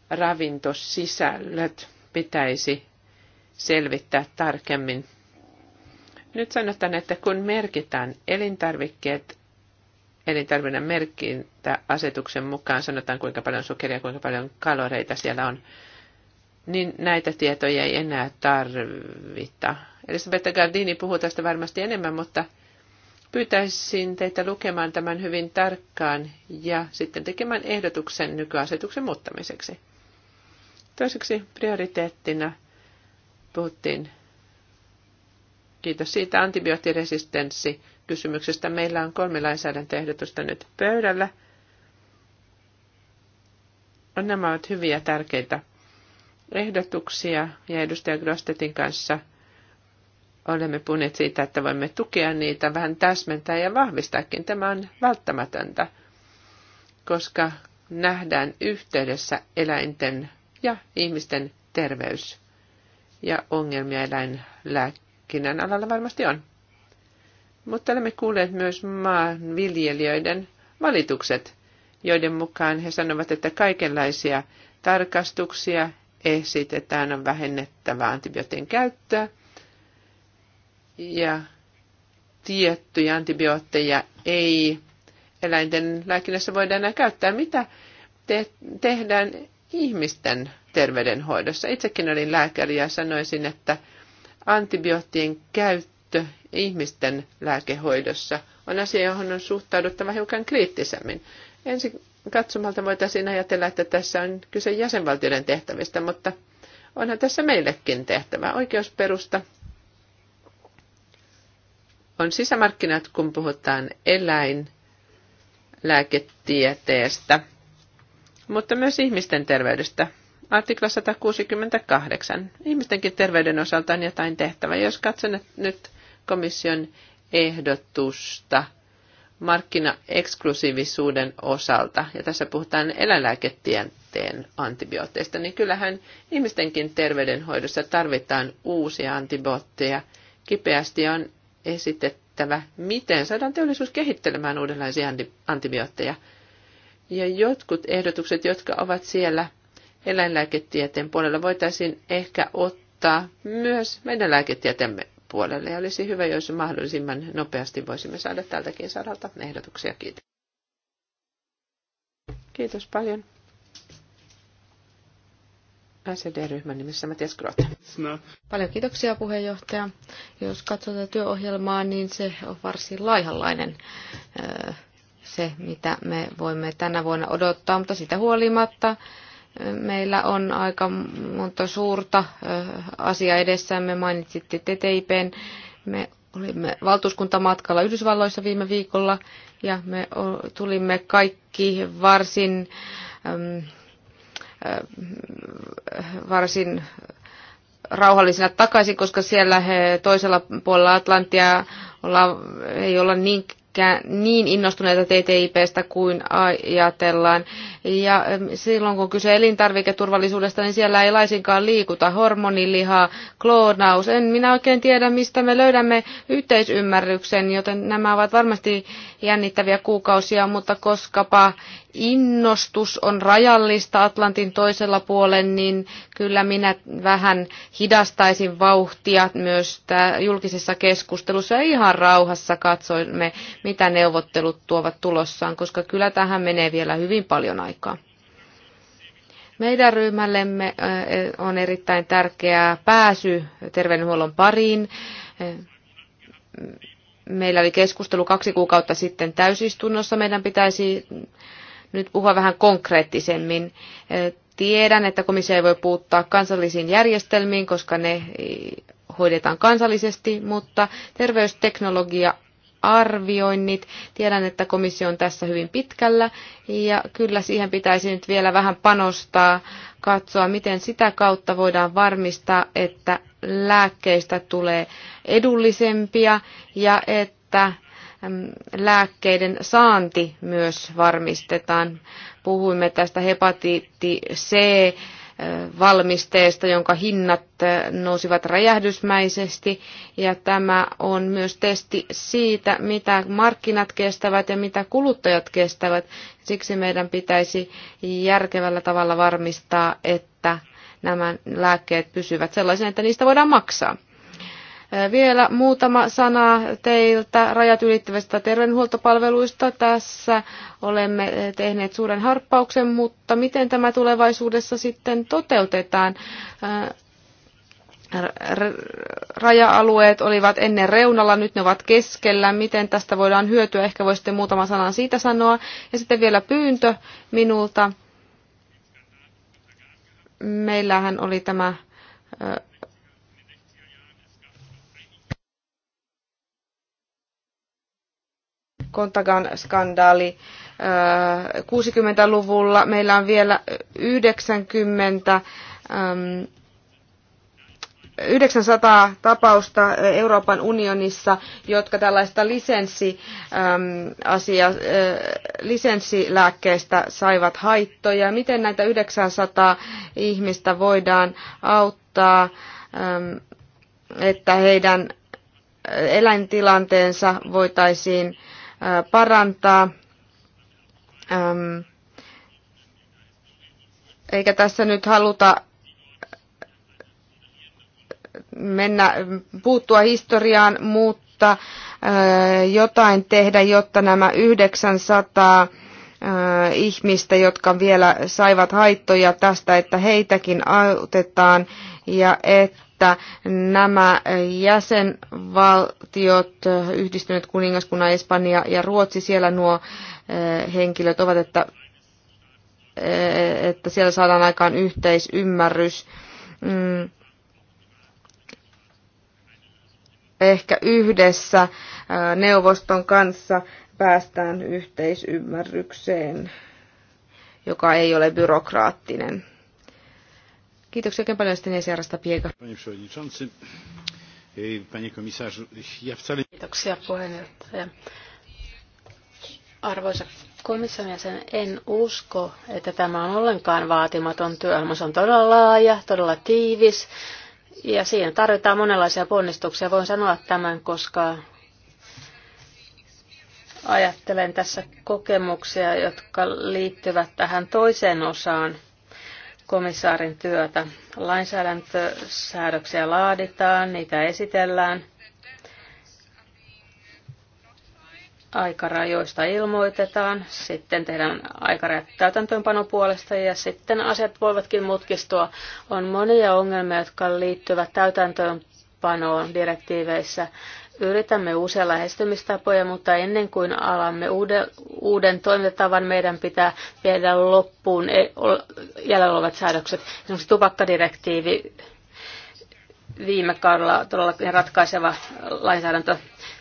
ravintosisällöt pitäisi selvittää tarkemmin nyt sanotaan, että kun merkitään elintarvikkeet elintarvinnan merkintä asetuksen mukaan, sanotaan kuinka paljon sokeria, kuinka paljon kaloreita siellä on, niin näitä tietoja ei enää tarvita. Eli Elisabetta Gardini puhuu tästä varmasti enemmän, mutta pyytäisin teitä lukemaan tämän hyvin tarkkaan ja sitten tekemään ehdotuksen nykyasetuksen muuttamiseksi. Toiseksi prioriteettina puhuttiin Kiitos siitä antibioottiresistenssi kysymyksestä. Meillä on kolme lainsäädäntöehdotusta nyt pöydällä. Nämä ovat hyviä tärkeitä ehdotuksia ja edustaja Grostetin kanssa olemme puhuneet siitä, että voimme tukea niitä, vähän täsmentää ja vahvistaakin. Tämä on välttämätöntä, koska nähdään yhteydessä eläinten ja ihmisten terveys ja ongelmia eläinlääkkeessä markkinan alalla varmasti on. Mutta olemme kuulleet myös maanviljelijöiden valitukset, joiden mukaan he sanovat, että kaikenlaisia tarkastuksia esitetään on vähennettävä antibiootin käyttöä ja tiettyjä antibiootteja ei eläinten lääkinnässä voida enää käyttää. Mitä te- tehdään ihmisten terveydenhoidossa? Itsekin olin lääkäri ja sanoisin, että antibioottien käyttö ihmisten lääkehoidossa on asia, johon on suhtauduttava hiukan kriittisemmin. Ensi katsomalta voitaisiin ajatella, että tässä on kyse jäsenvaltioiden tehtävistä, mutta onhan tässä meillekin tehtävä. Oikeusperusta on sisämarkkinat, kun puhutaan eläinlääketieteestä, mutta myös ihmisten terveydestä. Artikla 168. Ihmistenkin terveyden osalta on jotain tehtävä. Jos katson nyt komission ehdotusta markkinaeksklusiivisuuden osalta, ja tässä puhutaan eläinlääketieteen antibiooteista, niin kyllähän ihmistenkin terveydenhoidossa tarvitaan uusia antibiootteja. Kipeästi on esitettävä, miten saadaan teollisuus kehittelemään uudenlaisia antibiootteja. Ja jotkut ehdotukset, jotka ovat siellä – eläinlääketieteen puolella voitaisiin ehkä ottaa myös meidän lääketieteemme puolelle. Ja olisi hyvä, jos mahdollisimman nopeasti voisimme saada tältäkin saralta ehdotuksia. Kiitos. Kiitos paljon. SED-ryhmän nimessä Matias Grote. No. Paljon kiitoksia puheenjohtaja. Jos katsotaan työohjelmaa, niin se on varsin laihanlainen se, mitä me voimme tänä vuonna odottaa, mutta sitä huolimatta Meillä on aika monta suurta asiaa edessämme. Mainitsitte TTIPn. Me olimme valtuuskuntamatkalla Yhdysvalloissa viime viikolla ja me tulimme kaikki varsin, varsin rauhallisena takaisin, koska siellä he, toisella puolella Atlantia olla, ei olla niin niin innostuneita TTIPstä kuin ajatellaan. Ja silloin kun kyse elintarviketurvallisuudesta, niin siellä ei laisinkaan liikuta hormonilihaa, kloonaus. En minä oikein tiedä, mistä me löydämme yhteisymmärryksen, joten nämä ovat varmasti jännittäviä kuukausia, mutta koskapa innostus on rajallista Atlantin toisella puolen, niin kyllä minä vähän hidastaisin vauhtia myös julkisessa keskustelussa ja ihan rauhassa katsoimme, mitä neuvottelut tuovat tulossaan, koska kyllä tähän menee vielä hyvin paljon aikaa. Meidän ryhmällemme eh, on erittäin tärkeää pääsy terveydenhuollon pariin eh, Meillä oli keskustelu kaksi kuukautta sitten täysistunnossa. Meidän pitäisi nyt puhua vähän konkreettisemmin. Tiedän, että komissio ei voi puuttaa kansallisiin järjestelmiin, koska ne e, hoidetaan kansallisesti, mutta terveysteknologia arvioinnit. Tiedän, että komissio on tässä hyvin pitkällä ja kyllä siihen pitäisi nyt vielä vähän panostaa, katsoa, miten sitä kautta voidaan varmistaa, että lääkkeistä tulee edullisempia ja että lääkkeiden saanti myös varmistetaan. Puhuimme tästä hepatiitti C äh, valmisteesta, jonka hinnat äh, nousivat räjähdysmäisesti. Ja tämä on myös testi siitä, mitä markkinat kestävät ja mitä kuluttajat kestävät. Siksi meidän pitäisi järkevällä tavalla varmistaa, että nämä lääkkeet pysyvät sellaisena, että niistä voidaan maksaa. Vielä muutama sana teiltä rajat ylittävistä terveydenhuoltopalveluista. Tässä olemme tehneet suuren harppauksen, mutta miten tämä tulevaisuudessa sitten toteutetaan? raja-alueet olivat ennen reunalla, nyt ne ovat keskellä. Miten tästä voidaan hyötyä? Ehkä voisitte muutaman sanan siitä sanoa. Ja sitten vielä pyyntö minulta meillähän oli tämä Kontagan skandaali 60-luvulla. Meillä on vielä 90 900 tapausta eh, Euroopan unionissa, jotka tällaista lisenssi, äm, asia, eh, lisenssilääkkeistä saivat haittoja. Miten näitä 900 ihmistä voidaan auttaa, että heidän eh, eläintilanteensa voitaisiin parantaa? eikä tässä nyt haluta mennä, puuttua historiaan, mutta jotain tehdä, jotta nämä 900 ihmistä, jotka vielä saivat haittoja tästä, että heitäkin autetaan ja että nämä jäsenvaltiot, yhdistyneet kuningaskunnan Espanja ja Ruotsi, siellä nuo henkilöt ovat, että, että siellä saadaan aikaan yhteisymmärrys. Mm ehkä yhdessä neuvoston kanssa päästään yhteisymmärrykseen, joka ei ole byrokraattinen. Kiitoksia oikein paljon sitten Esiarasta Pieka. E, Kiitoksia puheenjohtaja. Arvoisa komissaari, sen en usko, että tämä on ollenkaan vaatimaton työohjelma. Se on todella laaja, todella tiivis ja siihen tarvitaan monenlaisia ponnistuksia. Voin sanoa tämän, koska ajattelen tässä kokemuksia, jotka liittyvät tähän toiseen osaan komissaarin työtä. Lainsäädäntösäädöksiä laaditaan, niitä esitellään – aikarajoista ilmoitetaan, sitten tehdään aikarajat täytäntöönpanon puolesta ja sitten asiat voivatkin mutkistua. On monia ongelmia, jotka liittyvät täytäntöönpanoon direktiiveissä. Yritämme uusia lähestymistapoja, mutta ennen kuin alamme uuden, uuden toimintatavan, meidän pitää viedä loppuun e-, jäljellä olevat säädökset. Esimerkiksi tupakkadirektiivi viime kaudella todella ratkaiseva lainsäädäntö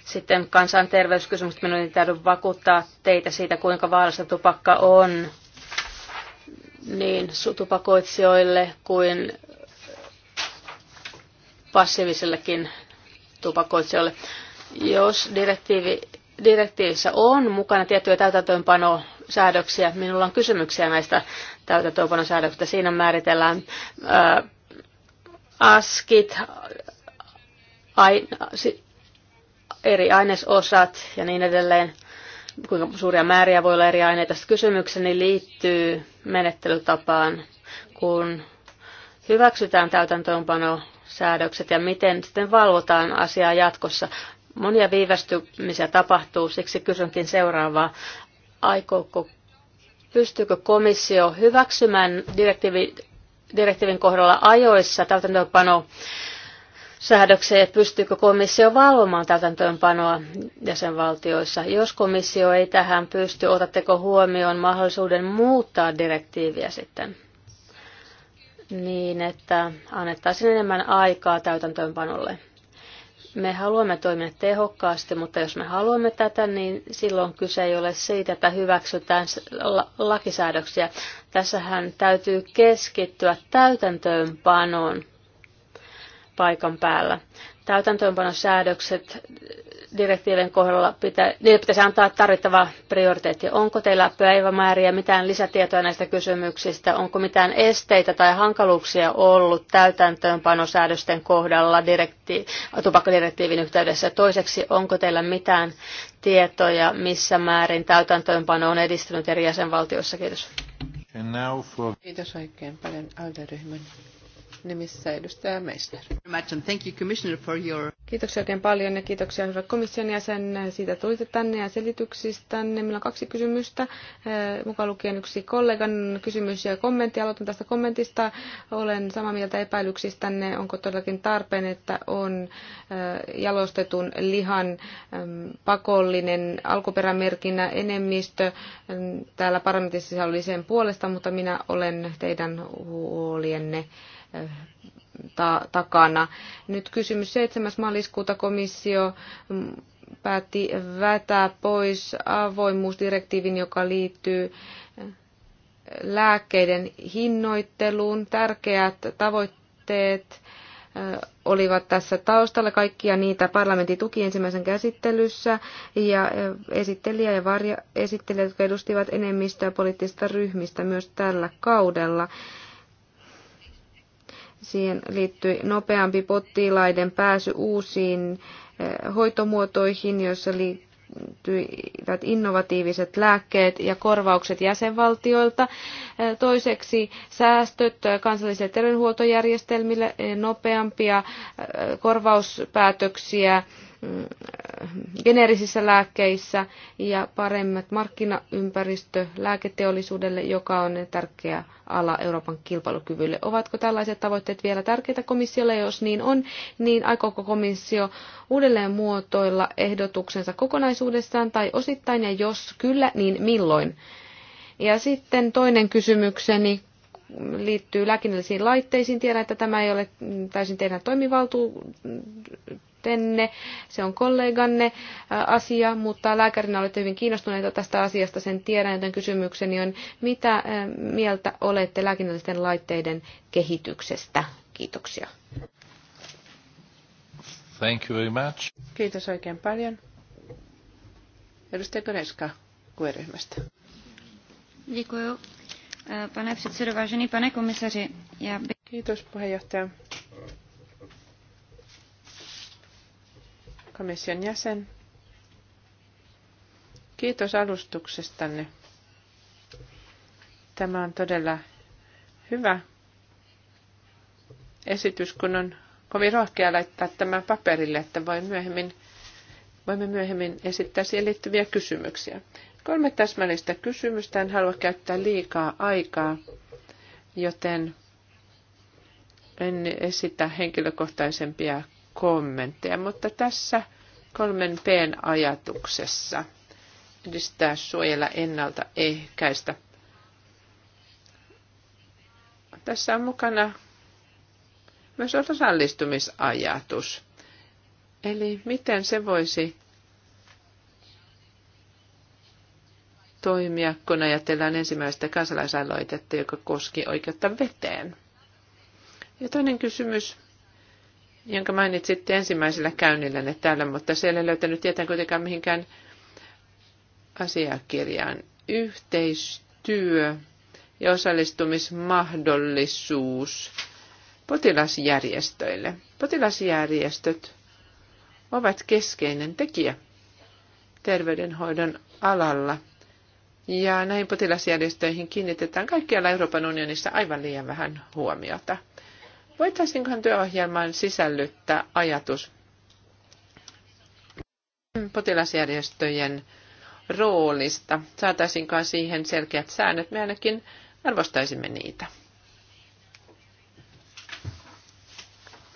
sitten kansanterveyskysymykset, minun ei täydy vakuuttaa teitä siitä, kuinka vaarallista tupakka on niin tupakoitsijoille kuin passiivisellekin tupakoitsijoille. Jos direktiivi, direktiivissä on mukana tiettyjä täytäntöönpanosäädöksiä, minulla on kysymyksiä näistä täytäntöönpanosäädöksistä. Siinä määritellään ää, askit, ai, si, eri ainesosat ja niin edelleen, kuinka suuria määriä voi olla eri aineita. kysymykseni liittyy menettelytapaan, kun hyväksytään täytäntöönpano säädökset ja miten sitten valvotaan asiaa jatkossa. Monia viivästymisiä tapahtuu, siksi kysynkin seuraavaa. Aikooko, pystyykö komissio hyväksymään direktiivi, direktiivin kohdalla ajoissa täytäntöönpano säädökseen, että pystyykö komissio valvomaan täytäntöönpanoa jäsenvaltioissa. Jos komissio ei tähän pysty, otatteko huomioon mahdollisuuden muuttaa direktiiviä sitten niin, että annettaisiin enemmän aikaa täytäntöönpanolle? Me haluamme toimia tehokkaasti, mutta jos me haluamme tätä, niin silloin kyse ei ole siitä, että hyväksytään lakisäädöksiä. Tässähän täytyy keskittyä täytäntöönpanoon paikan päällä. Täytäntöönpanosäädökset direktiivien kohdalla pitä, niille pitäisi antaa tarvittava prioriteetti. Onko teillä päivämääriä, mitään lisätietoja näistä kysymyksistä? Onko mitään esteitä tai hankaluuksia ollut täytäntöönpanosäädösten kohdalla direkti, tupakkadirektiivin yhteydessä? Toiseksi, onko teillä mitään tietoja, missä määrin täytäntöönpano on edistynyt eri jäsenvaltioissa? Kiitos. Kiitos oikein paljon Alderyhmän nimissä edustaja Meissner. Kiitoksia oikein paljon ja kiitoksia hyvä komission jäsen siitä tulitte tänne ja selityksistänne. Meillä on kaksi kysymystä, eh, mukaan lukien yksi kollegan kysymys ja kommentti. Aloitan tästä kommentista. Olen samaa mieltä epäilyksistänne. Onko todellakin tarpeen, että on eh, jalostetun lihan pakollinen alkuperämerkinnä enemmistö? Täällä parlamentissa oli sen puolesta, mutta minä olen teidän huolienne ta- takana. Nyt kysymys 7. maaliskuuta komissio mm, päätti vätää pois avoimuusdirektiivin, joka liittyy eh, lääkkeiden hinnoitteluun. Tärkeät tavoitteet eh, olivat tässä taustalla. Kaikkia niitä parlamentin tuki ensimmäisen käsittelyssä ja eh, esittelijä ja varja, esittelijät, jotka edustivat enemmistöä poliittisista ryhmistä myös tällä kaudella. Siihen liittyi nopeampi potilaiden pääsy uusiin eh, hoitomuotoihin, joissa liittyivät innovatiiviset lääkkeet ja korvaukset jäsenvaltioilta. Eh, toiseksi säästöt kansallisille terveydenhuoltojärjestelmille, eh, nopeampia korvauspäätöksiä Mm, geneerisissä lääkkeissä ja paremmat markkinaympäristö lääketeollisuudelle, joka on tärkeä ala Euroopan kilpailukyvylle. Ovatko tällaiset tavoitteet vielä tärkeitä komissiolle? Jos niin on, niin aikooko komissio uudelleen muotoilla ehdotuksensa kokonaisuudessaan tai osittain, ja jos kyllä, niin milloin? Ja sitten toinen kysymykseni liittyy lääkinnällisiin laitteisiin. Tiedän, että tämä ei ole täysin teidän toimivaltu lastenne, se on kolleganne asia, mutta lääkärinä olette hyvin kiinnostuneita tästä asiasta, sen tiedän, joten kysymykseni on, mitä mieltä olette lääkinnällisten laitteiden kehityksestä? Kiitoksia. Thank you very much. Kiitos oikein paljon. Edustaja Koneska QE-ryhmästä. Pane předsedo, vážený pane komisaři, já by... Kiitos puheenjohtaja. komission jäsen. Kiitos alustuksestanne. Tämä on todella hyvä esitys, kun on kovin rohkea laittaa tämä paperille, että voi myöhemmin, voimme myöhemmin esittää siihen liittyviä kysymyksiä. Kolme täsmällistä kysymystä. En halua käyttää liikaa aikaa, joten en esitä henkilökohtaisempia kommentteja, mutta tässä kolmen Pn ajatuksessa edistää, suojella, ennalta, ehkäistä. Tässä on mukana myös osallistumisajatus. Eli miten se voisi toimia, kun ajatellaan ensimmäistä kansalaisaloitetta, joka koski oikeutta veteen. Ja toinen kysymys jonka mainitsitte ensimmäisellä ne täällä, mutta siellä ei löytänyt tietää kuitenkaan mihinkään asiakirjaan. Yhteistyö ja osallistumismahdollisuus potilasjärjestöille. Potilasjärjestöt ovat keskeinen tekijä terveydenhoidon alalla. Ja näihin potilasjärjestöihin kiinnitetään kaikkialla Euroopan unionissa aivan liian vähän huomiota. Voitaisinkohan työohjelmaan sisällyttää ajatus potilasjärjestöjen roolista? Saataisinkaan siihen selkeät säännöt? Me ainakin arvostaisimme niitä.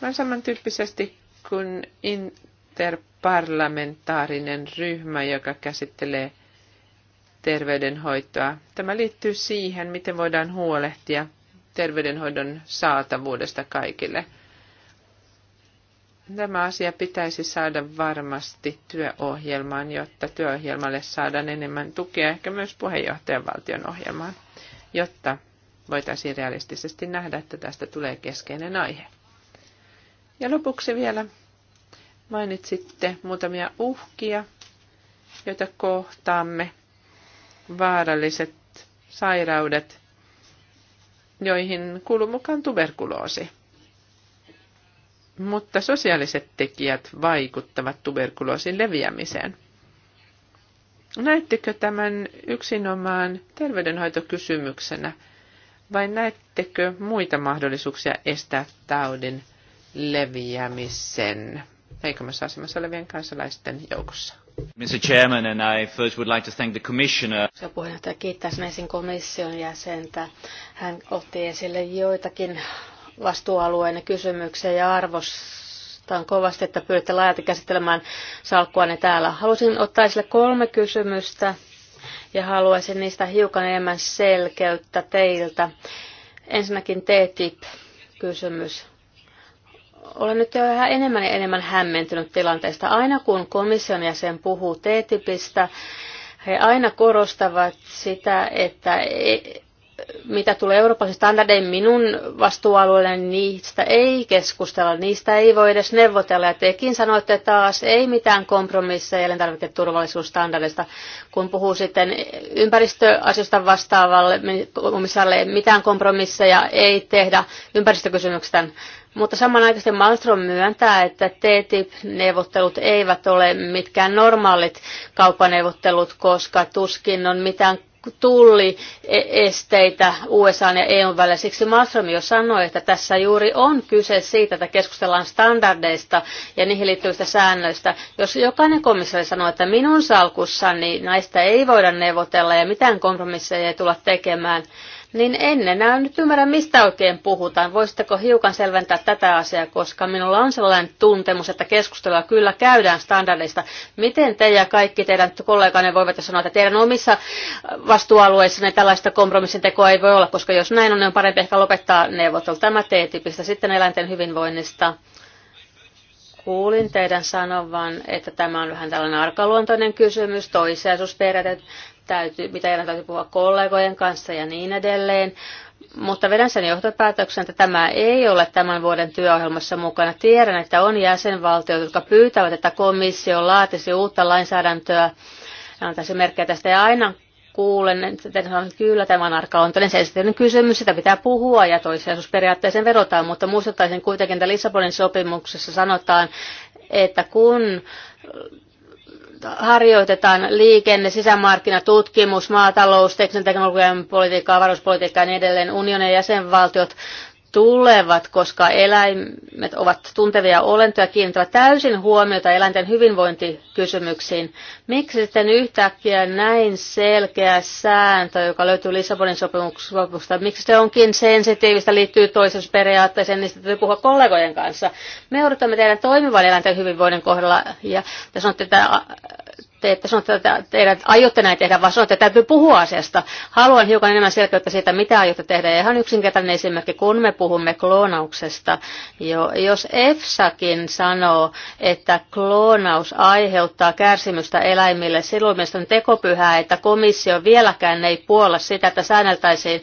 Vähän samantyyppisesti kuin interparlamentaarinen ryhmä, joka käsittelee terveydenhoitoa. Tämä liittyy siihen, miten voidaan huolehtia – terveydenhoidon saatavuudesta kaikille. Tämä asia pitäisi saada varmasti työohjelmaan, jotta työohjelmalle saadaan enemmän tukea, ehkä myös puheenjohtajan valtion ohjelmaan, jotta voitaisiin realistisesti nähdä, että tästä tulee keskeinen aihe. Ja lopuksi vielä mainitsitte muutamia uhkia, joita kohtaamme, vaaralliset sairaudet, joihin kuuluu mukaan tuberkuloosi. Mutta sosiaaliset tekijät vaikuttavat tuberkuloosin leviämiseen. Näettekö tämän yksinomaan terveydenhoitokysymyksenä vai näettekö muita mahdollisuuksia estää taudin leviämisen heikommassa asemassa olevien kansalaisten joukossa? Mr. Chairman, and I first would like to thank the Commissioner. Puheenjohtaja, kiittää ensin komission jäsentä. Hän otti esille joitakin vastuualueen kysymyksiä ja arvostan kovasti, että pyydätte laajalti käsittelemään salkkuanne niin täällä. Haluaisin ottaa esille kolme kysymystä ja haluaisin niistä hiukan enemmän selkeyttä teiltä. Ensinnäkin TTIP-kysymys olen nyt jo vähän enemmän ja enemmän hämmentynyt tilanteesta. Aina kun komission jäsen puhuu TTIPistä, he aina korostavat sitä, että mitä tulee Euroopan standardeihin minun vastuualueelle, niistä ei keskustella, niistä ei voi edes neuvotella. Ja tekin sanoitte taas, ei mitään kompromisseja elintarviketurvallisuusstandardeista. Kun puhuu sitten ympäristöasioista vastaavalle komissaarille, mitään kompromisseja ei tehdä ympäristökysymyksistä. Mutta samanaikaisesti Malmström myöntää, että TTIP-neuvottelut eivät ole mitkään normaalit kauppaneuvottelut, koska tuskin on mitään tulliesteitä e- USA ja EUn välillä. Siksi Malmström jo sanoi, että tässä juuri on kyse siitä, että keskustellaan standardeista ja niihin liittyvistä säännöistä. Jos jokainen komissaari sanoo, että minun salkussani näistä ei voida neuvotella ja mitään kompromisseja ei tulla tekemään, niin ennen nämä nyt ymmärrä, mistä oikein puhutaan. Voisitteko hiukan selventää tätä asiaa, koska minulla on sellainen tuntemus, että keskustelua kyllä käydään standardista. Miten te ja kaikki teidän kolleganne voivat sanoa, että teidän omissa vastuualueissanne tällaista kompromissin tekoa ei voi olla, koska jos näin on, niin on parempi ehkä lopettaa neuvottelu. Tämä T-tyypistä sitten eläinten hyvinvoinnista. Kuulin teidän sanovan, että tämä on vähän tällainen arkaluontoinen kysymys, toissijaisuusperiaate, täytyy, mitä aina täytyy puhua kollegojen kanssa ja niin edelleen. Mutta vedän sen johtopäätöksen, että tämä ei ole tämän vuoden työohjelmassa mukana. Tiedän, että on jäsenvaltioita, jotka pyytävät, että komissio laatisi uutta lainsäädäntöä. Antaisin merkkejä tästä ja aina kuulen, että sanon, että kyllä tämä on arkaluontoinen sensitiivinen kysymys, sitä pitää puhua ja periaatteeseen vedotaan, mutta muistuttaisin kuitenkin, että Lissabonin sopimuksessa sanotaan, että kun harjoitetaan liikenne, sisämarkkina, tutkimus, maatalous, teknologian politiikka, avaruuspolitiikka ja niin edelleen. Unionin jäsenvaltiot tulevat, koska eläimet ovat tuntevia olentoja, kiinnittävät täysin huomiota eläinten hyvinvointikysymyksiin. Miksi sitten yhtäkkiä näin selkeä sääntö, joka löytyy Lissabonin sopimuksesta, miksi se onkin sensitiivistä, liittyy toisuusperiaatteeseen, niin sitä puhua kollegojen kanssa. Me odotamme teidän toimivan eläinten hyvinvoinnin kohdalla, ja te sanotte, että te ette sano, että teidän, aiotte näin tehdä, vaan sanotte, että täytyy puhua asiasta. Haluan hiukan enemmän selkeyttä siitä, mitä aiotte tehdä. Ja ihan yksinkertainen esimerkki, kun me puhumme kloonauksesta, jo, jos EFSAkin sanoo, että kloonaus aiheuttaa kärsimystä eläimille, silloin mielestäni on tekopyhää, että komissio vieläkään ei puolla sitä, että säänneltäisiin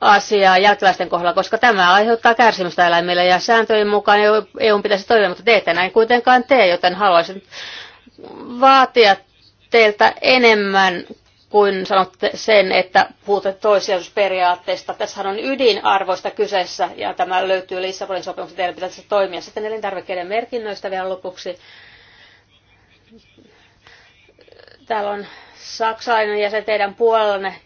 asiaa jälkeläisten kohdalla, koska tämä aiheuttaa kärsimystä eläimille ja sääntöjen mukaan EU e pitäisi toimia, mutta te ette näin kuitenkaan tee, joten haluaisin vaatia teiltä enemmän kuin sanotte sen, että puhutte toissijaisuusperiaatteesta. Tässähän on ydinarvoista kyseessä ja tämä löytyy Lissabonin sopimuksen teidän pitäisi toimia. Sitten elintarvikkeiden merkinnöistä vielä lopuksi. Täällä on saksalainen jäsen teidän puolellanne,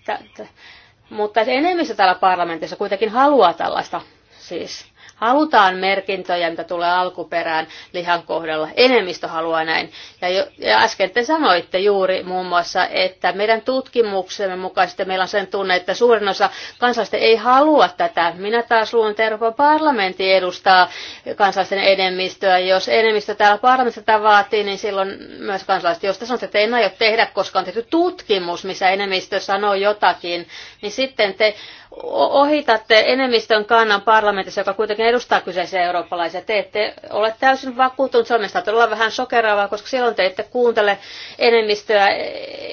mutta enemmistö täällä parlamentissa kuitenkin haluaa tällaista siis halutaan merkintöjä, mitä tulee alkuperään lihan kohdalla. Enemmistö haluaa näin. Ja, jo, ja äsken te sanoitte juuri muun muassa, että meidän tutkimuksemme mukaisesti meillä on sen tunne, että suurin osa kansalaisista ei halua tätä. Minä taas luulen, että Euroopan parlamentti edustaa kansalaisten enemmistöä. Jos enemmistö täällä parlamentissa vaatii, niin silloin myös kansalaiset, jos te sanotte, että en aio tehdä, koska on tehty tutkimus, missä enemmistö sanoo jotakin, niin sitten te ohitatte enemmistön kannan parlamentissa, joka kuitenkin edustaa kyseisiä eurooppalaisia. Te ette ole täysin vakuuttunut Suomesta. Todella vähän sokeraavaa, koska silloin te ette kuuntele enemmistöä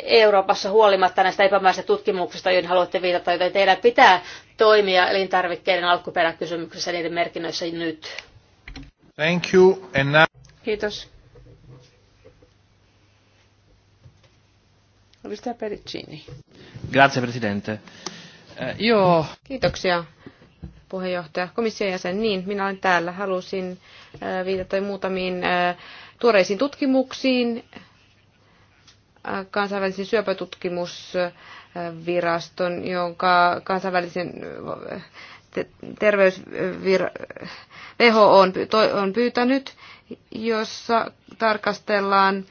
Euroopassa huolimatta näistä epämääräisistä tutkimuksista, joihin haluatte viitata, joten teidän pitää toimia elintarvikkeiden alkuperäkysymyksessä niiden merkinnöissä nyt. Thank you. And now... Kiitos. Edustaja Pericini. Grazie Presidente. Äh, joo. Kiitoksia puheenjohtaja, komission jäsen. Niin, minä olen täällä. Halusin äh, viitata muutamiin äh, tuoreisiin tutkimuksiin äh, kansainvälisen syöpätutkimusviraston, jonka kansainvälisen äh, terveysvir... WHO on, on pyytänyt jossa tarkastellaan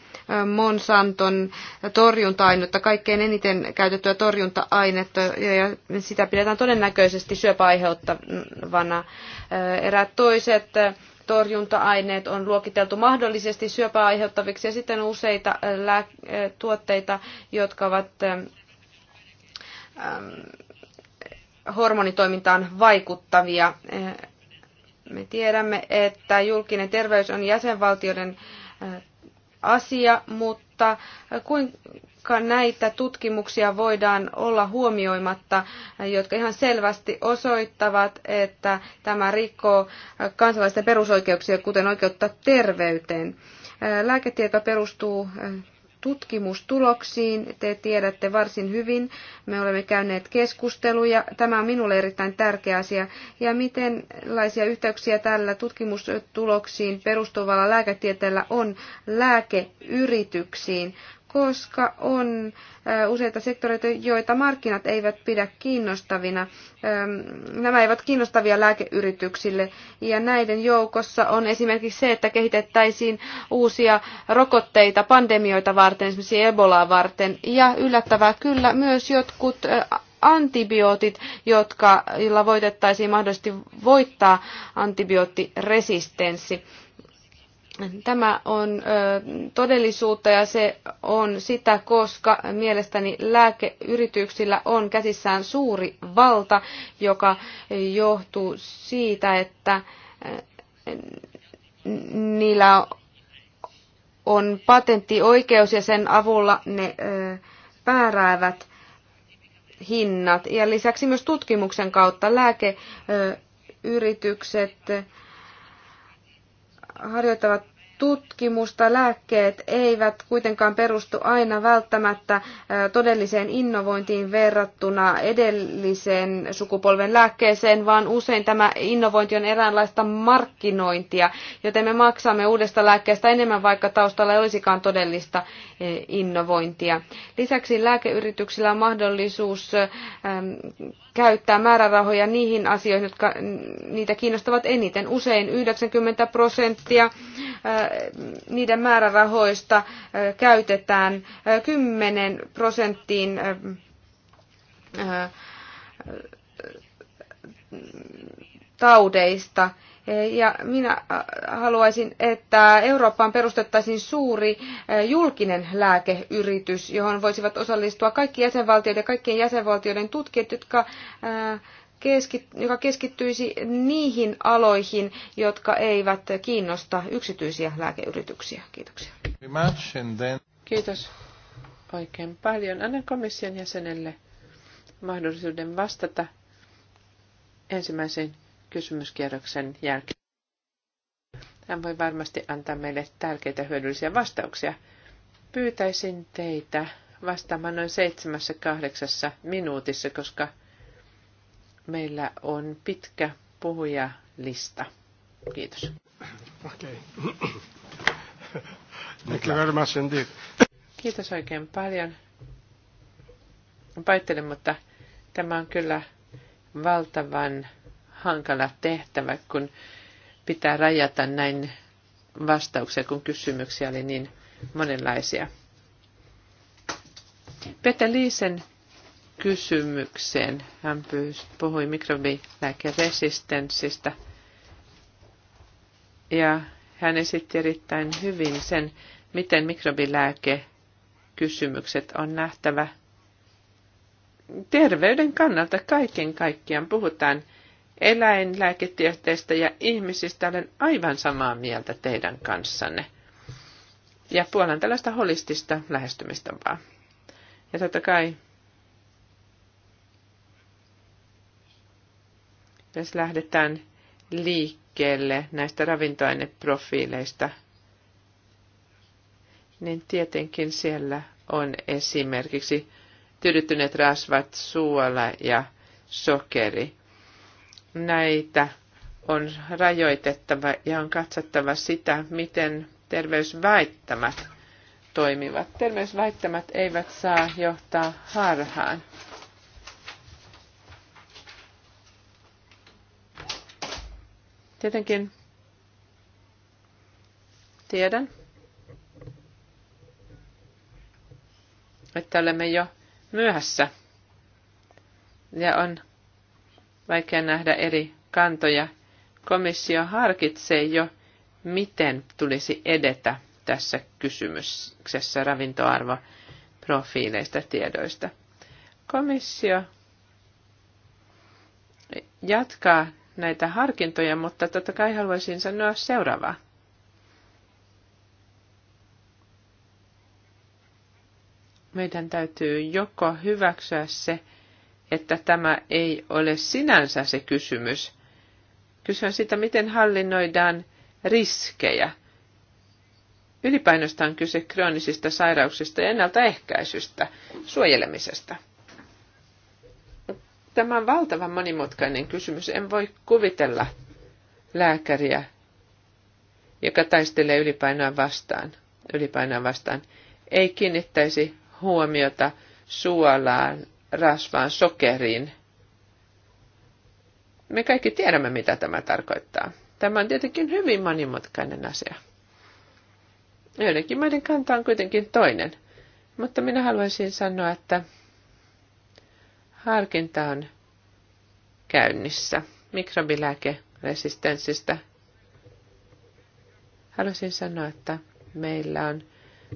Monsanton torjunta-ainetta, kaikkein eniten käytettyä torjunta-ainetta, ja sitä pidetään todennäköisesti syöpäaiheuttavana. Erät toiset torjunta-aineet on luokiteltu mahdollisesti syöpäaiheuttaviksi, ja sitten useita tuotteita, jotka ovat hormonitoimintaan vaikuttavia me tiedämme, että julkinen terveys on jäsenvaltioiden asia, mutta kuinka näitä tutkimuksia voidaan olla huomioimatta, jotka ihan selvästi osoittavat, että tämä rikkoo kansalaisten perusoikeuksia, kuten oikeutta terveyteen. Lääketieto perustuu tutkimustuloksiin. Te tiedätte varsin hyvin, me olemme käyneet keskusteluja. Tämä on minulle erittäin tärkeä asia. Ja miten laisia yhteyksiä tällä tutkimustuloksiin perustuvalla lääketieteellä on lääkeyrityksiin? koska on äh, useita sektoreita, joita markkinat eivät pidä kiinnostavina. Ähm, nämä eivät kiinnostavia lääkeyrityksille ja näiden joukossa on esimerkiksi se, että kehitettäisiin uusia rokotteita pandemioita varten, esimerkiksi Ebolaa varten ja yllättävää kyllä myös jotkut äh, antibiootit, jotka, joilla voitettaisiin mahdollisesti voittaa antibioottiresistenssi. Tämä on todellisuutta ja se on sitä, koska mielestäni lääkeyrityksillä on käsissään suuri valta, joka johtuu siitä, että niillä on patenttioikeus ja sen avulla ne pääräävät hinnat. Ja lisäksi myös tutkimuksen kautta lääkeyritykset harjoittavat Tutkimusta lääkkeet eivät kuitenkaan perustu aina välttämättä todelliseen innovointiin verrattuna edellisen sukupolven lääkkeeseen, vaan usein tämä innovointi on eräänlaista markkinointia, joten me maksamme uudesta lääkkeestä enemmän, vaikka taustalla ei olisikaan todellista innovointia. Lisäksi lääkeyrityksillä on mahdollisuus käyttää määrärahoja niihin asioihin, jotka niitä kiinnostavat eniten. Usein 90 prosenttia niiden määrärahoista käytetään 10 prosenttiin taudeista. Ja minä haluaisin, että Eurooppaan perustettaisiin suuri julkinen lääkeyritys, johon voisivat osallistua kaikki jäsenvaltiot ja kaikkien jäsenvaltioiden tutkijat, jotka keskit, joka keskittyisi niihin aloihin, jotka eivät kiinnosta yksityisiä lääkeyrityksiä. Kiitoksia. Kiitos oikein paljon. Annan komission jäsenelle mahdollisuuden vastata ensimmäisen kysymyskierroksen jälkeen. Hän voi varmasti antaa meille tärkeitä hyödyllisiä vastauksia. Pyytäisin teitä vastaamaan noin seitsemässä kahdeksassa minuutissa, koska Meillä on pitkä puhujalista. Kiitos. Okay. Kiitos oikein paljon. Paittelen, mutta tämä on kyllä valtavan hankala tehtävä, kun pitää rajata näin vastauksia, kun kysymyksiä oli niin monenlaisia. Peter Liisen kysymykseen. Hän puhui mikrobilääkeresistenssistä ja hän esitti erittäin hyvin sen, miten mikrobilääkekysymykset on nähtävä terveyden kannalta kaiken kaikkiaan. Puhutaan eläinlääketieteestä ja ihmisistä. Olen aivan samaa mieltä teidän kanssanne. Ja puolen tällaista holistista lähestymistapaa. Ja totta kai tässä lähdetään liikkeelle näistä ravintoaineprofiileista, niin tietenkin siellä on esimerkiksi tyydyttyneet rasvat, suola ja sokeri. Näitä on rajoitettava ja on katsottava sitä, miten terveysväittämät toimivat. Terveysväittämät eivät saa johtaa harhaan. Tietenkin tiedän, että olemme jo myöhässä ja on vaikea nähdä eri kantoja. Komissio harkitsee jo, miten tulisi edetä tässä kysymyksessä ravintoarvo profiileista tiedoista. Komissio jatkaa näitä harkintoja, mutta totta kai haluaisin sanoa seuraavaa. Meidän täytyy joko hyväksyä se, että tämä ei ole sinänsä se kysymys. kysy on sitä, miten hallinnoidaan riskejä. Ylipainosta on kyse kroonisista sairauksista ja ennaltaehkäisystä, suojelemisesta – Tämä on valtavan monimutkainen kysymys. En voi kuvitella lääkäriä, joka taistelee ylipainoa vastaan, ylipainoa vastaan, ei kiinnittäisi huomiota suolaan, rasvaan, sokeriin. Me kaikki tiedämme, mitä tämä tarkoittaa. Tämä on tietenkin hyvin monimutkainen asia. Joidenkin maiden kanta on kuitenkin toinen. Mutta minä haluaisin sanoa, että Harkinta on käynnissä mikrobilääkeresistenssistä. Haluaisin sanoa, että meillä on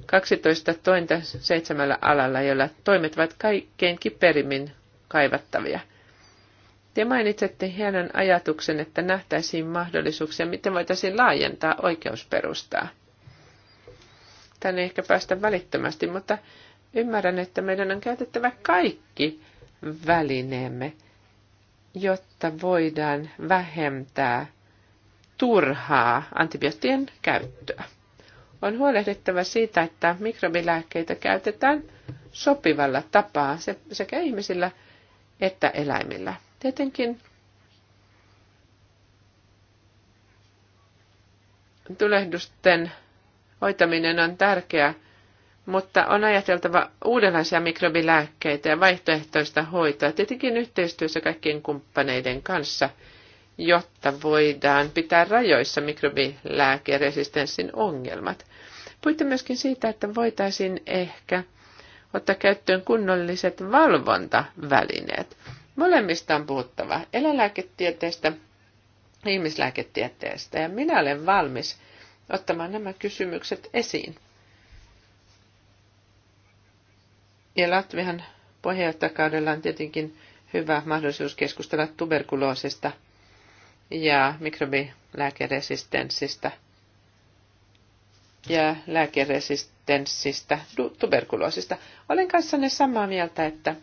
12 tointa seitsemällä alalla, joilla toimet ovat kaikkein kiperimmin kaivattavia. Te mainitsette hienon ajatuksen, että nähtäisiin mahdollisuuksia, miten voitaisiin laajentaa oikeusperustaa. Tänne ehkä päästä välittömästi, mutta ymmärrän, että meidän on käytettävä kaikki välineemme, jotta voidaan vähentää turhaa antibioottien käyttöä. On huolehdittava siitä, että mikrobilääkkeitä käytetään sopivalla tapaa sekä ihmisillä että eläimillä. Tietenkin tulehdusten hoitaminen on tärkeää, mutta on ajateltava uudenlaisia mikrobilääkkeitä ja vaihtoehtoista hoitoa, tietenkin yhteistyössä kaikkien kumppaneiden kanssa, jotta voidaan pitää rajoissa mikrobilääkeresistenssin ongelmat. Puhutte myöskin siitä, että voitaisiin ehkä ottaa käyttöön kunnolliset valvontavälineet. Molemmista on puhuttava eläinlääketieteestä ihmislääketieteestä, ja minä olen valmis ottamaan nämä kysymykset esiin Ja Latvian puheenjohtajakaudella on tietenkin hyvä mahdollisuus keskustella tuberkuloosista ja mikrobilääkeresistenssistä ja lääkeresistenssistä, tuberkuloosista. Olen kanssanne samaa mieltä, että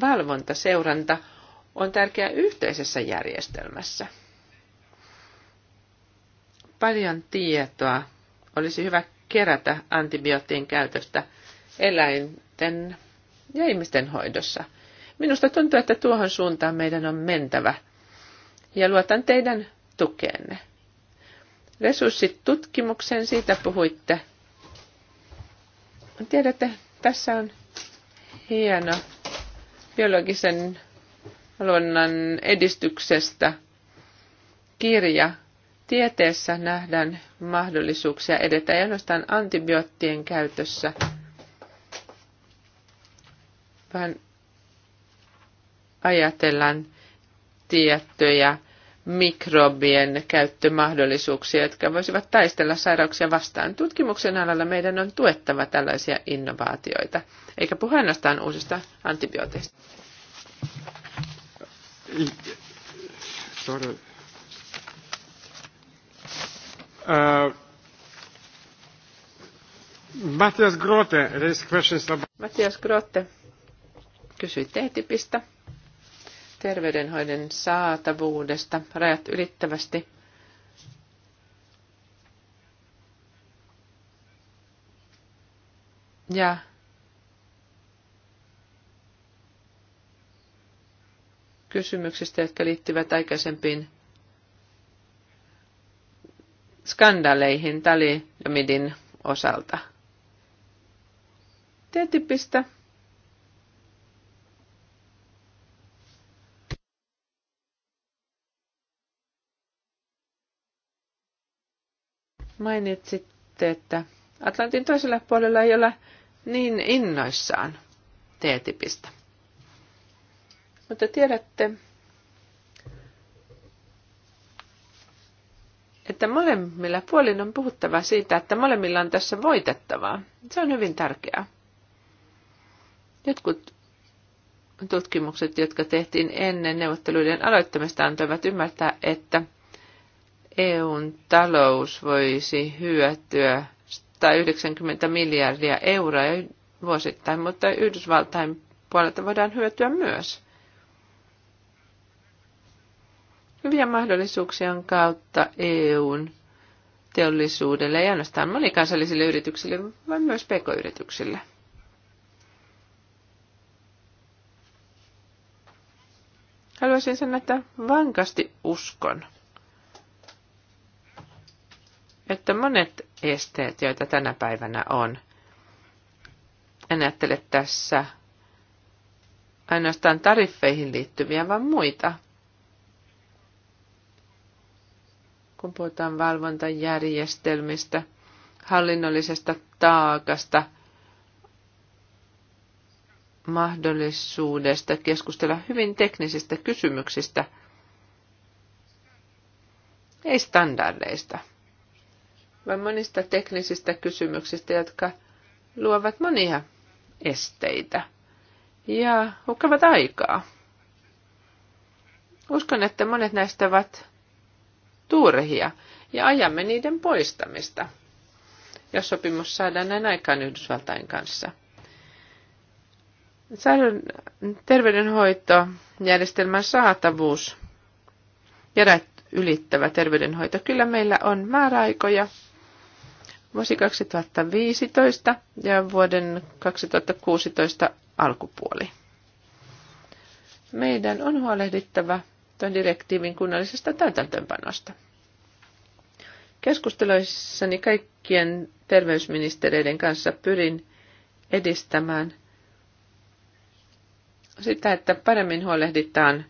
valvonta, seuranta on tärkeää yhteisessä järjestelmässä. Paljon tietoa olisi hyvä kerätä antibioottien käytöstä eläinten ja ihmisten hoidossa. Minusta tuntuu, että tuohon suuntaan meidän on mentävä ja luotan teidän tukeenne. Resurssit tutkimukseen, siitä puhuitte. Tiedätte, tässä on hieno biologisen luonnon edistyksestä kirja. Tieteessä nähdään mahdollisuuksia edetä ei ainoastaan antibioottien käytössä – vaan ajatellaan tiettyjä mikrobien käyttömahdollisuuksia, jotka voisivat taistella sairauksia vastaan. Tutkimuksen alalla meidän on tuettava tällaisia innovaatioita, eikä puhu ainoastaan uusista antibiooteista. Uh, Matthias Grote raised questions about... Matthias Grote kysyi etipistä, terveydenhoidon saatavuudesta, rajat ylittävästi. Ja kysymyksistä, jotka liittyvät aikaisempiin skandaleihin talidomidin osalta. t Mainitsitte, että Atlantin toisella puolella ei ole niin innoissaan TTIPistä. Mutta tiedätte, että molemmilla puolin on puhuttava siitä, että molemmilla on tässä voitettavaa. Se on hyvin tärkeää. Jotkut tutkimukset, jotka tehtiin ennen neuvotteluiden aloittamista, antoivat ymmärtää, että – EUn talous voisi hyötyä 190 miljardia euroa vuosittain, mutta Yhdysvaltain puolelta voidaan hyötyä myös. Hyviä mahdollisuuksia on kautta EUn teollisuudelle, ei ainoastaan monikansallisille yrityksille, vaan myös pk-yrityksille. Haluaisin sanoa, että vankasti uskon – että monet esteet, joita tänä päivänä on, en ajattele tässä ainoastaan tariffeihin liittyviä, vaan muita. Kun puhutaan valvontajärjestelmistä, hallinnollisesta taakasta, mahdollisuudesta keskustella hyvin teknisistä kysymyksistä, ei standardeista vaan monista teknisistä kysymyksistä, jotka luovat monia esteitä ja hukkavat aikaa. Uskon, että monet näistä ovat turhia ja ajamme niiden poistamista, jos sopimus saadaan näin aikaan Yhdysvaltain kanssa. Terveydenhoitojärjestelmän saatavuus ja ylittävä terveydenhoito. Kyllä meillä on määräaikoja vuosi 2015 ja vuoden 2016 alkupuoli. Meidän on huolehdittava tuon direktiivin kunnallisesta täytäntöönpanosta. Keskusteluissani kaikkien terveysministereiden kanssa pyrin edistämään sitä, että paremmin huolehditaan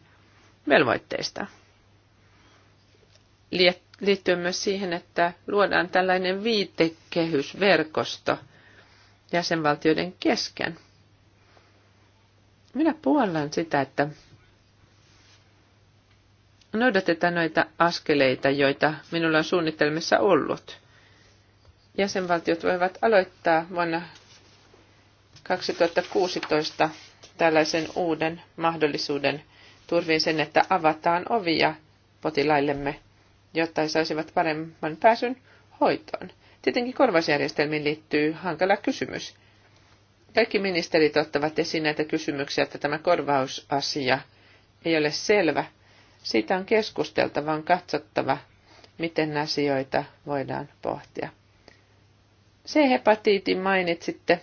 velvoitteista liittyy myös siihen, että luodaan tällainen viitekehysverkosto jäsenvaltioiden kesken. Minä puollan sitä, että noudatetaan noita askeleita, joita minulla on suunnitelmissa ollut. Jäsenvaltiot voivat aloittaa vuonna 2016 tällaisen uuden mahdollisuuden turvin sen, että avataan ovia potilaillemme jotta he saisivat paremman pääsyn hoitoon. Tietenkin korvausjärjestelmiin liittyy hankala kysymys. Kaikki ministerit ottavat esiin näitä kysymyksiä, että tämä korvausasia ei ole selvä. Siitä on keskusteltava, on katsottava, miten asioita voidaan pohtia. Se hepatiitin mainitsitte.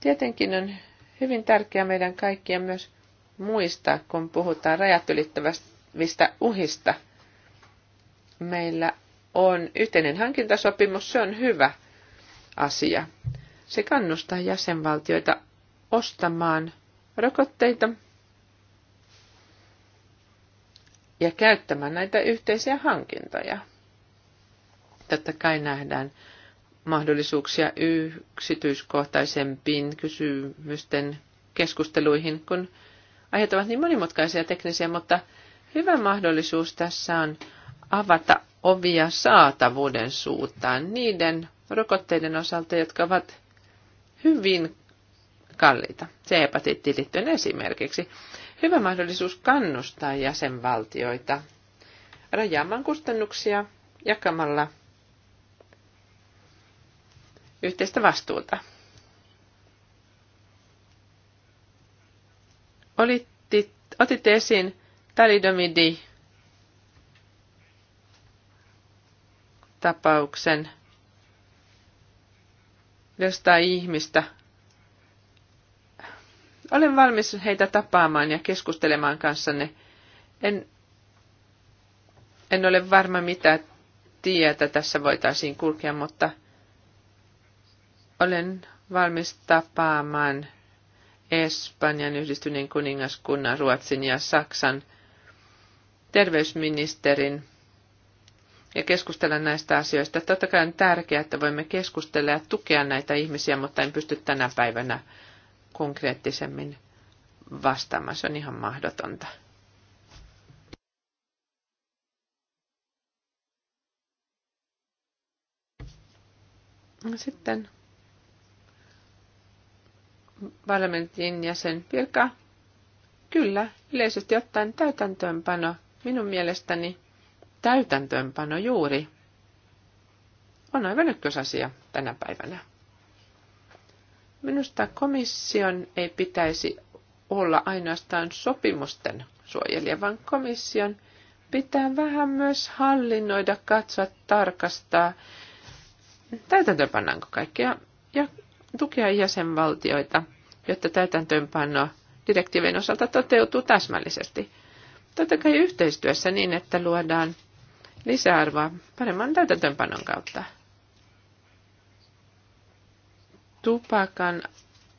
Tietenkin on hyvin tärkeää meidän kaikkien myös muistaa, kun puhutaan rajat ylittävistä uhista – meillä on yhteinen hankintasopimus, se on hyvä asia. Se kannustaa jäsenvaltioita ostamaan rokotteita ja käyttämään näitä yhteisiä hankintoja. Totta kai nähdään mahdollisuuksia yksityiskohtaisempiin kysymysten keskusteluihin, kun aiheet ovat niin monimutkaisia teknisiä, mutta hyvä mahdollisuus tässä on avata ovia saatavuuden suuntaan niiden rokotteiden osalta, jotka ovat hyvin kalliita. Se hepatiitti liittyen esimerkiksi. Hyvä mahdollisuus kannustaa jäsenvaltioita rajaamaan kustannuksia jakamalla yhteistä vastuuta. Olitti, otitte esiin talidomidi tapauksen jostain ihmistä. Olen valmis heitä tapaamaan ja keskustelemaan kanssanne. En, en ole varma, mitä tietä tässä voitaisiin kulkea, mutta olen valmis tapaamaan Espanjan, Yhdistyneen kuningaskunnan, Ruotsin ja Saksan terveysministerin ja keskustella näistä asioista. Totta kai on tärkeää, että voimme keskustella ja tukea näitä ihmisiä, mutta en pysty tänä päivänä konkreettisemmin vastaamaan. Se on ihan mahdotonta. No sitten parlamentin jäsen Pirka. Kyllä, yleisesti ottaen täytäntöönpano minun mielestäni täytäntöönpano juuri on aivan ykkösasia tänä päivänä. Minusta komission ei pitäisi olla ainoastaan sopimusten suojelija, vaan komission pitää vähän myös hallinnoida, katsoa, tarkastaa, täytäntöönpannaanko kaikkea ja tukea jäsenvaltioita, jotta täytäntöönpano direktiivin osalta toteutuu täsmällisesti. Totta kai yhteistyössä niin, että luodaan lisäarvoa paremman täytäntöönpanon kautta. Tupakan,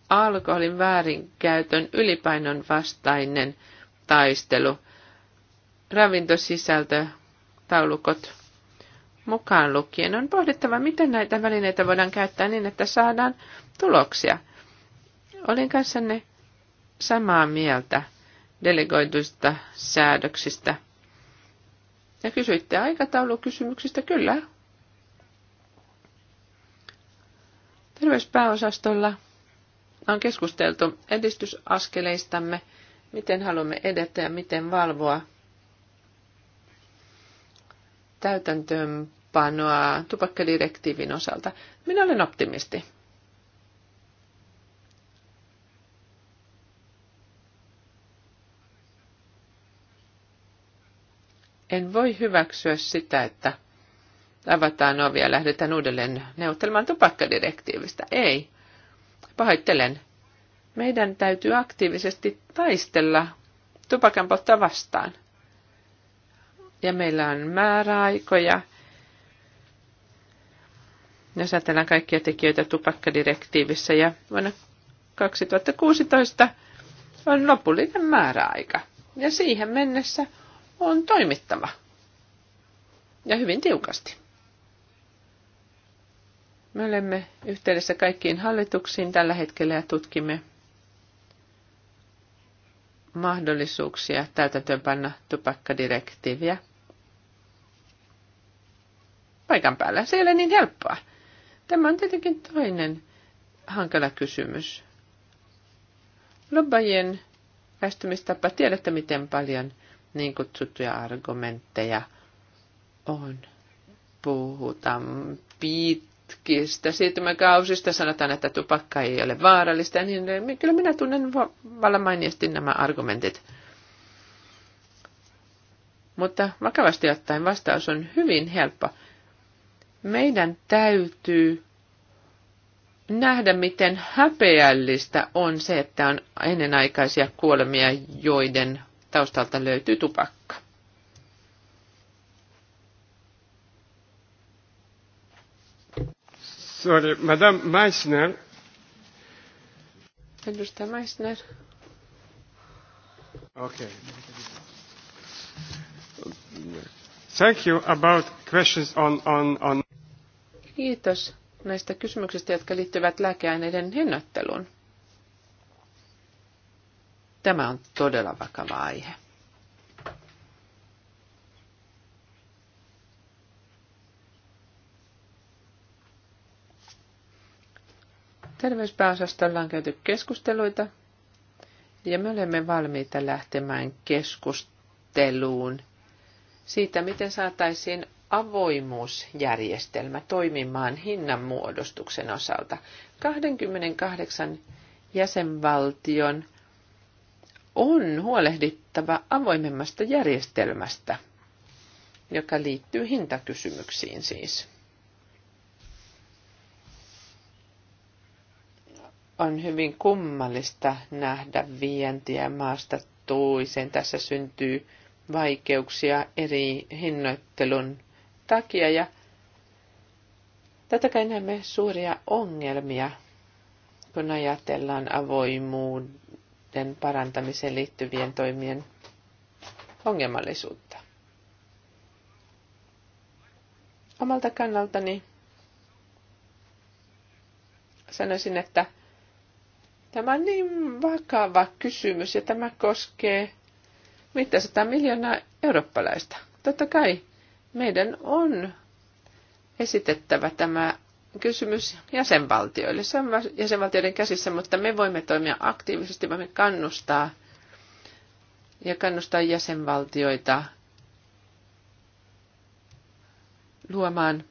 alkoholin väärinkäytön, ylipainon vastainen taistelu, ravintosisältö, taulukot mukaan lukien on pohdittava, miten näitä välineitä voidaan käyttää niin, että saadaan tuloksia. Olin kanssanne samaa mieltä delegoituista säädöksistä – ja kysyitte aikataulukysymyksistä, kyllä. Terveyspääosastolla on keskusteltu edistysaskeleistamme, miten haluamme edetä ja miten valvoa täytäntöönpanoa tupakkadirektiivin osalta. Minä olen optimisti. En voi hyväksyä sitä, että avataan ovi ja lähdetään uudelleen neuvottelemaan tupakkadirektiivistä. Ei. Pahoittelen. Meidän täytyy aktiivisesti taistella tupakan potta vastaan. Ja meillä on määräaikoja. Jos ajatellaan kaikkia tekijöitä tupakkadirektiivissä ja vuonna 2016 on lopullinen määräaika. Ja siihen mennessä on toimittava. Ja hyvin tiukasti. Me olemme yhteydessä kaikkiin hallituksiin tällä hetkellä ja tutkimme mahdollisuuksia täytäntöönpanna tupakkadirektiiviä paikan päällä. Se ei ole niin helppoa. Tämä on tietenkin toinen hankala kysymys. Lobbajien väistymistapa, tiedätte miten paljon – niin kutsuttuja argumentteja on. Puhutaan pitkistä siirtymäkausista, sanotaan, että tupakka ei ole vaarallista, niin kyllä minä tunnen vallan nämä argumentit. Mutta vakavasti ottaen vastaus on hyvin helppo. Meidän täytyy nähdä, miten häpeällistä on se, että on ennenaikaisia kuolemia, joiden taustalta löytyy tupakka. Sorry, Madame Meissner. Edustaja Meissner. Okay. Thank you about questions on, on, on. Kiitos näistä kysymyksistä, jotka liittyvät lääkeaineiden hinnoitteluun. Tämä on todella vakava aihe. Terveyspääosastolla on käyty keskusteluita ja me olemme valmiita lähtemään keskusteluun siitä, miten saataisiin avoimuusjärjestelmä toimimaan hinnanmuodostuksen osalta. 28 jäsenvaltion on huolehdittava avoimemmasta järjestelmästä, joka liittyy hintakysymyksiin siis. On hyvin kummallista nähdä vientiä maasta toiseen. Tässä syntyy vaikeuksia eri hinnoittelun takia ja tätä kai näemme suuria ongelmia, kun ajatellaan avoimuuden suhteiden parantamiseen liittyvien toimien ongelmallisuutta. Omalta kannaltani sanoisin, että tämä on niin vakava kysymys ja tämä koskee mitä 100 miljoonaa eurooppalaista. Totta kai meidän on esitettävä tämä kysymys jäsenvaltioille. Se on jäsenvaltioiden käsissä, mutta me voimme toimia aktiivisesti, voimme kannustaa ja kannustaa jäsenvaltioita luomaan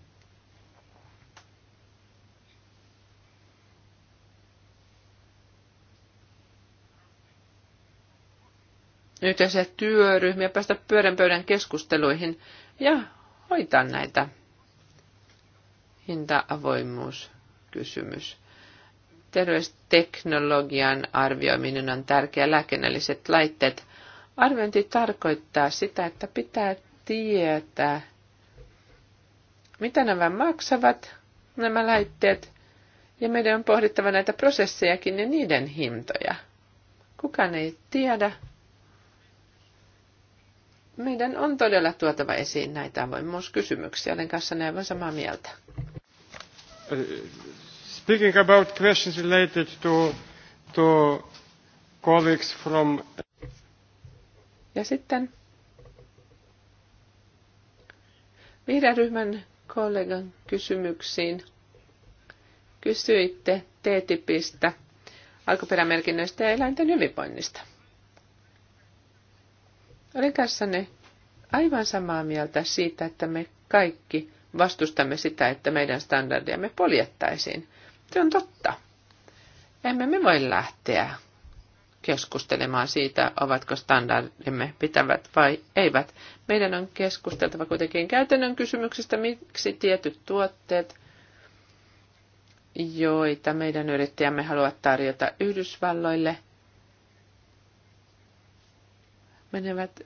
yhteisiä työryhmiä, päästä pyörän pöydän keskusteluihin ja hoitaa näitä hinta-avoimuuskysymys. Terveysteknologian arvioiminen on tärkeä lääkinnälliset laitteet. Arviointi tarkoittaa sitä, että pitää tietää, mitä nämä maksavat, nämä laitteet, ja meidän on pohdittava näitä prosessejakin ja niiden hintoja. Kukaan ei tiedä. Meidän on todella tuotava esiin näitä avoimuuskysymyksiä. Olen kanssa näin samaa mieltä uh, speaking about questions related to, to colleagues from... Ja sitten vihreän ryhmän kollegan kysymyksiin. Kysyitte T-tipistä, alkuperämerkinnöistä ja eläinten hyvinvoinnista. Olen kanssanne aivan samaa mieltä siitä, että me kaikki vastustamme sitä, että meidän standardiamme poljettaisiin. Se on totta. Emme me voi lähteä keskustelemaan siitä, ovatko standardimme pitävät vai eivät. Meidän on keskusteltava kuitenkin käytännön kysymyksistä, miksi tietyt tuotteet, joita meidän yrittäjämme haluavat tarjota Yhdysvalloille, menevät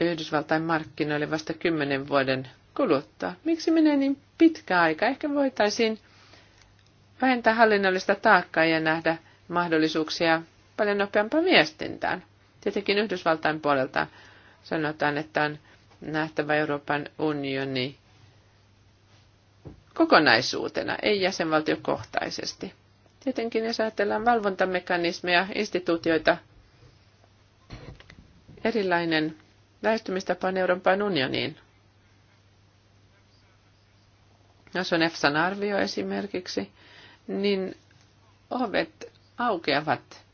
Yhdysvaltain markkinoille vasta kymmenen vuoden kuluttaa. Miksi menee niin pitkä aika? Ehkä voitaisiin vähentää hallinnollista taakkaa ja nähdä mahdollisuuksia paljon nopeampaan viestintään. Tietenkin Yhdysvaltain puolelta sanotaan, että on nähtävä Euroopan unioni kokonaisuutena, ei jäsenvaltiokohtaisesti. Tietenkin jos ajatellaan valvontamekanismeja, instituutioita, erilainen lähestymistapa on Euroopan unioniin jos on EFSAn arvio esimerkiksi, niin ovet aukeavat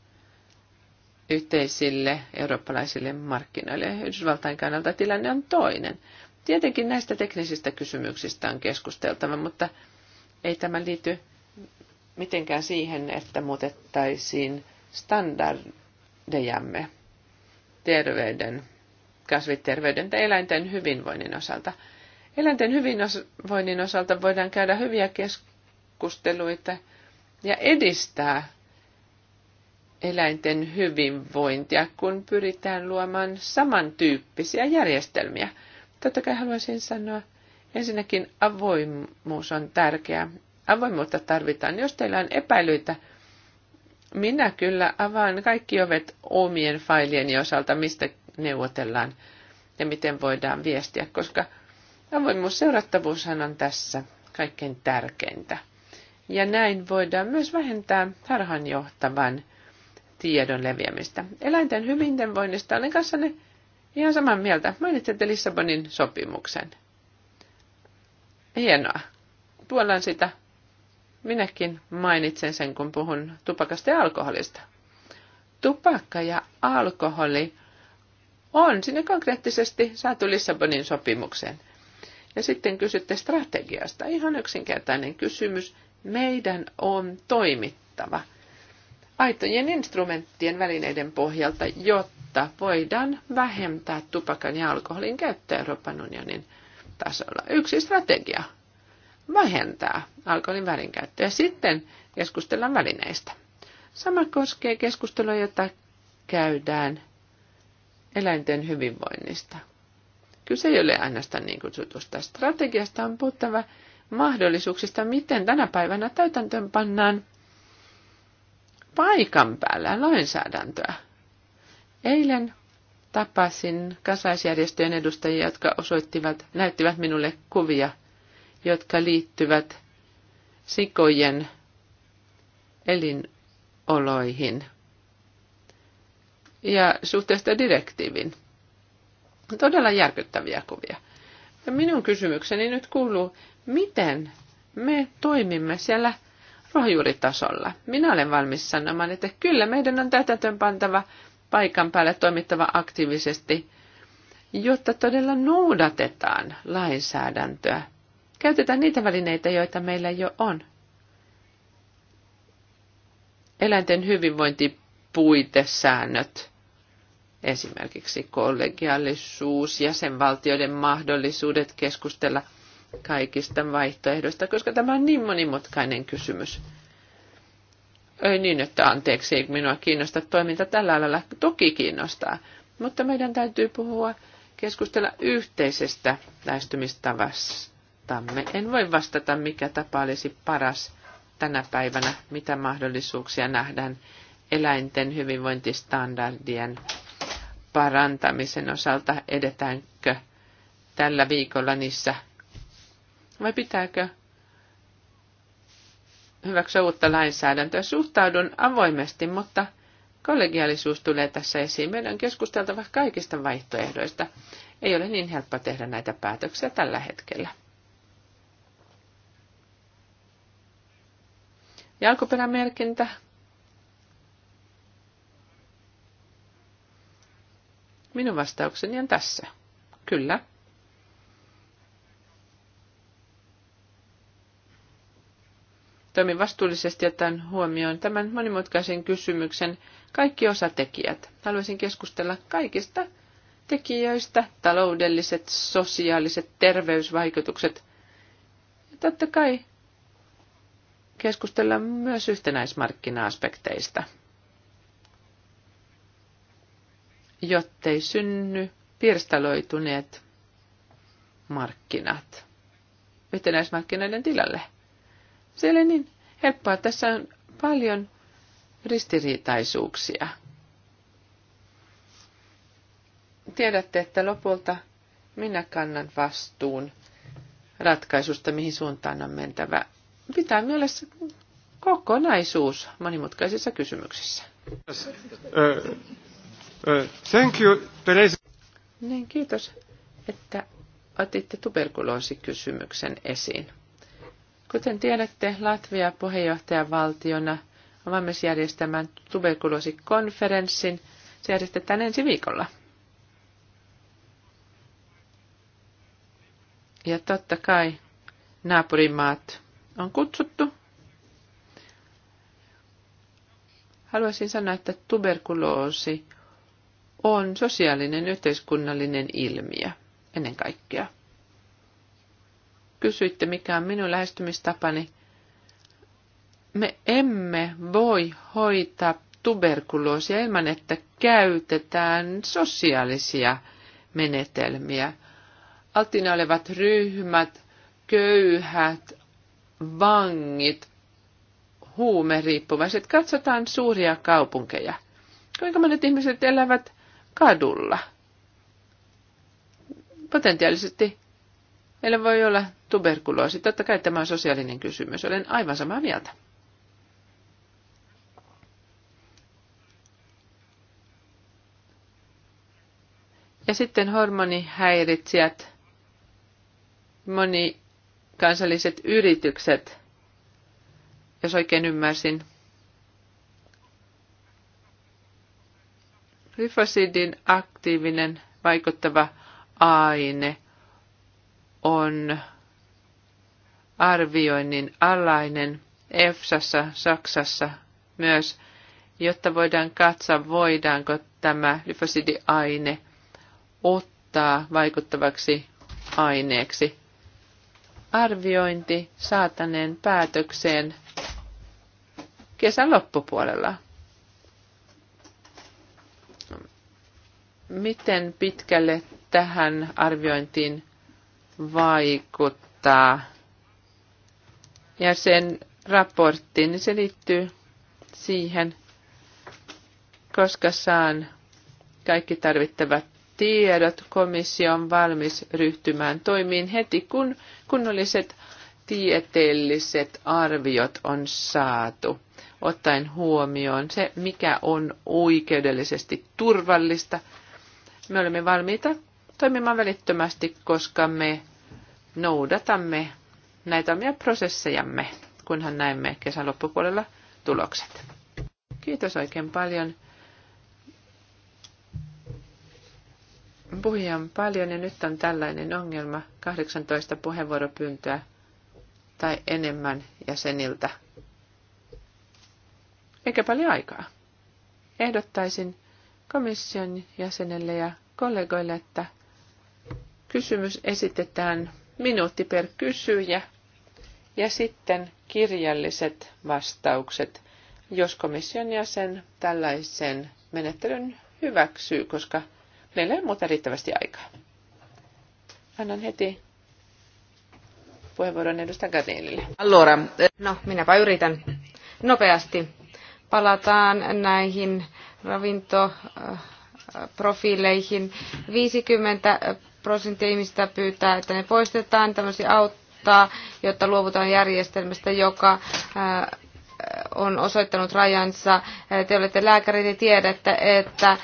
yhteisille eurooppalaisille markkinoille. Yhdysvaltain kannalta tilanne on toinen. Tietenkin näistä teknisistä kysymyksistä on keskusteltava, mutta ei tämä liity mitenkään siihen, että muutettaisiin standardejamme terveyden, kasviterveyden tai eläinten hyvinvoinnin osalta – Eläinten hyvinvoinnin osalta voidaan käydä hyviä keskusteluita ja edistää eläinten hyvinvointia, kun pyritään luomaan samantyyppisiä järjestelmiä. Totta kai haluaisin sanoa, ensinnäkin avoimuus on tärkeää. Avoimuutta tarvitaan. Jos teillä on epäilyitä, minä kyllä avaan kaikki ovet omien failieni osalta, mistä neuvotellaan ja miten voidaan viestiä, koska – seurattavuushan on tässä kaikkein tärkeintä. Ja näin voidaan myös vähentää harhaanjohtavan tiedon leviämistä. Eläinten hyvinvoinnista olen kanssanne ihan saman mieltä. Mainitsitte Lissabonin sopimuksen. Hienoa. Tuollaan sitä. Minäkin mainitsen sen, kun puhun tupakasta ja alkoholista. Tupakka ja alkoholi on sinne konkreettisesti saatu Lissabonin sopimukseen. Ja sitten kysytte strategiasta. Ihan yksinkertainen kysymys. Meidän on toimittava aitojen instrumenttien välineiden pohjalta, jotta voidaan vähentää tupakan ja alkoholin käyttöä Euroopan unionin tasolla. Yksi strategia vähentää alkoholin välinkäyttöä ja sitten keskustellaan välineistä. Sama koskee keskustelua, jota käydään eläinten hyvinvoinnista. Kyse ei ole ainoastaan niin kutsutusta strategiasta, on puhuttava mahdollisuuksista, miten tänä päivänä täytäntöön pannaan paikan päällä lainsäädäntöä. Eilen tapasin kansalaisjärjestöjen edustajia, jotka osoittivat, näyttivät minulle kuvia, jotka liittyvät sikojen elinoloihin ja suhteesta direktiivin. Todella järkyttäviä kuvia. Ja minun kysymykseni nyt kuuluu, miten me toimimme siellä ruohonjuuritasolla. Minä olen valmis sanomaan, että kyllä meidän on täytäntöön pantava paikan päälle toimittava aktiivisesti, jotta todella noudatetaan lainsäädäntöä. Käytetään niitä välineitä, joita meillä jo on. Eläinten hyvinvointipuitesäännöt esimerkiksi kollegiallisuus, jäsenvaltioiden mahdollisuudet keskustella kaikista vaihtoehdoista, koska tämä on niin monimutkainen kysymys. Ei niin, että anteeksi, ei minua kiinnosta toiminta tällä alalla. Toki kiinnostaa, mutta meidän täytyy puhua, keskustella yhteisestä lähestymistavastamme. En voi vastata, mikä tapa olisi paras tänä päivänä, mitä mahdollisuuksia nähdään eläinten hyvinvointistandardien parantamisen osalta, edetäänkö tällä viikolla niissä vai pitääkö hyväksyä uutta lainsäädäntöä. Suhtaudun avoimesti, mutta kollegiaalisuus tulee tässä esiin. Meidän on keskusteltava kaikista vaihtoehdoista. Ei ole niin helppo tehdä näitä päätöksiä tällä hetkellä. Jalkoperämerkintä. Minun vastaukseni on tässä. Kyllä. Toimin vastuullisesti ottaen huomioon tämän monimutkaisen kysymyksen kaikki osatekijät. Haluaisin keskustella kaikista tekijöistä, taloudelliset, sosiaaliset, terveysvaikutukset. Ja totta kai keskustella myös yhtenäismarkkina-aspekteista. jottei synny pirstaloituneet markkinat yhtenäismarkkinoiden tilalle. Se ei niin helppoa. Tässä on paljon ristiriitaisuuksia. Tiedätte, että lopulta minä kannan vastuun ratkaisusta, mihin suuntaan on mentävä. Pitää mielessä kokonaisuus monimutkaisissa kysymyksissä. Uh, thank you, Niin, kiitos, että otitte tuberkuloosikysymyksen esiin. Kuten tiedätte, Latvia puheenjohtajavaltiona on valmis järjestämään tuberkuloosikonferenssin. Se järjestetään ensi viikolla. Ja totta kai naapurimaat on kutsuttu. Haluaisin sanoa, että tuberkuloosi on sosiaalinen yhteiskunnallinen ilmiö ennen kaikkea. Kysyitte, mikä on minun lähestymistapani. Me emme voi hoitaa tuberkuloosia ilman, että käytetään sosiaalisia menetelmiä. Altina olevat ryhmät, köyhät, vangit, huumeriippuvaiset. Katsotaan suuria kaupunkeja. Kuinka monet ihmiset elävät kadulla. Potentiaalisesti meillä voi olla tuberkuloosi. Totta kai tämä on sosiaalinen kysymys. Olen aivan samaa mieltä. Ja sitten hormonihäiritsijät, monikansalliset yritykset, jos oikein ymmärsin – Glyfosidin aktiivinen vaikuttava aine on arvioinnin alainen EFSassa, Saksassa myös, jotta voidaan katsoa, voidaanko tämä glyfosidiaine ottaa vaikuttavaksi aineeksi. Arviointi saataneen päätökseen kesän loppupuolella. Miten pitkälle tähän arviointiin vaikuttaa? Ja sen raporttiin, niin se liittyy siihen, koska saan kaikki tarvittavat tiedot, komissio on valmis ryhtymään toimiin heti, kun kunnolliset tieteelliset arviot on saatu, ottaen huomioon se, mikä on oikeudellisesti turvallista, me olemme valmiita toimimaan välittömästi, koska me noudatamme näitä omia prosessejamme, kunhan näemme kesän loppupuolella tulokset. Kiitos oikein paljon. Puhuja on paljon ja nyt on tällainen ongelma, 18 puheenvuoropyyntöä tai enemmän jäseniltä. Eikä paljon aikaa. Ehdottaisin, komission jäsenelle ja kollegoille, että kysymys esitetään minuutti per kysyjä ja sitten kirjalliset vastaukset, jos komission jäsen tällaisen menettelyn hyväksyy, koska meillä ei muuta riittävästi aikaa. Annan heti puheenvuoron edustaja Gatinille. Allora, eh- no minäpä yritän nopeasti. Palataan näihin ravintoprofiileihin. Äh, 50 prosenttia ihmistä pyytää, että ne poistetaan, tämmöisiä auttaa, jotta luovutaan järjestelmästä, joka äh, on osoittanut rajansa. Te olette lääkäri, te tiedätte, että äm,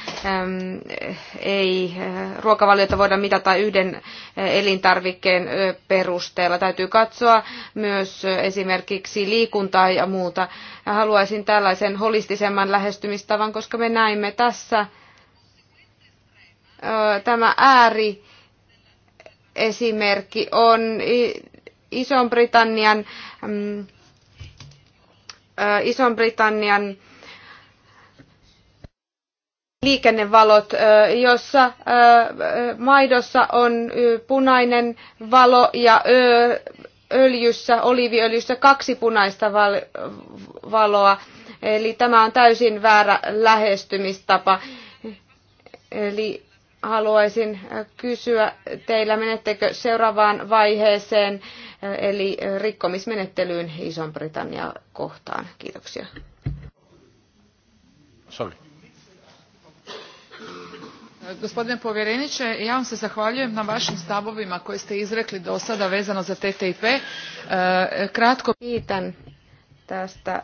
ei äh, ruokavaliota voida mitata yhden äh, elintarvikkeen perusteella. Täytyy katsoa myös esimerkiksi liikuntaa ja muuta. Haluaisin tällaisen holistisemman lähestymistavan, koska me näimme tässä tämä ääri esimerkki on Ison-Britannian Ison-Britannian liikennevalot, jossa maidossa on punainen valo ja öljyssä, oliiviöljyssä kaksi punaista valoa. Eli tämä on täysin väärä lähestymistapa. Eli haluaisin kysyä teillä, menettekö seuraavaan vaiheeseen eli rikkomismenettelyyn Iso-Britannia kohtaan. Kiitoksia. Sorry. Gospodine povjereniče, ja vam se zahvaljujem na vašim stavovima koje ste izrekli do sada vezano za TTIP. E, kratko... Kiitän tästä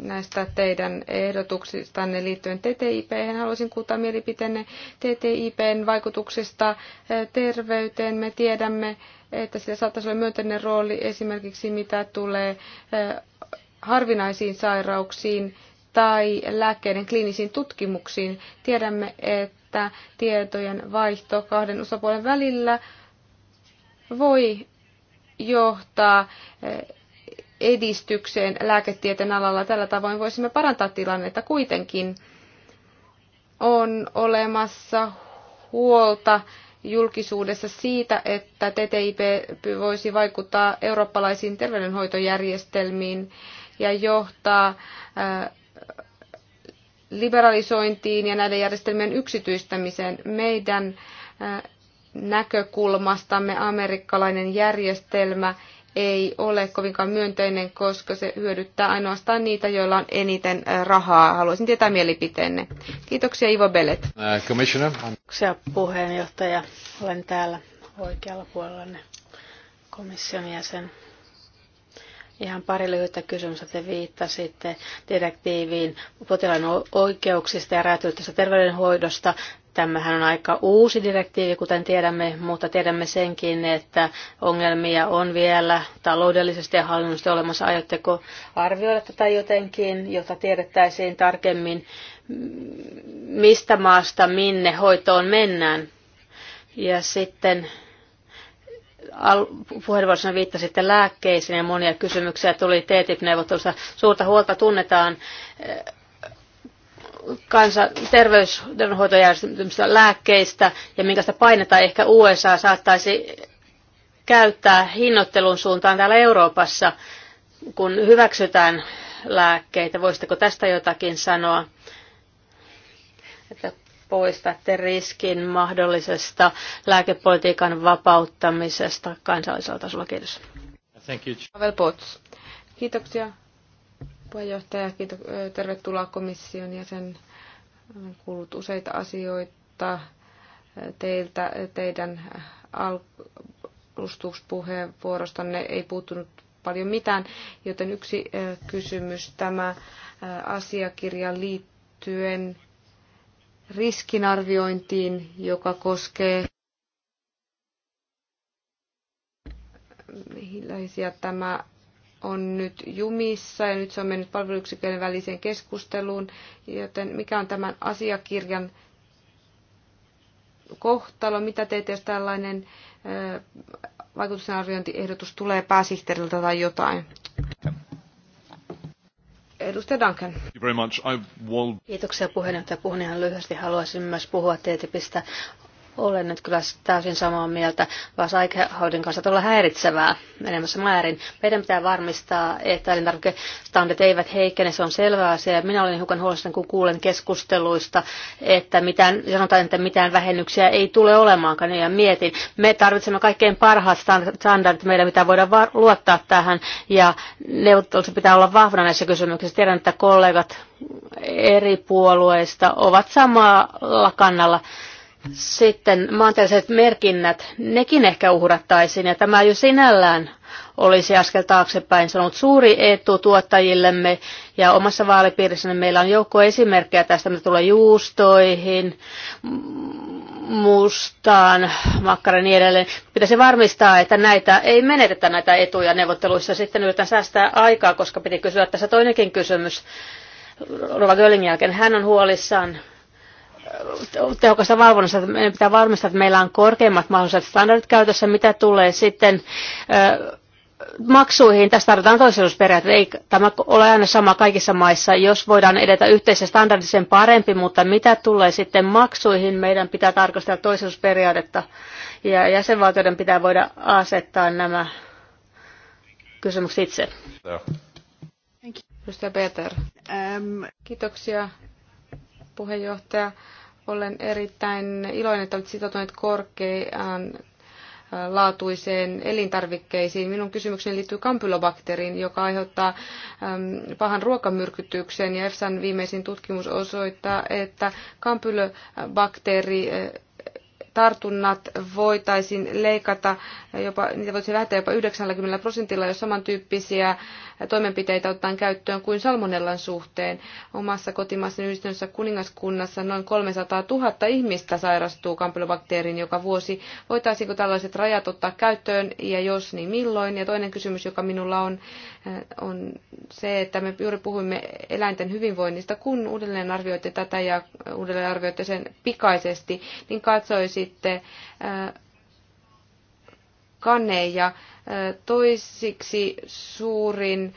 näistä teidän ehdotuksistanne liittyen TTIP. Haluaisin kuulla mielipiteenne TTIPn vaikutuksista eh, terveyteen. Me tiedämme, että sillä saattaisi olla myönteinen rooli esimerkiksi mitä tulee eh, harvinaisiin sairauksiin tai lääkkeiden kliinisiin tutkimuksiin. Tiedämme, että tietojen vaihto kahden osapuolen välillä voi johtaa eh, edistykseen lääketieteen alalla. Tällä tavoin voisimme parantaa tilannetta kuitenkin. On olemassa huolta julkisuudessa siitä, että TTIP voisi vaikuttaa eurooppalaisiin terveydenhoitojärjestelmiin ja johtaa äh, liberalisointiin ja näiden järjestelmien yksityistämiseen. Meidän äh, näkökulmastamme amerikkalainen järjestelmä ei ole kovinkaan myönteinen, koska se hyödyttää ainoastaan niitä, joilla on eniten rahaa. Haluaisin tietää mielipiteenne. Kiitoksia Ivo Bellet. Uh, Kiitoksia puheenjohtaja. Olen täällä oikealla puolellanne komission jäsen. Ihan pari lyhyttä kysymystä. Te viittasitte direktiiviin potilaan oikeuksista ja räätyyttästä terveydenhoidosta. Tämähän on aika uusi direktiivi, kuten tiedämme, mutta tiedämme senkin, että ongelmia on vielä taloudellisesti ja hallinnollisesti olemassa. Aiotteko arvioida tätä jotenkin, jotta tiedettäisiin tarkemmin, mistä maasta minne hoitoon mennään? Ja sitten puheenvuorossa viittasitte lääkkeisiin ja monia kysymyksiä tuli TTIP-neuvottelusta. Suurta huolta tunnetaan kansan terveydenhoitojärjestelmistä lääkkeistä ja minkästä painetta ehkä USA saattaisi käyttää hinnoittelun suuntaan täällä Euroopassa, kun hyväksytään lääkkeitä. Voisitteko tästä jotakin sanoa, että poistatte riskin mahdollisesta lääkepolitiikan vapauttamisesta kansallisella tasolla? Kiitos. Thank you. Kiitoksia puheenjohtaja. Kiitos, tervetuloa komission ja sen olen kuullut useita asioita teiltä, teidän alustuspuheenvuorostanne ei puuttunut paljon mitään, joten yksi kysymys tämä asiakirja liittyen riskinarviointiin, joka koskee mihin tämä on nyt jumissa ja nyt se on mennyt palveluyksiköiden väliseen keskusteluun, joten mikä on tämän asiakirjan kohtalo, mitä teet jos tällainen vaikutusarviointiehdotus tulee pääsihteeriltä tai jotain? Edustaja Duncan. Kiitoksia puheenjohtaja. Puhun ihan lyhyesti. Haluaisin myös puhua TTIPistä. Olen nyt kyllä täysin samaa mieltä, vaan aikahoidon kanssa tulla häiritsevää enemmässä määrin. Meidän pitää varmistaa, että elintarvikestandit eivät heikene, se on selvä asia. Minä olen hiukan huolestunut, kun kuulen keskusteluista, että mitään, sanotaan, että mitään vähennyksiä ei tule olemaankaan, ja mietin. Me tarvitsemme kaikkein parhaat standardit, meidän pitää voida luottaa tähän, ja neuvottelussa pitää olla vahvana näissä kysymyksissä. Tiedän, että kollegat eri puolueista ovat samalla kannalla sitten maantieteelliset merkinnät, nekin ehkä uhrattaisiin, ja tämä jo sinällään olisi askel taaksepäin. Se on ollut suuri etu tuottajillemme, ja omassa vaalipiirissäni meillä on joukko esimerkkejä tästä, mitä tulee juustoihin, mustaan, makkara ja niin edelleen. Pitäisi varmistaa, että näitä ei menetetä näitä etuja neuvotteluissa. Sitten yritän säästää aikaa, koska piti kysyä tässä toinenkin kysymys. Rova Göllin jälkeen hän on huolissaan tehokasta valvonnasta. Meidän pitää varmistaa, että meillä on korkeimmat mahdolliset standardit käytössä, mitä tulee sitten maksuihin. Tässä tarvitaan toisellisuusperiaate. Ei tämä ole aina sama kaikissa maissa. Jos voidaan edetä yhteisen standardisen parempi, mutta mitä tulee sitten maksuihin, meidän pitää tarkastella toisellisuusperiaatetta. Ja jäsenvaltioiden pitää voida asettaa nämä kysymykset itse. Peter. Kiitoksia puheenjohtaja. Olen erittäin iloinen, että olet sitoutuneet korkeaan laatuiseen elintarvikkeisiin. Minun kysymykseni liittyy kampylobakteriin, joka aiheuttaa pahan ruokamyrkytyksen. Ja EFSAn viimeisin tutkimus osoittaa, että kampylobakteeri tartunnat voitaisiin leikata, jopa, niitä voisi vähentää jopa 90 prosentilla, jos samantyyppisiä toimenpiteitä otetaan käyttöön kuin salmonellan suhteen. Omassa kotimaassa yhdistyneessä kuningaskunnassa noin 300 000 ihmistä sairastuu kampylobakteeriin joka vuosi. Voitaisiinko tällaiset rajat ottaa käyttöön ja jos, niin milloin? Ja toinen kysymys, joka minulla on, eh, on se, että me juuri puhuimme eläinten hyvinvoinnista. Kun uudelleen arvioitte tätä ja uudelleen arvioitte sen pikaisesti, niin katsoisi sitten kaneja. Toisiksi suurin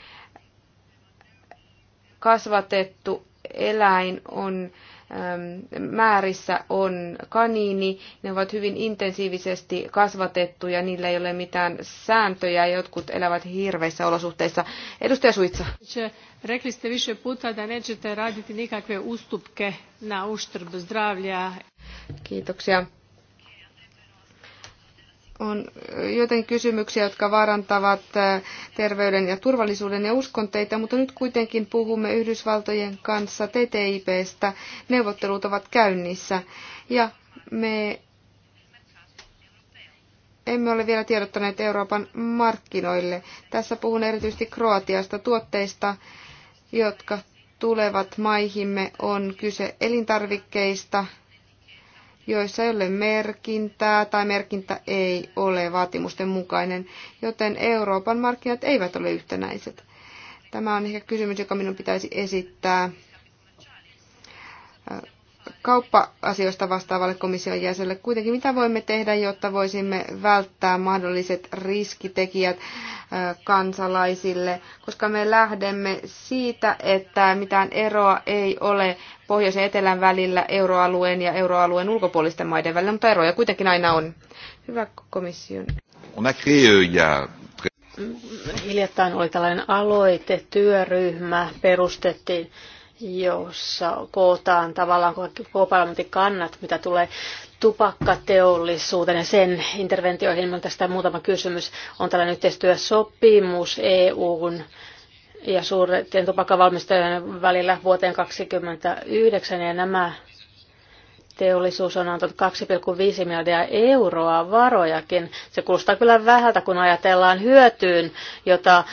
kasvatettu eläin on määrissä on kaniini. Ne ovat hyvin intensiivisesti kasvatettuja, niillä ei ole mitään sääntöjä, jotkut elävät hirveissä olosuhteissa. Edustaja Suitsa. Rekli ste više puta da nećete raditi nikakve ustupke na uštrb zdravlja. Kiitoksia on joitakin kysymyksiä, jotka vaarantavat äh, terveyden ja turvallisuuden ja uskonteita, mutta nyt kuitenkin puhumme Yhdysvaltojen kanssa TTIPstä. Neuvottelut ovat käynnissä ja me emme ole vielä tiedottaneet Euroopan markkinoille. Tässä puhun erityisesti Kroatiasta tuotteista, jotka tulevat maihimme. On kyse elintarvikkeista, joissa ei ole merkintää tai merkintä ei ole vaatimusten mukainen, joten Euroopan markkinat eivät ole yhtenäiset. Tämä on ehkä kysymys, joka minun pitäisi esittää kauppa-asioista vastaavalle komission jäsenelle. Kuitenkin mitä voimme tehdä, jotta voisimme välttää mahdolliset riskitekijät kansalaisille, koska me lähdemme siitä, että mitään eroa ei ole pohjoisen ja etelän välillä euroalueen ja euroalueen ulkopuolisten maiden välillä, mutta eroja kuitenkin aina on. Hyvä komission. On Hiljattain oli tällainen aloite, työryhmä perustettiin jossa kootaan tavallaan koko parlamentin kannat, mitä tulee tupakkateollisuuteen ja sen interventioihin. Minulla tästä muutama kysymys. On tällainen yhteistyösopimus EUn ja suurten tupakkavalmistajien välillä vuoteen 2029 ja nämä teollisuus on antanut 2,5 miljardia euroa varojakin. Se kuulostaa kyllä vähältä, kun ajatellaan hyötyyn, jota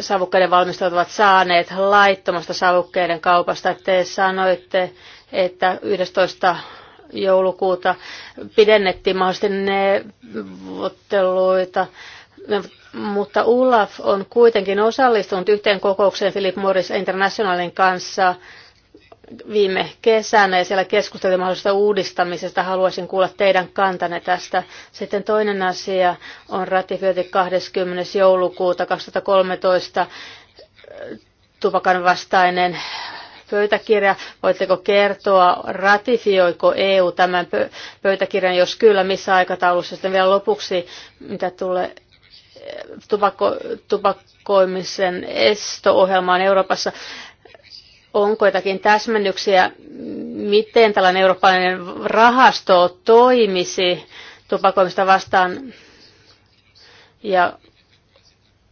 savukkeiden valmistajat ovat saaneet laittomasta savukkeiden kaupasta. Te sanoitte, että 11 joulukuuta pidennettiin mahdollisesti neuvotteluita, mutta Ulaf on kuitenkin osallistunut yhteen kokoukseen Philip Morris Internationalin kanssa – viime kesänä ja siellä keskustelimme mahdollisesta uudistamisesta. Haluaisin kuulla teidän kantanne tästä. Sitten toinen asia on ratifioitu 20. joulukuuta 2013 tupakan vastainen pöytäkirja. Voitteko kertoa, ratifioiko EU tämän pöytäkirjan, jos kyllä, missä aikataulussa? Sitten vielä lopuksi, mitä tulee eh, tupakko, tupakkoimisen esto-ohjelmaan Euroopassa onko jotakin täsmennyksiä, miten tällainen eurooppalainen rahasto toimisi tupakoimista vastaan ja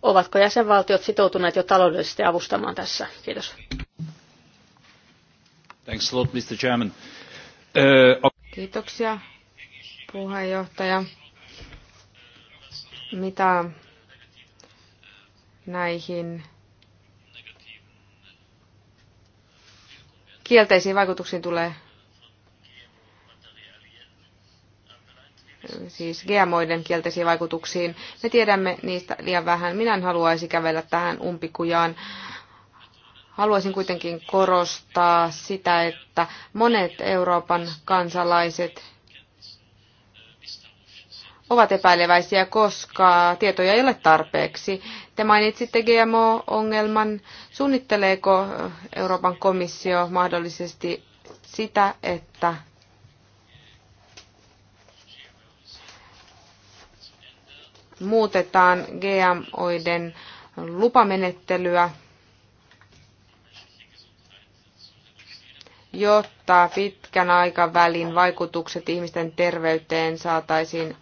ovatko jäsenvaltiot sitoutuneet jo taloudellisesti avustamaan tässä? Kiitos. Thanks a lot, Mr. Chairman. Uh, Kiitoksia, puheenjohtaja. Mitä näihin kielteisiin vaikutuksiin tulee siis GMOiden kielteisiin vaikutuksiin. Me tiedämme niistä liian vähän. Minä en haluaisi kävellä tähän umpikujaan. Haluaisin kuitenkin korostaa sitä, että monet Euroopan kansalaiset ovat epäileväisiä, koska tietoja ei ole tarpeeksi. Te mainitsitte GMO-ongelman. Suunnitteleeko eh, Euroopan komissio mahdollisesti sitä, että muutetaan GMOiden lupamenettelyä, jotta pitkän aikavälin vaikutukset ihmisten terveyteen saataisiin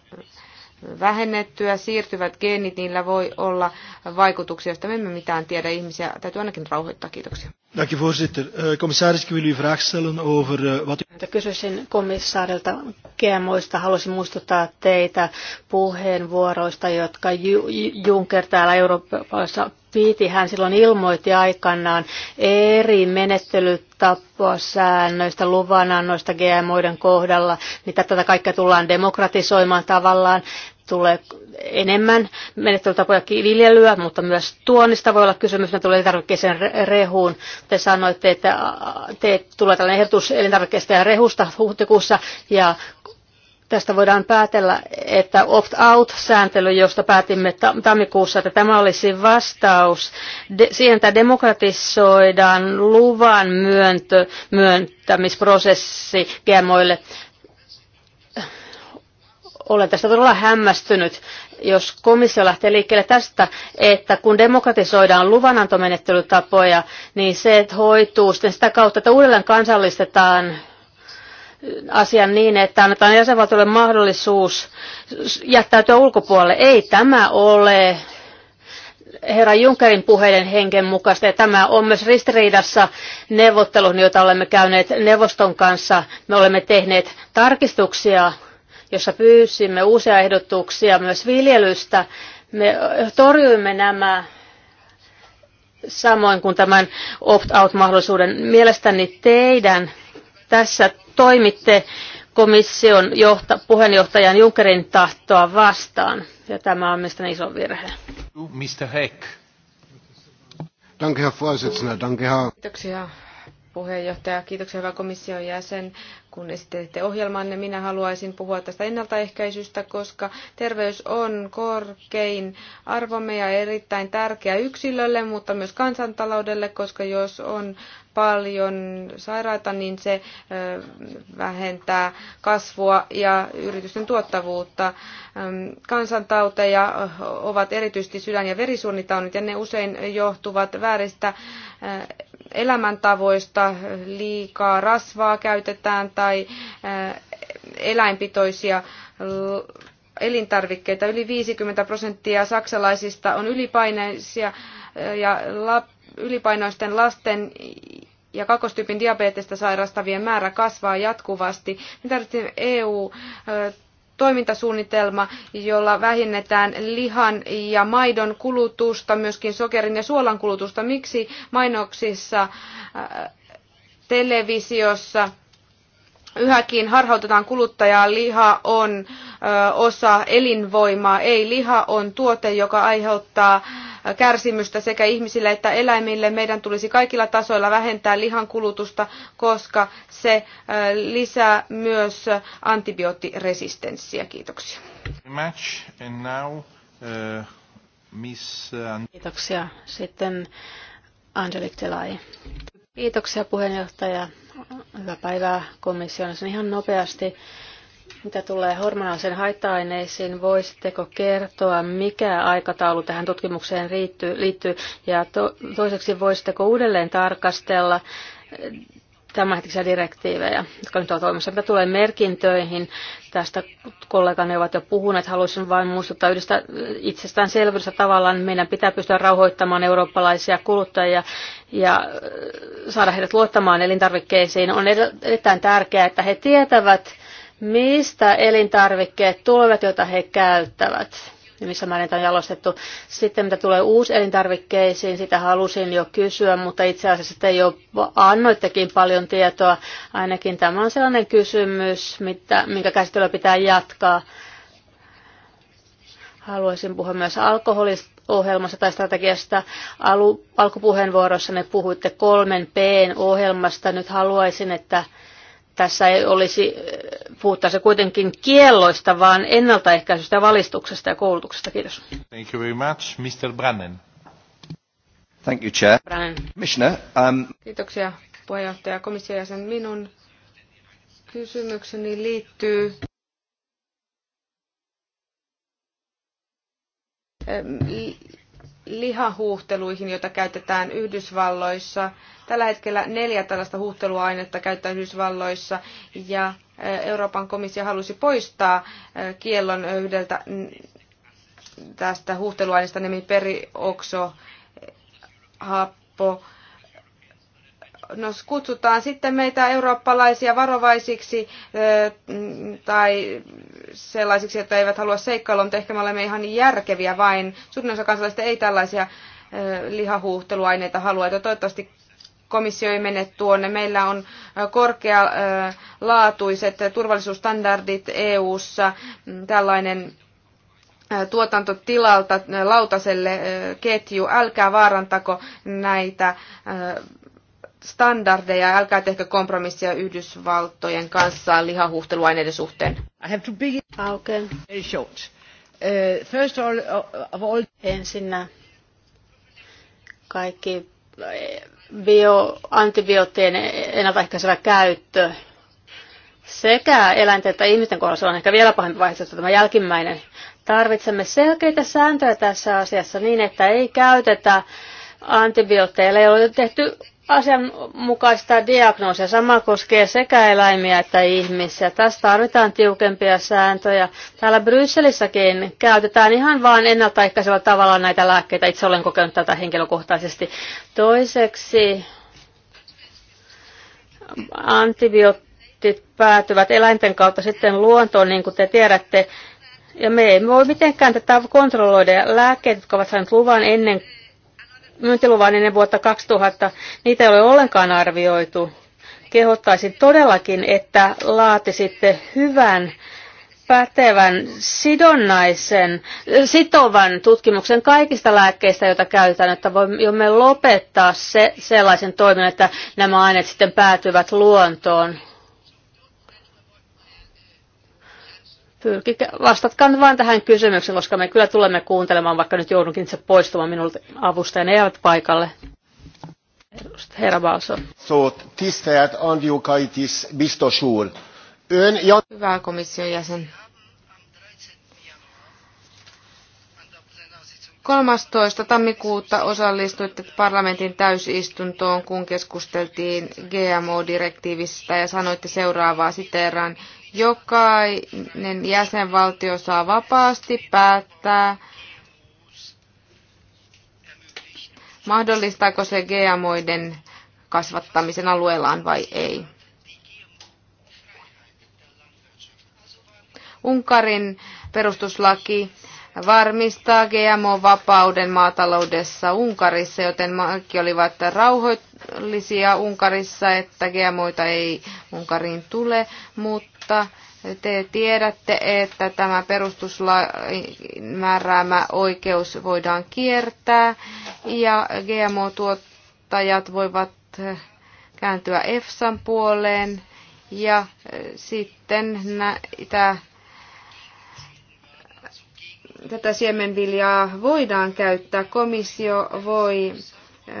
vähennettyä, siirtyvät geenit, niillä voi olla vaikutuksia, joista me emme mitään tiedä. Ihmisiä täytyy ainakin rauhoittaa. Kiitoksia. Dank je voorzitter. Eh, commissaris, ik wil u vraag stellen over eh, wat u... Kysyisin komissaarilta GMOista. Haluaisin muistuttaa teitä puheenvuoroista, jotka Juncker täällä Euroopassa piti. Hän silloin ilmoitti aikanaan eri menettelytaposäännöistä, luvanannoista GMOiden kohdalla. Mitä tätä kaikkea tullaan demokratisoimaan tavallaan tulee enemmän menettelytapoja viljelyä, mutta myös tuonnista voi olla kysymys. Ne tulee elintarvikkeeseen rehuun. Te sanoitte, että te tulee tällainen ehdotus elintarvikkeesta ja rehusta huhtikuussa ja Tästä voidaan päätellä, että opt-out-sääntely, josta päätimme tammikuussa, että tämä olisi vastaus siihen, että demokratisoidaan luvan myöntö, myöntämisprosessi GMOille olen tästä todella hämmästynyt, jos komissio lähtee liikkeelle tästä, että kun demokratisoidaan luvanantomenettelytapoja, niin se hoituu sitten sitä kautta, että uudelleen kansallistetaan asian niin, että annetaan jäsenvaltiolle mahdollisuus jättäytyä ulkopuolelle. Ei tämä ole herra Junckerin puheiden henken mukaista. Ja tämä on myös ristiriidassa neuvottelun, jota olemme käyneet neuvoston kanssa. Me olemme tehneet tarkistuksia jossa pyysimme uusia ehdotuksia myös viljelystä. Me torjuimme nämä samoin kuin tämän opt-out-mahdollisuuden. Mielestäni teidän tässä toimitte komission johta, puheenjohtajan Junckerin tahtoa vastaan. Ja tämä on mielestäni iso virhe. Mr. Heck. Danke, Herr Vorsitzender. Danke, Herr... Kiitoksia puheenjohtaja. Kiitoksia hyvä komission jäsen kun esitette ohjelmanne, minä haluaisin puhua tästä ennaltaehkäisystä, koska terveys on korkein arvomme ja erittäin tärkeä yksilölle, mutta myös kansantaloudelle, koska jos on paljon sairaita, niin se vähentää kasvua ja yritysten tuottavuutta. Kansantauteja ovat erityisesti sydän- ja verisuonitaunit, ja ne usein johtuvat vääristä elämäntavoista, liikaa rasvaa käytetään tai tai eläinpitoisia elintarvikkeita. Yli 50 prosenttia saksalaisista on ylipainoisia ja ylipainoisten lasten ja kakostyypin diabetesta sairastavien määrä kasvaa jatkuvasti. Me tarvitsemme EU toimintasuunnitelma, jolla vähennetään lihan ja maidon kulutusta, myöskin sokerin ja suolan kulutusta. Miksi mainoksissa, televisiossa, yhäkin harhautetaan kuluttajaa. Liha on osa elinvoimaa, ei liha on tuote, joka aiheuttaa kärsimystä sekä ihmisille että eläimille. Meidän tulisi kaikilla tasoilla vähentää lihan kulutusta, koska se lisää myös antibioottiresistenssiä. Kiitoksia. Uh, uh, Kiitoksia. Sitten Angelique Delay. Kiitoksia puheenjohtaja. Hyvää päivää komissiossa. Ihan nopeasti, mitä tulee hormonaalisen haitta-aineisiin, voisitteko kertoa, mikä aikataulu tähän tutkimukseen liittyy, liittyy ja to, toiseksi voisitteko uudelleen tarkastella tämänhetkisiä direktiivejä, jotka nyt ovat voimassa. Mitä tulee merkintöihin, tästä kollegani ovat jo puhuneet, haluaisin vain muistuttaa yhdestä itsestäänselvyydestä tavallaan. Meidän pitää pystyä rauhoittamaan eurooppalaisia kuluttajia ja äh, saada heidät luottamaan elintarvikkeisiin. On erittäin tärkeää, että he tietävät, mistä elintarvikkeet tulevat, joita he käyttävät missä määrin on jalostettu. Sitten mitä tulee uuselintarvikkeisiin, sitä halusin jo kysyä, mutta itse asiassa te jo annoittekin paljon tietoa. Ainakin tämä on sellainen kysymys, mitä, minkä käsittelyä pitää jatkaa. Haluaisin puhua myös alkoholista ohjelmassa tai strategiasta. Alu, ne puhuitte kolmen Pn ohjelmasta. Nyt haluaisin, että tässä ei olisi, se kuitenkin kielloista, vaan ennaltaehkäisystä, valistuksesta ja koulutuksesta. Kiitos. Thank you very much, Mr. Brannen. Thank you, Chair. Brannen. Commissioner, um... Kiitoksia puheenjohtaja komission jäsen. Minun kysymykseni liittyy lihahuuhteluihin, joita käytetään Yhdysvalloissa. Tällä hetkellä neljä tällaista huuhteluainetta käytetään Yhdysvalloissa ja e, Euroopan komissio halusi poistaa e, kiellon yhdeltä tästä huuhteluaineesta nimi perioksohappo nos, kutsutaan sitten meitä eurooppalaisia varovaisiksi tai sellaisiksi, että eivät halua seikkailla, mutta ehkä me olemme ihan järkeviä vain. Suurin osa kansalaisista ei tällaisia lihahuuhteluaineita halua, että toivottavasti komissio ei mene tuonne. Meillä on korkealaatuiset turvallisuusstandardit EU-ssa, mm, tällainen tuotantotilalta lautaselle ketju. Älkää vaarantako näitä standardeja, älkää tehkö kompromissia Yhdysvaltojen kanssa lihahuhteluaineiden suhteen. I have to begin. Okay. Very short. Uh, first all, uh, of all... Ensinnä kaikki eh, bio, antibioottien ennaltaehkäisevä käyttö sekä eläinten että ihmisten kohdalla se on ehkä vielä pahempi vaihtoehto tämä jälkimmäinen. Tarvitsemme selkeitä sääntöjä tässä asiassa niin, että ei käytetä antibiootteja, ei ole tehty asianmukaista diagnoosia. Sama koskee sekä eläimiä että ihmisiä. Tästä tarvitaan tiukempia sääntöjä. Täällä Brysselissäkin käytetään ihan vain ennaltaehkäisellä tavalla näitä lääkkeitä. Itse olen kokenut tätä henkilökohtaisesti. Toiseksi antibiootit päätyvät eläinten kautta sitten luontoon, niin kuin te tiedätte. Ja me ei voi mitenkään tätä kontrolloida. Lääkkeet, jotka ovat saaneet luvan ennen myyntiluvan ennen vuotta 2000, niitä ei ole ollenkaan arvioitu. Kehottaisin todellakin, että laatisitte hyvän pätevän sidonnaisen, sitovan tutkimuksen kaikista lääkkeistä, joita käytetään, että voimme lopettaa se, sellaisen toiminnan, että nämä aineet sitten päätyvät luontoon Pyrkikä, vastatkaa nyt vain tähän kysymykseen, koska me kyllä tulemme kuuntelemaan, vaikka nyt joudunkin itse poistumaan minulta avustajan eivät paikalle. Herra Balson. So, tisteet Andiukaitis bistosuul. Ön ja... Hyvä komission jäsen. 13. tammikuuta osallistuitte parlamentin täysistuntoon, kun keskusteltiin GMO-direktiivistä ja sanoitte seuraavaa siteeraan. Jokainen jäsenvaltio saa vapaasti päättää, mahdollistaako se GMOiden kasvattamisen alueellaan vai ei. Unkarin perustuslaki varmistaa GMO-vapauden maataloudessa Unkarissa, joten kaikki olivat rauhoillisia Unkarissa, että GMOita ei Unkariin tule, mutta mutta te tiedätte, että tämä perustuslain määräämä oikeus voidaan kiertää ja GMO-tuottajat voivat kääntyä EFSAn puoleen ja sitten näitä tätä siemenviljaa voidaan käyttää. Komissio voi eh,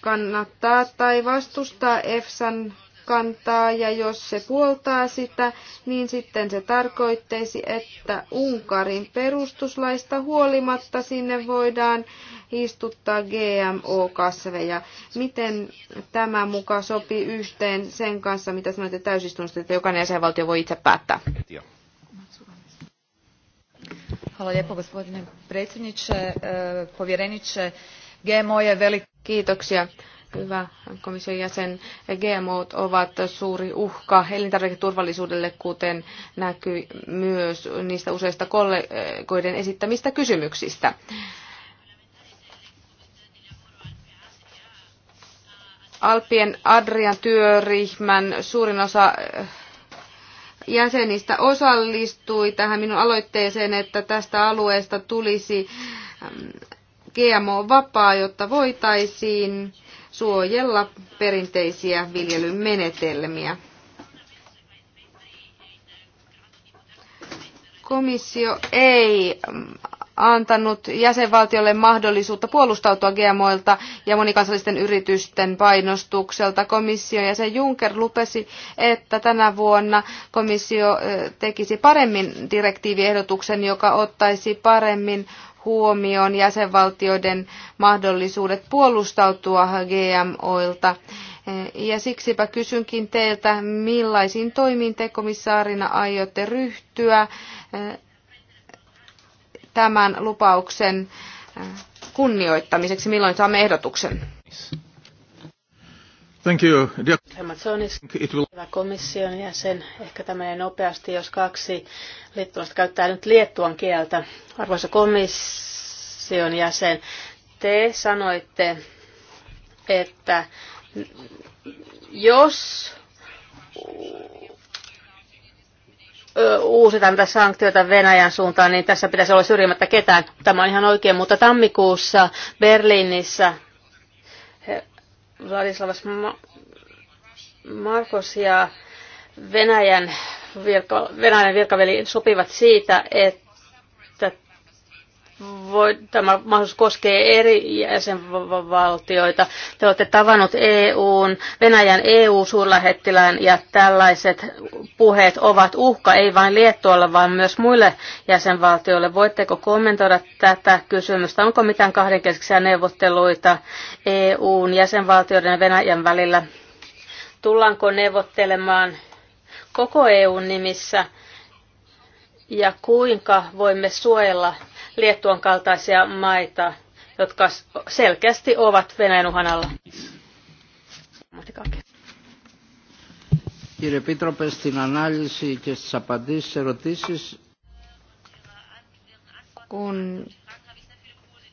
kannattaa tai vastustaa EFSAn kantaa ja jos se puoltaa sitä, niin sitten se tarkoittaisi, että Unkarin perustuslaista huolimatta sinne voidaan istuttaa GMO-kasveja. Miten tämä muka sopii yhteen sen kanssa, mitä sanoitte täysistunnosta, että jokainen jäsenvaltio voi itse päättää? Hvala lijepo GMO e, je velik... Kiitoksia Hyvä komission jäsen. GMO ovat suuri uhka elintarviketurvallisuudelle, kuten näkyy myös niistä useista kollegoiden esittämistä kysymyksistä. Alpien Adrian työryhmän suurin osa eh, jäsenistä osallistui tähän minun aloitteeseen, että tästä alueesta tulisi mm, GMO-vapaa, jotta voitaisiin suojella perinteisiä viljelyn menetelmiä. Komissio ei mm, antanut jäsenvaltiolle mahdollisuutta puolustautua GMOilta ja monikansallisten yritysten painostukselta. Komissio ja se Juncker lupesi, että tänä vuonna komissio eh, tekisi paremmin direktiiviehdotuksen, joka ottaisi paremmin huomioon jäsenvaltioiden mahdollisuudet puolustautua GMOilta. Ja siksipä kysynkin teiltä, millaisiin toimiin te komissaarina aiotte ryhtyä eh, tämän lupauksen eh, kunnioittamiseksi? Milloin saamme ehdotuksen? Thank you. Amazonis, will... hyvä komission jäsen. Ehkä menee nopeasti, jos kaksi liittuvasta käyttää nyt liettuan kieltä. Arvoisa komission jäsen, te sanoitte, että jos uusitaan tätä sanktioita Venäjän suuntaan, niin tässä pitäisi olla syrjimättä ketään. Tämä on ihan oikein, mutta tammikuussa Berliinissä Vladislavas Ma- Markos ja Venäjän, virka, Venäjän virkaveli sopivat siitä, että voi, tämä mahdollisuus koskee eri jäsenvaltioita. Te olette tavannut EUn, Venäjän EU-suurlähettilään ja tällaiset puheet ovat uhka ei vain Liettualle, vaan myös muille jäsenvaltioille. Voitteko kommentoida tätä kysymystä? Onko mitään kahdenkeskisiä neuvotteluita EUn jäsenvaltioiden ja Venäjän välillä? Tullaanko neuvottelemaan koko EUn nimissä ja kuinka voimme suojella Liettuan kaltaisia maita, jotka selkeästi ovat Venäjän uhan alla. Kun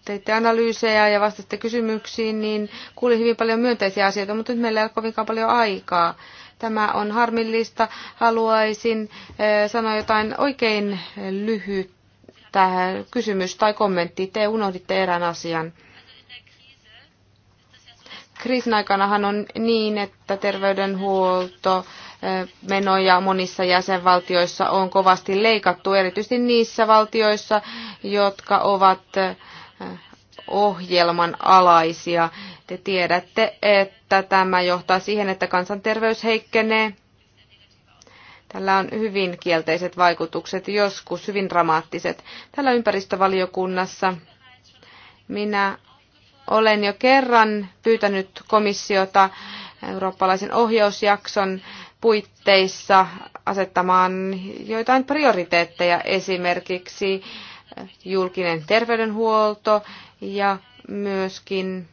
teitte analyysejä ja vastasitte kysymyksiin, niin kuulin hyvin paljon myönteisiä asioita, mutta nyt meillä ei ole kovinkaan paljon aikaa. Tämä on harmillista. Haluaisin eh, sanoa jotain oikein lyhyt tähän kysymys tai kommentti. Te unohditte erään asian. Kriisin aikanahan on niin, että terveydenhuolto eh, menoja monissa jäsenvaltioissa on kovasti leikattu, erityisesti niissä valtioissa, jotka ovat eh, ohjelman alaisia. Te tiedätte, että tämä johtaa siihen, että kansanterveys heikkenee Tällä on hyvin kielteiset vaikutukset, joskus hyvin dramaattiset. Tällä ympäristövaliokunnassa minä olen jo kerran pyytänyt komissiota eurooppalaisen ohjausjakson puitteissa asettamaan joitain prioriteetteja, esimerkiksi julkinen terveydenhuolto ja myöskin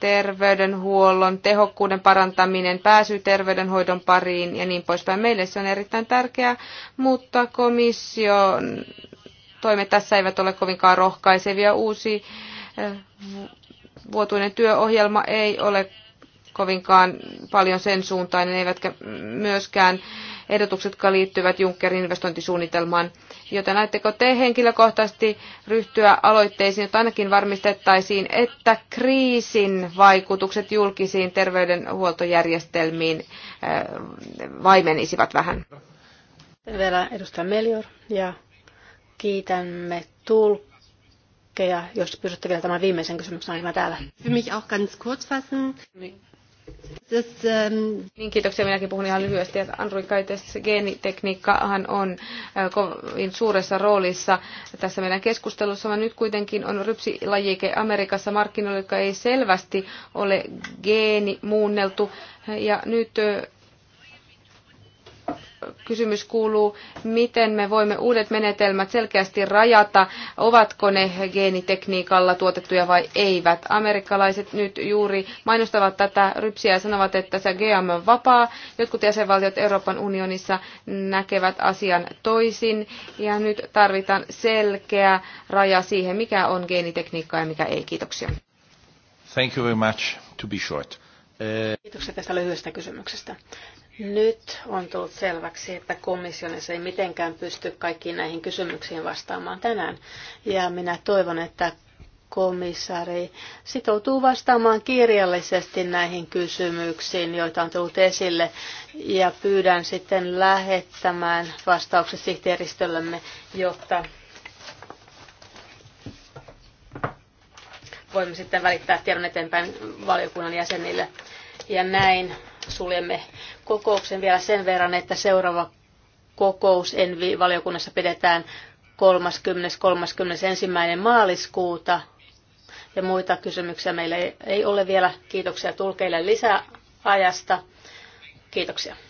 terveydenhuollon tehokkuuden parantaminen, pääsy terveydenhoidon pariin ja niin poispäin. Meille se on erittäin tärkeää, mutta komission toimet tässä eivät ole kovinkaan rohkaisevia. Uusi eh, vuotuinen työohjelma ei ole kovinkaan paljon sen suuntainen, eivätkä myöskään ehdotukset, jotka liittyvät Junckerin investointisuunnitelmaan. Joten ajatteko te henkilökohtaisesti ryhtyä aloitteisiin, jotta ainakin varmistettaisiin, että kriisin vaikutukset julkisiin terveydenhuoltojärjestelmiin eh, vaimenisivat vähän? Vielä edustaja Melior ja kiitämme tulkkeja, jos pystytte vielä tämän viimeisen kysymyksen aikana niin täällä. Für mich auch ganz kurz fassen. Niin. Um, niin, kiitoksia. Minäkin puhun ihan lyhyesti. Android käytössä geenitekniikkahan on kovin suuressa roolissa tässä meidän keskustelussa. Nyt kuitenkin on rypsilajike Amerikassa markkinoilla, joka ei selvästi ole geenimuunneltu. Ja nyt kysymys kuuluu, miten me voimme uudet menetelmät selkeästi rajata, ovatko ne geenitekniikalla tuotettuja vai eivät. Amerikkalaiset nyt juuri mainostavat tätä rypsiä ja sanovat, että se GM on vapaa. Jotkut jäsenvaltiot Euroopan unionissa näkevät asian toisin ja nyt tarvitaan selkeä raja siihen, mikä on geenitekniikkaa ja mikä ei. Kiitoksia. Thank you very much. To be short. Kiitoksia tästä lyhyestä kysymyksestä. Nyt on tullut selväksi, että komissionissa ei mitenkään pysty kaikkiin näihin kysymyksiin vastaamaan tänään. Ja minä toivon, että komissaari sitoutuu vastaamaan kirjallisesti näihin kysymyksiin, joita on tullut esille, ja pyydän sitten lähettämään vastaukset sihteeristöllemme, jotta voimme sitten välittää tiedon eteenpäin valiokunnan jäsenille. Ja näin suljemme kokouksen vielä sen verran, että seuraava kokous Envi-valiokunnassa pidetään 30.31. maaliskuuta. Ja muita kysymyksiä meillä ei ole vielä. Kiitoksia tulkeille lisäajasta. Kiitoksia.